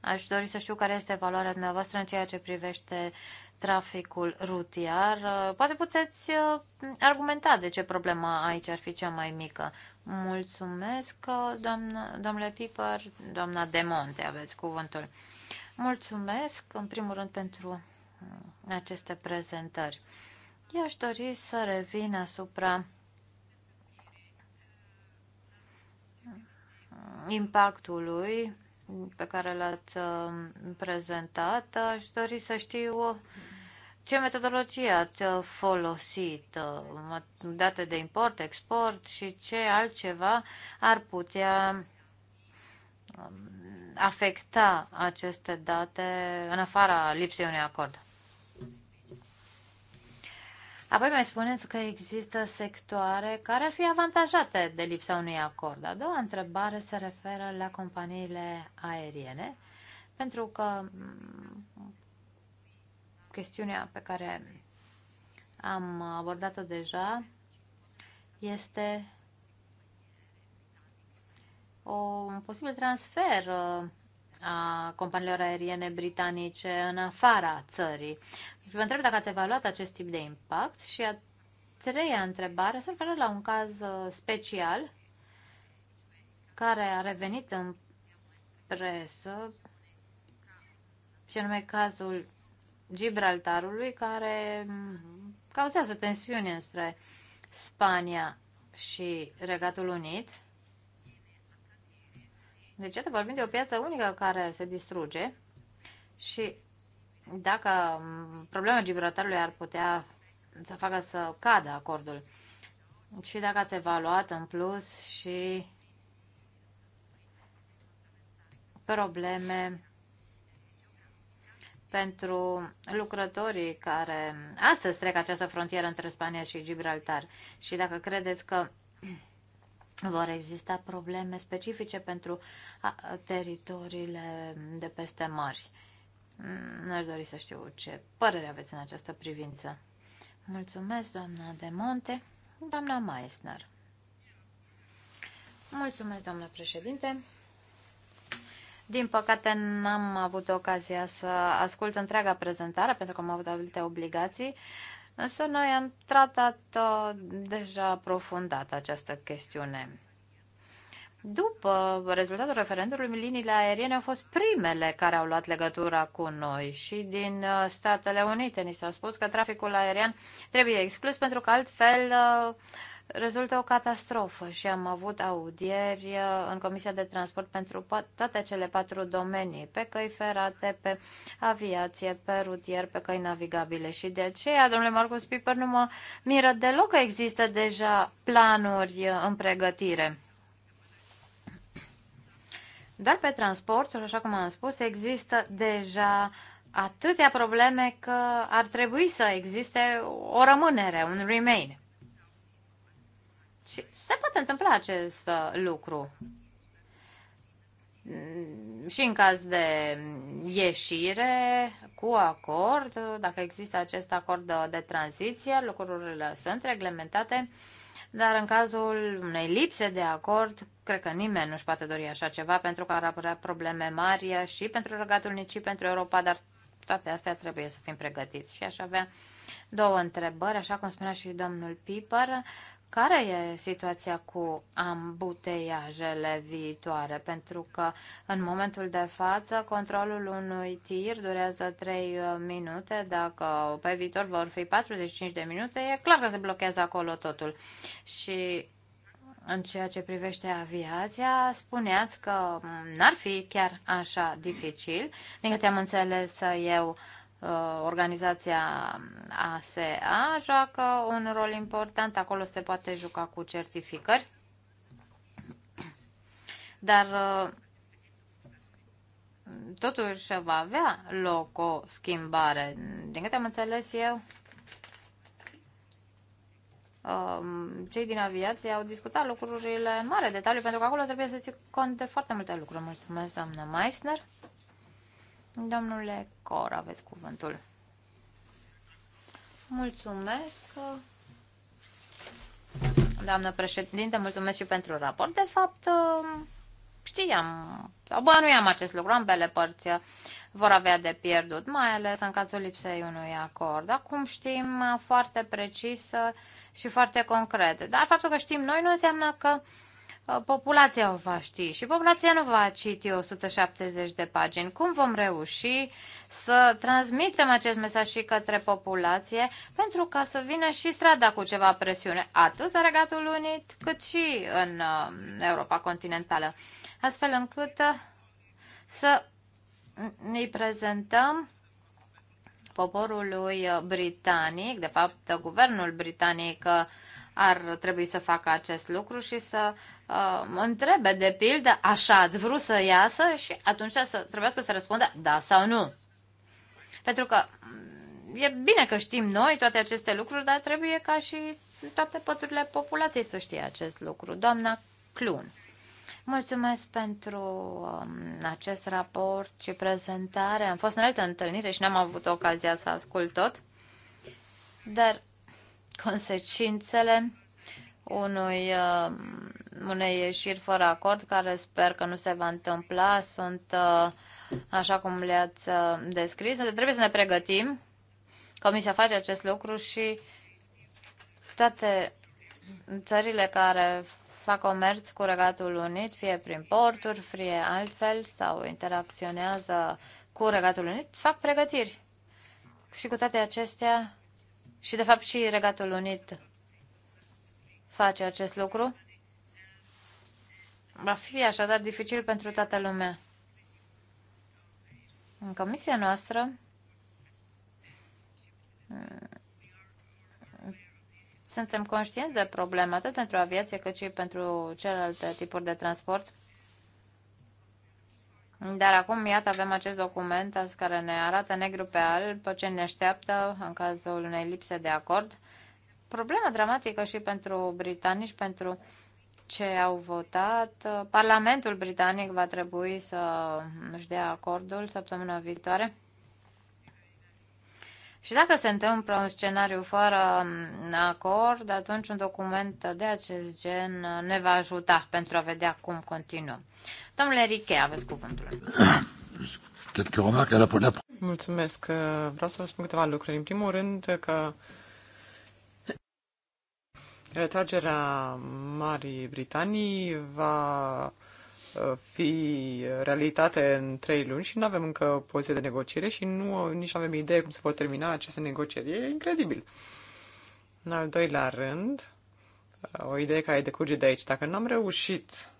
aș dori să știu care este valoarea dumneavoastră în ceea ce privește traficul rutier. Poate puteți uh, argumenta de ce problema aici ar fi cea mai mică. Mulțumesc, uh, doamnă, domnule Piper, doamna Demonte, aveți cuvântul. Mulțumesc, în primul rând, pentru uh, aceste prezentări. Eu aș dori să revin asupra impactului pe care l-ați um, prezentat, aș dori să știu ce metodologie ați uh, folosit, uh, date de import, export și ce altceva ar putea um, afecta aceste date în afara lipsei unui acord. Apoi mai spuneți că există sectoare care ar fi avantajate de lipsa unui acord. A doua întrebare se referă la companiile aeriene, pentru că mm, chestiunea pe care am abordat-o deja este o, un posibil transfer uh, a companiilor aeriene britanice în afara țării. Vă întreb dacă ați evaluat acest tip de impact și a treia întrebare se referă la un caz uh, special care a revenit în presă și anume cazul Gibraltarului care mm, cauzează tensiuni între Spania și Regatul Unit. Deci, iată, vorbim de o piață unică care se distruge și dacă mm, problema Gibraltarului ar putea să facă să cadă acordul și dacă ați evaluat în plus și probleme pentru lucrătorii care astăzi trec această frontieră între Spania și Gibraltar și dacă credeți că vor exista probleme specifice pentru teritoriile de peste mări. Nu mm, aș dori să știu ce părere aveți în această privință. Mulțumesc, doamna de Monte, doamna Meissner. Mulțumesc, doamna președinte. Din păcate, n-am avut ocazia să ascult întreaga prezentare, pentru că am avut alte obligații, Însă noi am tratat uh, deja aprofundat această chestiune. După rezultatul referendumului, liniile aeriene au fost primele care au luat legătura cu noi și din uh, Statele Unite ni s-a spus că traficul aerian trebuie exclus pentru că altfel uh, rezultă o catastrofă și am avut audieri uh, în Comisia de Transport pentru toate cele patru domenii, pe căi ferate, pe aviație, pe rutier, pe căi navigabile și de aceea, domnule Marcus Piper, nu mă miră deloc că există deja planuri uh, în pregătire. Doar pe transportul, așa cum am spus, există deja atâtea probleme că ar trebui să existe o rămânere, un remain. Și se poate întâmpla acest uh, lucru. Mm, și în caz de ieșire cu acord, dacă există acest acord de, tranziție, lucrurile sunt reglementate, dar în cazul unei lipse de acord, cred că nimeni nu-și poate dori așa ceva pentru că ar apărea probleme mari și pentru Regatul Unit și pentru Europa, dar toate astea trebuie să fim pregătiți. Și aș avea două întrebări, așa cum spunea și domnul Piper care e situația cu ambuteiajele viitoare? Pentru că în momentul de față controlul unui tir durează 3 uh, minute, dacă pe viitor vor fi 45 de minute, e clar că se blochează acolo totul. Și în ceea ce privește aviația, spuneați că n-ar fi chiar așa dificil. Din câte am înțeles eu, Uh, organizația ASA joacă un rol important. Acolo se poate juca cu certificări. Dar uh, totuși va avea loc o schimbare. Din câte am înțeles eu, uh, cei din aviație au discutat lucrurile în mare detaliu, pentru că acolo trebuie să ți conte foarte multe lucruri. Mulțumesc, doamna Meissner. Domnule Cor, aveți cuvântul. Mulțumesc. Doamnă președinte, mulțumesc și pentru raport. De fapt, știam, sau bănuiam acest lucru, ambele părți vor avea de pierdut, mai ales în cazul lipsei unui acord. Acum știm foarte precis și foarte concret. Dar faptul că știm noi nu înseamnă că uh, Uh, populația o va ști și populația nu va citi 170 de pagini. Cum vom reuși să transmitem acest mesaj și către populație pentru ca să vină și strada cu ceva presiune, atât în Regatul Unit cât și în uh, Europa continentală, astfel încât uh, să îi prezentăm poporului britanic, de fapt guvernul britanic ar trebui să facă acest lucru și să uh, întrebe, de pildă, așa ați vrut să iasă și atunci să trebuie să răspundă da sau nu. Pentru că mm, e bine că știm noi toate aceste lucruri, dar trebuie ca și toate păturile populației să știe acest lucru. Doamna Clun. Mulțumesc pentru um, acest raport și prezentare. Am fost în altă întâlnire și n-am avut ocazia să ascult tot. Dar consecințele unui, uh, unei ieșiri fără acord, care sper că nu se va întâmpla, sunt uh, așa cum le-ați uh, descris. Trebuie să ne pregătim. Comisia face acest lucru și toate țările care fac comerț cu Regatul Unit, fie prin porturi, fie altfel, sau interacționează cu Regatul Unit, fac pregătiri. Și cu toate acestea, și, de fapt, și Regatul Unit face acest lucru. Va fi așadar dificil pentru toată lumea. În comisia noastră mm, suntem conștienți de probleme atât pentru aviație cât și pentru celelalte tipuri de transport. Dar acum, iată, avem acest document care ne arată negru pe alb ce ne așteaptă în cazul unei lipse de acord. Problema dramatică și pentru britanici, pentru ce au votat. Parlamentul britanic va trebui să își dea acordul săptămâna viitoare. Și dacă se întâmplă un scenariu fără mm, acord, atunci un document de acest gen mm, ne va ajuta pentru a vedea cum continuăm. Domnule Riche, aveți cuvântul. *coughs* Mulțumesc. Uh, vreau să vă spun câteva lucruri. În primul rând că retragerea Marii Britanii va fi realitate în trei luni și nu avem încă poziție de negociere și nu, nici nu avem idee cum se pot termina aceste negocieri. E incredibil. În al doilea rând, o idee care decurge de aici. Dacă nu am reușit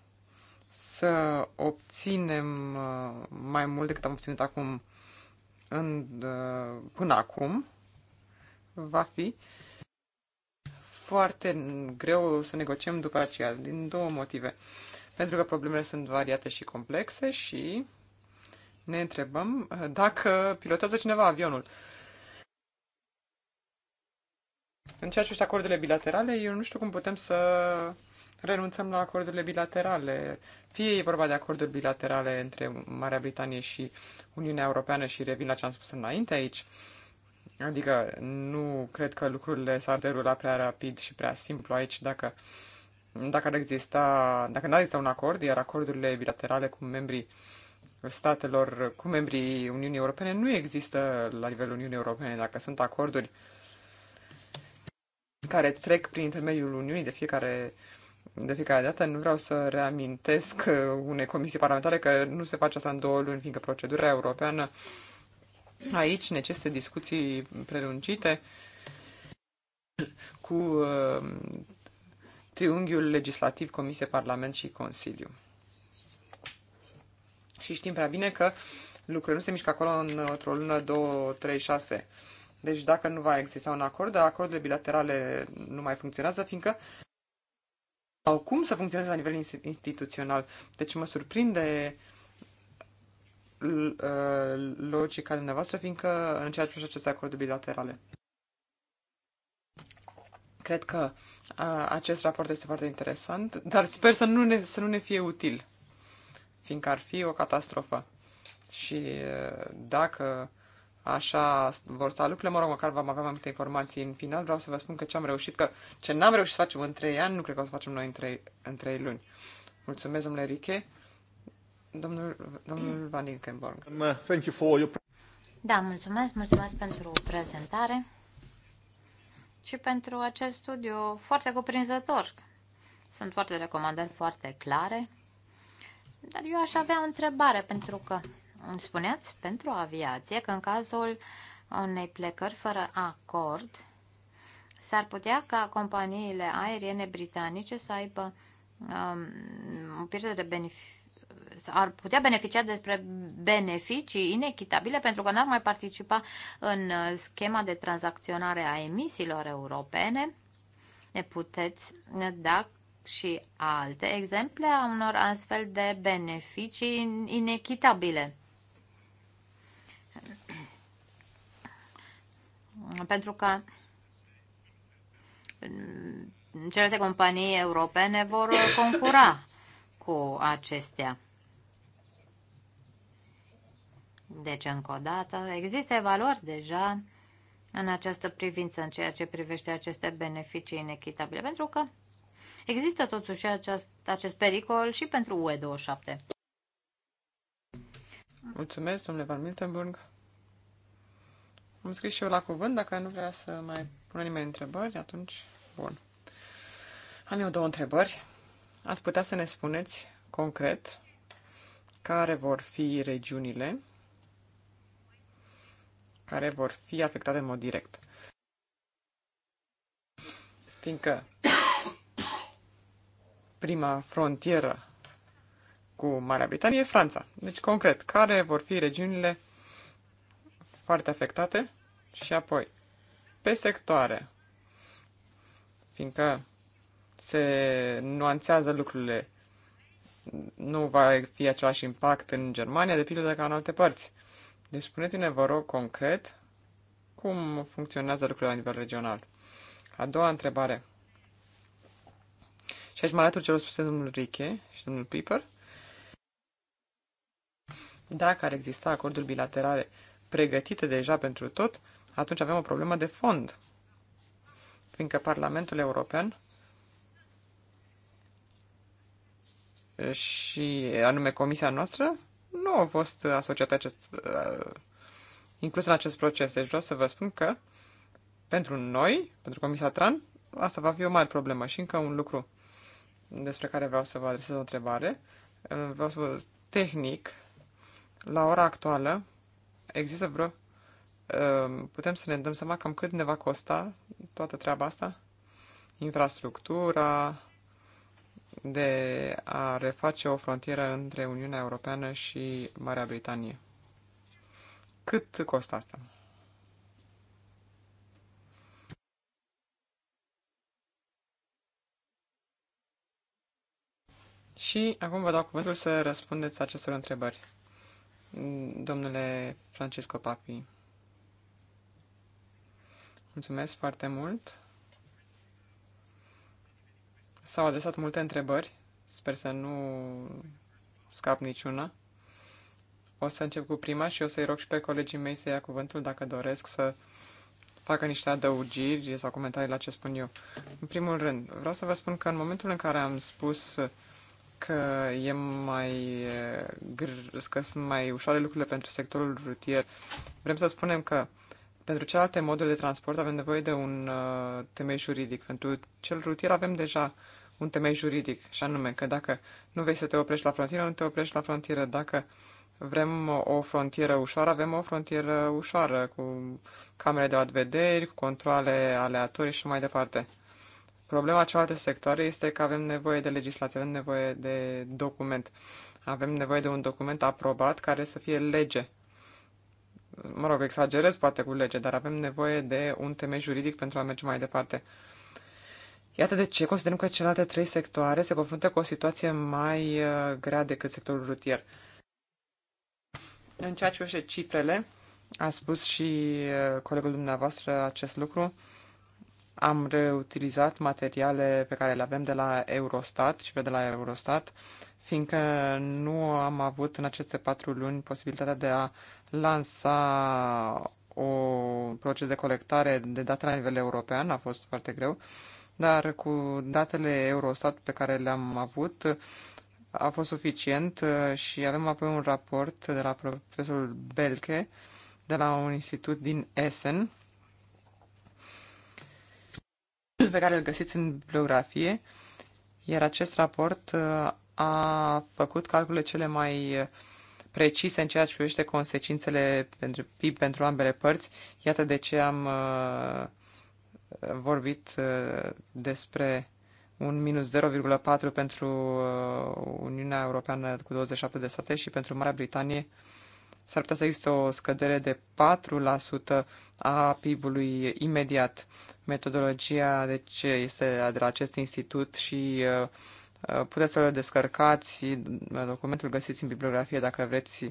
să obținem uh, mai mult decât am obținut acum în, uh, până acum, va fi foarte greu să negociem după aceea, din două motive pentru că problemele sunt variate și complexe și ne întrebăm uh, dacă pilotează cineva avionul. În ceea ce privește acordurile bilaterale, eu nu știu cum putem să renunțăm la acordurile bilaterale. Fie e vorba de acorduri bilaterale între Marea Britanie și Uniunea Europeană și revin la ce am spus înainte aici, adică nu cred că lucrurile s-ar derula prea rapid și prea simplu aici dacă uh, dacă ar exista, dacă n-ar exista un acord, iar acordurile bilaterale cu membrii statelor, cu membrii Uniunii Europene nu există la nivelul Uniunii Europene. Dacă sunt acorduri care trec prin intermediul Uniunii de fiecare de fiecare dată nu vreau să reamintesc unei comisii parlamentare că nu se face asta în două luni, fiindcă procedura europeană aici necesită discuții prelungite cu uh, triunghiul legislativ Comisie, Parlament și Consiliu. Și știm prea bine că lucrurile nu se mișcă acolo într-o lună, două, trei, șase. Deci dacă nu va exista un acord, acordurile bilaterale nu mai funcționează, fiindcă au cum să funcționeze la nivel instituțional. Deci mă surprinde uh, logica dumneavoastră, fiindcă în ceea ce aceste acorduri bilaterale. Cred că acest raport este foarte interesant, dar sper să nu ne, să nu ne fie util, fiindcă ar fi o catastrofă. Și dacă așa vor sta lucrurile, mă rog, măcar vom avea mai multe informații în final, vreau să vă spun că ce am reușit, că ce n-am reușit să facem în trei ani, nu cred că o să facem noi în trei, în trei luni. Mulțumesc, domnule Riche. Domnul, domnul Van Inkenborg. Da, mulțumesc, mulțumesc pentru prezentare și pentru acest studiu foarte cuprinzător. Sunt foarte recomandări foarte clare, dar eu aș avea o întrebare, pentru că îmi spuneați pentru aviație că în cazul unei plecări fără acord s-ar putea ca companiile aeriene britanice să aibă um, o pierdere de beneficii ar putea beneficia despre beneficii inechitabile pentru că n-ar mai participa în uh, schema de tranzacționare a emisiilor europene. Ne puteți da și alte exemple a unor astfel de beneficii inechitabile. Pentru că mm, celelalte companii europene vor uh, concura cu acestea. Deci, încă o dată, există evaluări deja în această privință, în ceea ce privește aceste beneficii inechitabile, pentru că există totuși acest, acest pericol și pentru UE27. Mulțumesc, domnule Van Miltenburg. Am scris și eu la cuvânt, dacă nu vrea să mai pună nimeni întrebări, atunci, bun. Am eu două întrebări. Ați putea să ne spuneți concret care vor fi regiunile care vor fi afectate în mod direct. Fiindcă prima frontieră cu Marea Britanie e Franța. Deci, concret, care vor fi regiunile foarte afectate și apoi pe sectoare, fiindcă se nuanțează lucrurile. Nu va fi același impact în Germania, de pildă, ca în alte părți. Deci spuneți-ne, vă rog, concret, cum funcționează lucrurile la nivel regional. A doua întrebare. Și aici mă alătur celor spuse domnul Riche și domnul Piper. Dacă ar exista acorduri bilaterale pregătite deja pentru tot, atunci avem o problemă de fond. Fiindcă Parlamentul European și anume comisia noastră nu au fost asociate acest, uh, inclus în acest proces. Deci vreau să vă spun că pentru noi, pentru Comisia Tran, asta va fi o mare problemă. Și încă un lucru despre care vreau să vă adresez o întrebare. Uh, vreau să vă tehnic, la ora actuală, există vreo... Uh, putem să ne dăm seama cam cât ne va costa toată treaba asta? Infrastructura, de a reface o frontieră între Uniunea Europeană și Marea Britanie. Cât costă asta? Și acum vă dau cuvântul să răspundeți acestor întrebări. Domnule Francesco Papi, mulțumesc foarte mult. S-au adresat multe întrebări. Sper să nu scap niciuna. O să încep cu prima și o să-i rog și pe colegii mei să ia cuvântul dacă doresc să facă niște adăugiri sau comentarii la ce spun eu. În primul rând, vreau să vă spun că în momentul în care am spus că e mai că sunt mai ușoare lucrurile pentru sectorul rutier, vrem să spunem că pentru celelalte moduri de transport avem nevoie de un uh, temei juridic. Pentru cel rutier avem deja uh, un temei juridic, și anume că dacă nu vei să te oprești la frontieră, nu te oprești la frontieră. Dacă vrem o frontieră ușoară, avem o frontieră ușoară, cu camere de advederi, cu controle aleatorii și mai departe. Problema cealaltă sectoare este că avem nevoie de legislație, avem nevoie de document. Avem nevoie de un document aprobat care să fie lege. Mă rog, exagerez poate cu lege, dar avem nevoie de un temei juridic pentru a merge mai departe. Iată de ce considerăm că celelalte trei sectoare se confruntă cu o situație mai uh, grea decât sectorul rutier. În ceea ce privește cifrele, a spus și uh, colegul dumneavoastră acest lucru, am reutilizat materiale pe care le avem de la Eurostat și pe de la Eurostat, fiindcă nu am avut în aceste patru luni posibilitatea de a lansa o proces de colectare de date la nivel european, a fost foarte greu. Uh, dar cu datele Eurostat pe care le-am avut, a fost suficient uh, și avem apoi un raport de la profesorul Belke, de la un institut din Essen, pe care îl găsiți în bibliografie, iar acest raport uh, a făcut calcule cele mai uh, precise în ceea ce privește consecințele pentru PIB pentru ambele părți. Iată de ce am vorbit uh, despre un minus 0,4 pentru uh, Uniunea Europeană cu 27 de state și pentru Marea Britanie s-ar putea să existe o scădere de 4% a PIB-ului imediat. Metodologia de deci, ce este de la acest institut și uh, puteți să descărcați documentul, găsiți în bibliografie dacă vreți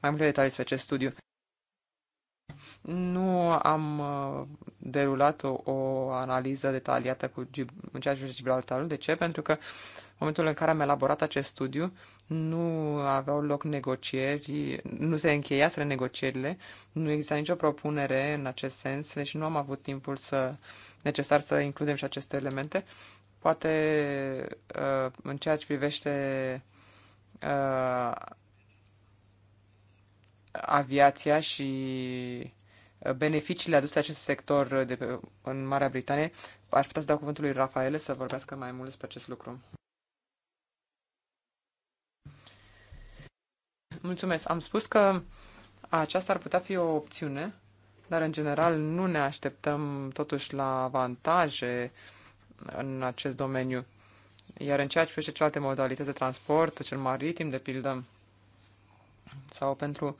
mai multe detalii despre acest studiu. Nu am uh, derulat o, o analiză detaliată cu, în ceea ce privește Gibraltarul. De ce? Pentru că în momentul în care am elaborat acest studiu, nu aveau loc negocieri, nu se încheiaseră negocierile, nu exista nicio propunere în acest sens, deci nu am avut timpul să, necesar să includem și aceste elemente. Poate uh, în ceea ce privește uh, aviația și uh, beneficiile aduse acestui sector de pe, în Marea Britanie. Aș putea să dau cuvântul lui Rafael să vorbească mai mult despre acest lucru. Mulțumesc. Am spus că aceasta ar putea fi o opțiune, dar în general nu ne așteptăm totuși la avantaje în acest domeniu. Iar în ceea ce privește celelalte modalități de transport, cel maritim, de pildă, sau pentru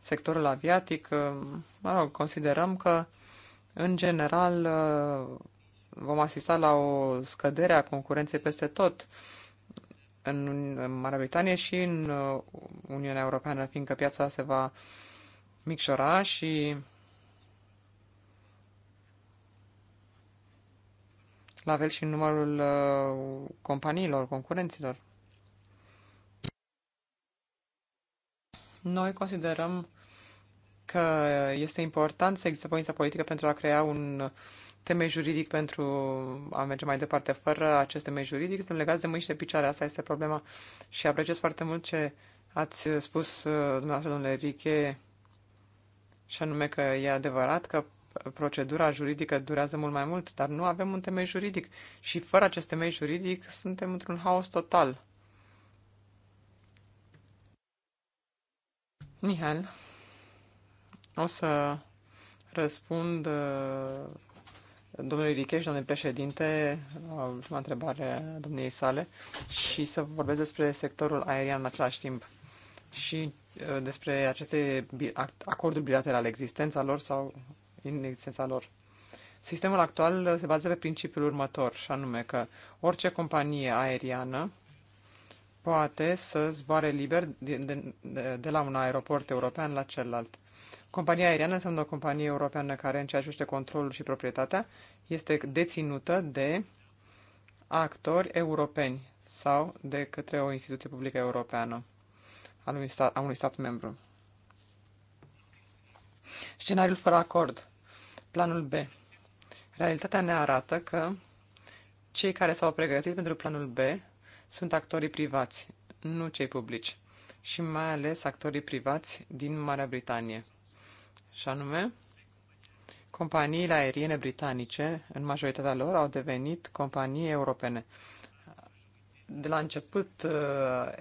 sectorul aviatic, uh, mă rog, considerăm că, în general, uh, vom asista la o scădere a concurenței peste tot în, în Marea Britanie și în uh, Uniunea Europeană, fiindcă piața se va micșora și la fel și numărul companiilor, concurenților. Noi considerăm că este important să existe poziția politică pentru a crea un temei juridic pentru a merge mai departe. Fără acest temei juridic, suntem legați de mâini și de picioare. Asta este problema. Și apreciez foarte mult ce ați spus, uh, dumneavoastră, domnule Riche, și anume că e adevărat că procedura juridică durează mult mai mult, dar nu avem un temei juridic. Și fără acest temei juridic, suntem într-un haos total. Nihal, o să răspund uh, domnului Richeș, domnule președinte, la uh, ultima întrebare a domniei sale și să vorbesc despre sectorul aerian în același timp și uh, despre aceste acorduri bilaterale, existența lor sau inexistența lor. Sistemul actual se bazează pe principiul următor, și anume că orice companie aeriană poate să zboare liber de, de, de la un aeroport european la celălalt. Compania aeriană înseamnă o companie europeană care, în ceea ce controlul și proprietatea, este deținută de actori europeni sau de către o instituție publică europeană a unui stat, a unui stat membru. Scenariul fără acord. Planul B. Realitatea ne arată că cei care s-au pregătit pentru planul B sunt actorii privați, nu cei publici, și mai ales actorii privați din Marea Britanie. Și anume, companiile aeriene britanice, în majoritatea lor, au devenit companii europene. De la început uh,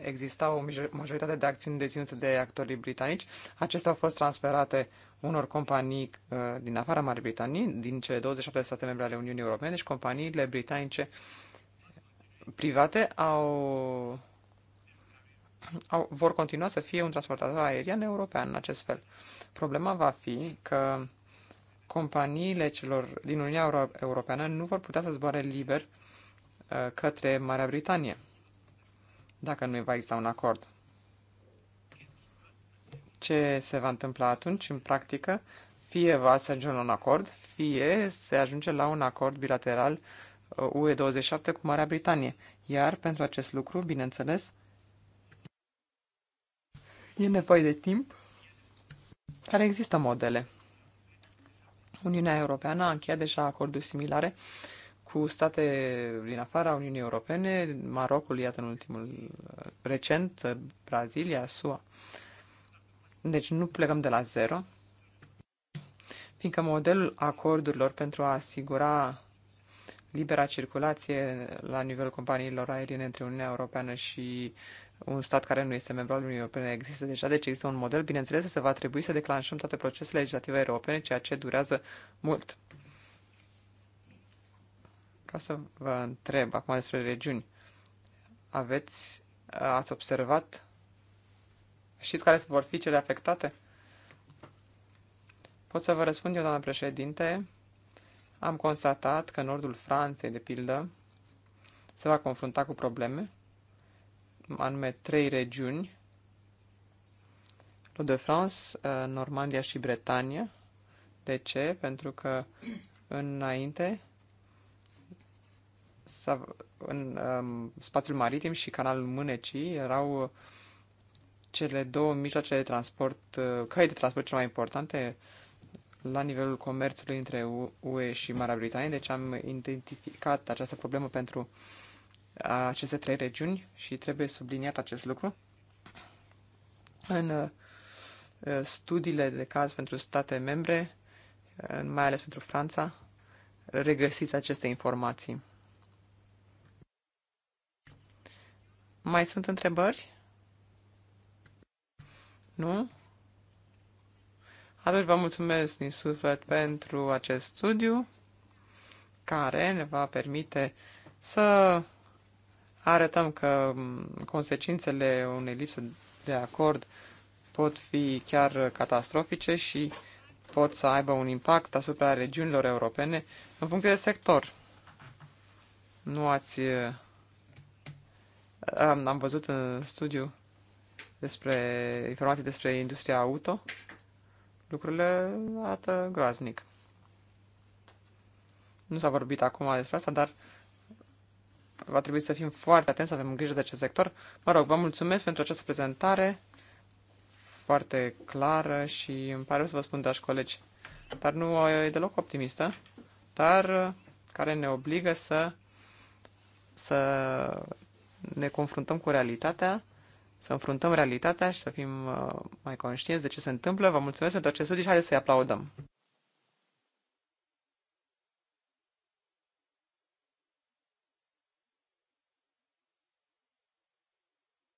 exista o majoritate de acțiuni deținute de actorii britanici. Acestea au fost transferate unor companii uh, din afara Marii Britanii, din cele 27 state membre ale Uniunii Europene, deci companiile britanice uh, private au, au, vor continua să fie un transportator aerian european în acest fel. Problema va fi că companiile celor din Uniunea Euro Europeană nu vor putea să zboare liber uh, către Marea Britanie dacă nu va exista un acord. Ce se va întâmpla atunci, în practică? Fie va să ajunge un acord, fie se ajunge la un acord bilateral UE27 cu Marea Britanie. Iar pentru acest lucru, bineînțeles, e nevoie de timp, dar există modele. Uniunea Europeană a încheiat deja acorduri similare cu state din afara Uniunii Europene, Marocul, iată, în ultimul recent, Brazilia, SUA. Deci nu plecăm de la zero, fiindcă modelul acordurilor pentru a asigura libera circulație la nivelul companiilor aeriene între Uniunea Europeană și un stat care nu este membru al Uniunii Europene există deja, deci există un model. Bineînțeles, se va trebui să declanșăm toate procesele legislative europene, ceea ce durează mult. Vreau să vă întreb acum despre regiuni. Aveți, ați observat, știți care vor fi cele afectate? Pot să vă răspund eu, doamna președinte, am constatat că nordul Franței, de pildă, se va confrunta cu probleme, anume trei regiuni, Lot de France, uh, Normandia și Bretania. De ce? Pentru că înainte în um, spațiul maritim și canalul Mânecii erau cele două mijloace de transport, uh, căi de transport cele mai importante la nivelul comerțului între UE și Marea Britanie, deci am identificat această problemă pentru aceste trei regiuni și trebuie subliniat acest lucru. În uh, studiile de caz pentru state membre, uh, mai ales pentru Franța, regăsiți aceste informații. Mai sunt întrebări? Nu? Atunci vă mulțumesc din suflet pentru acest studiu care ne va permite să arătăm că consecințele unei lipse de acord pot fi chiar catastrofice și pot să aibă un impact asupra regiunilor europene în funcție de sector. Nu ați... Am văzut în uh, studiu despre informații despre industria auto lucrurile arată groaznic. Nu s-a vorbit acum despre asta, dar va trebui să fim foarte atenți, să avem grijă de acest sector. Mă rog, vă mulțumesc pentru această prezentare foarte clară și îmi pare să vă spun, dragi colegi, dar nu e deloc optimistă, dar care ne obligă să, să ne confruntăm cu realitatea să înfruntăm realitatea și să fim uh, mai conștienți de ce se întâmplă. Vă mulțumesc pentru acest studiu și haideți să-i aplaudăm.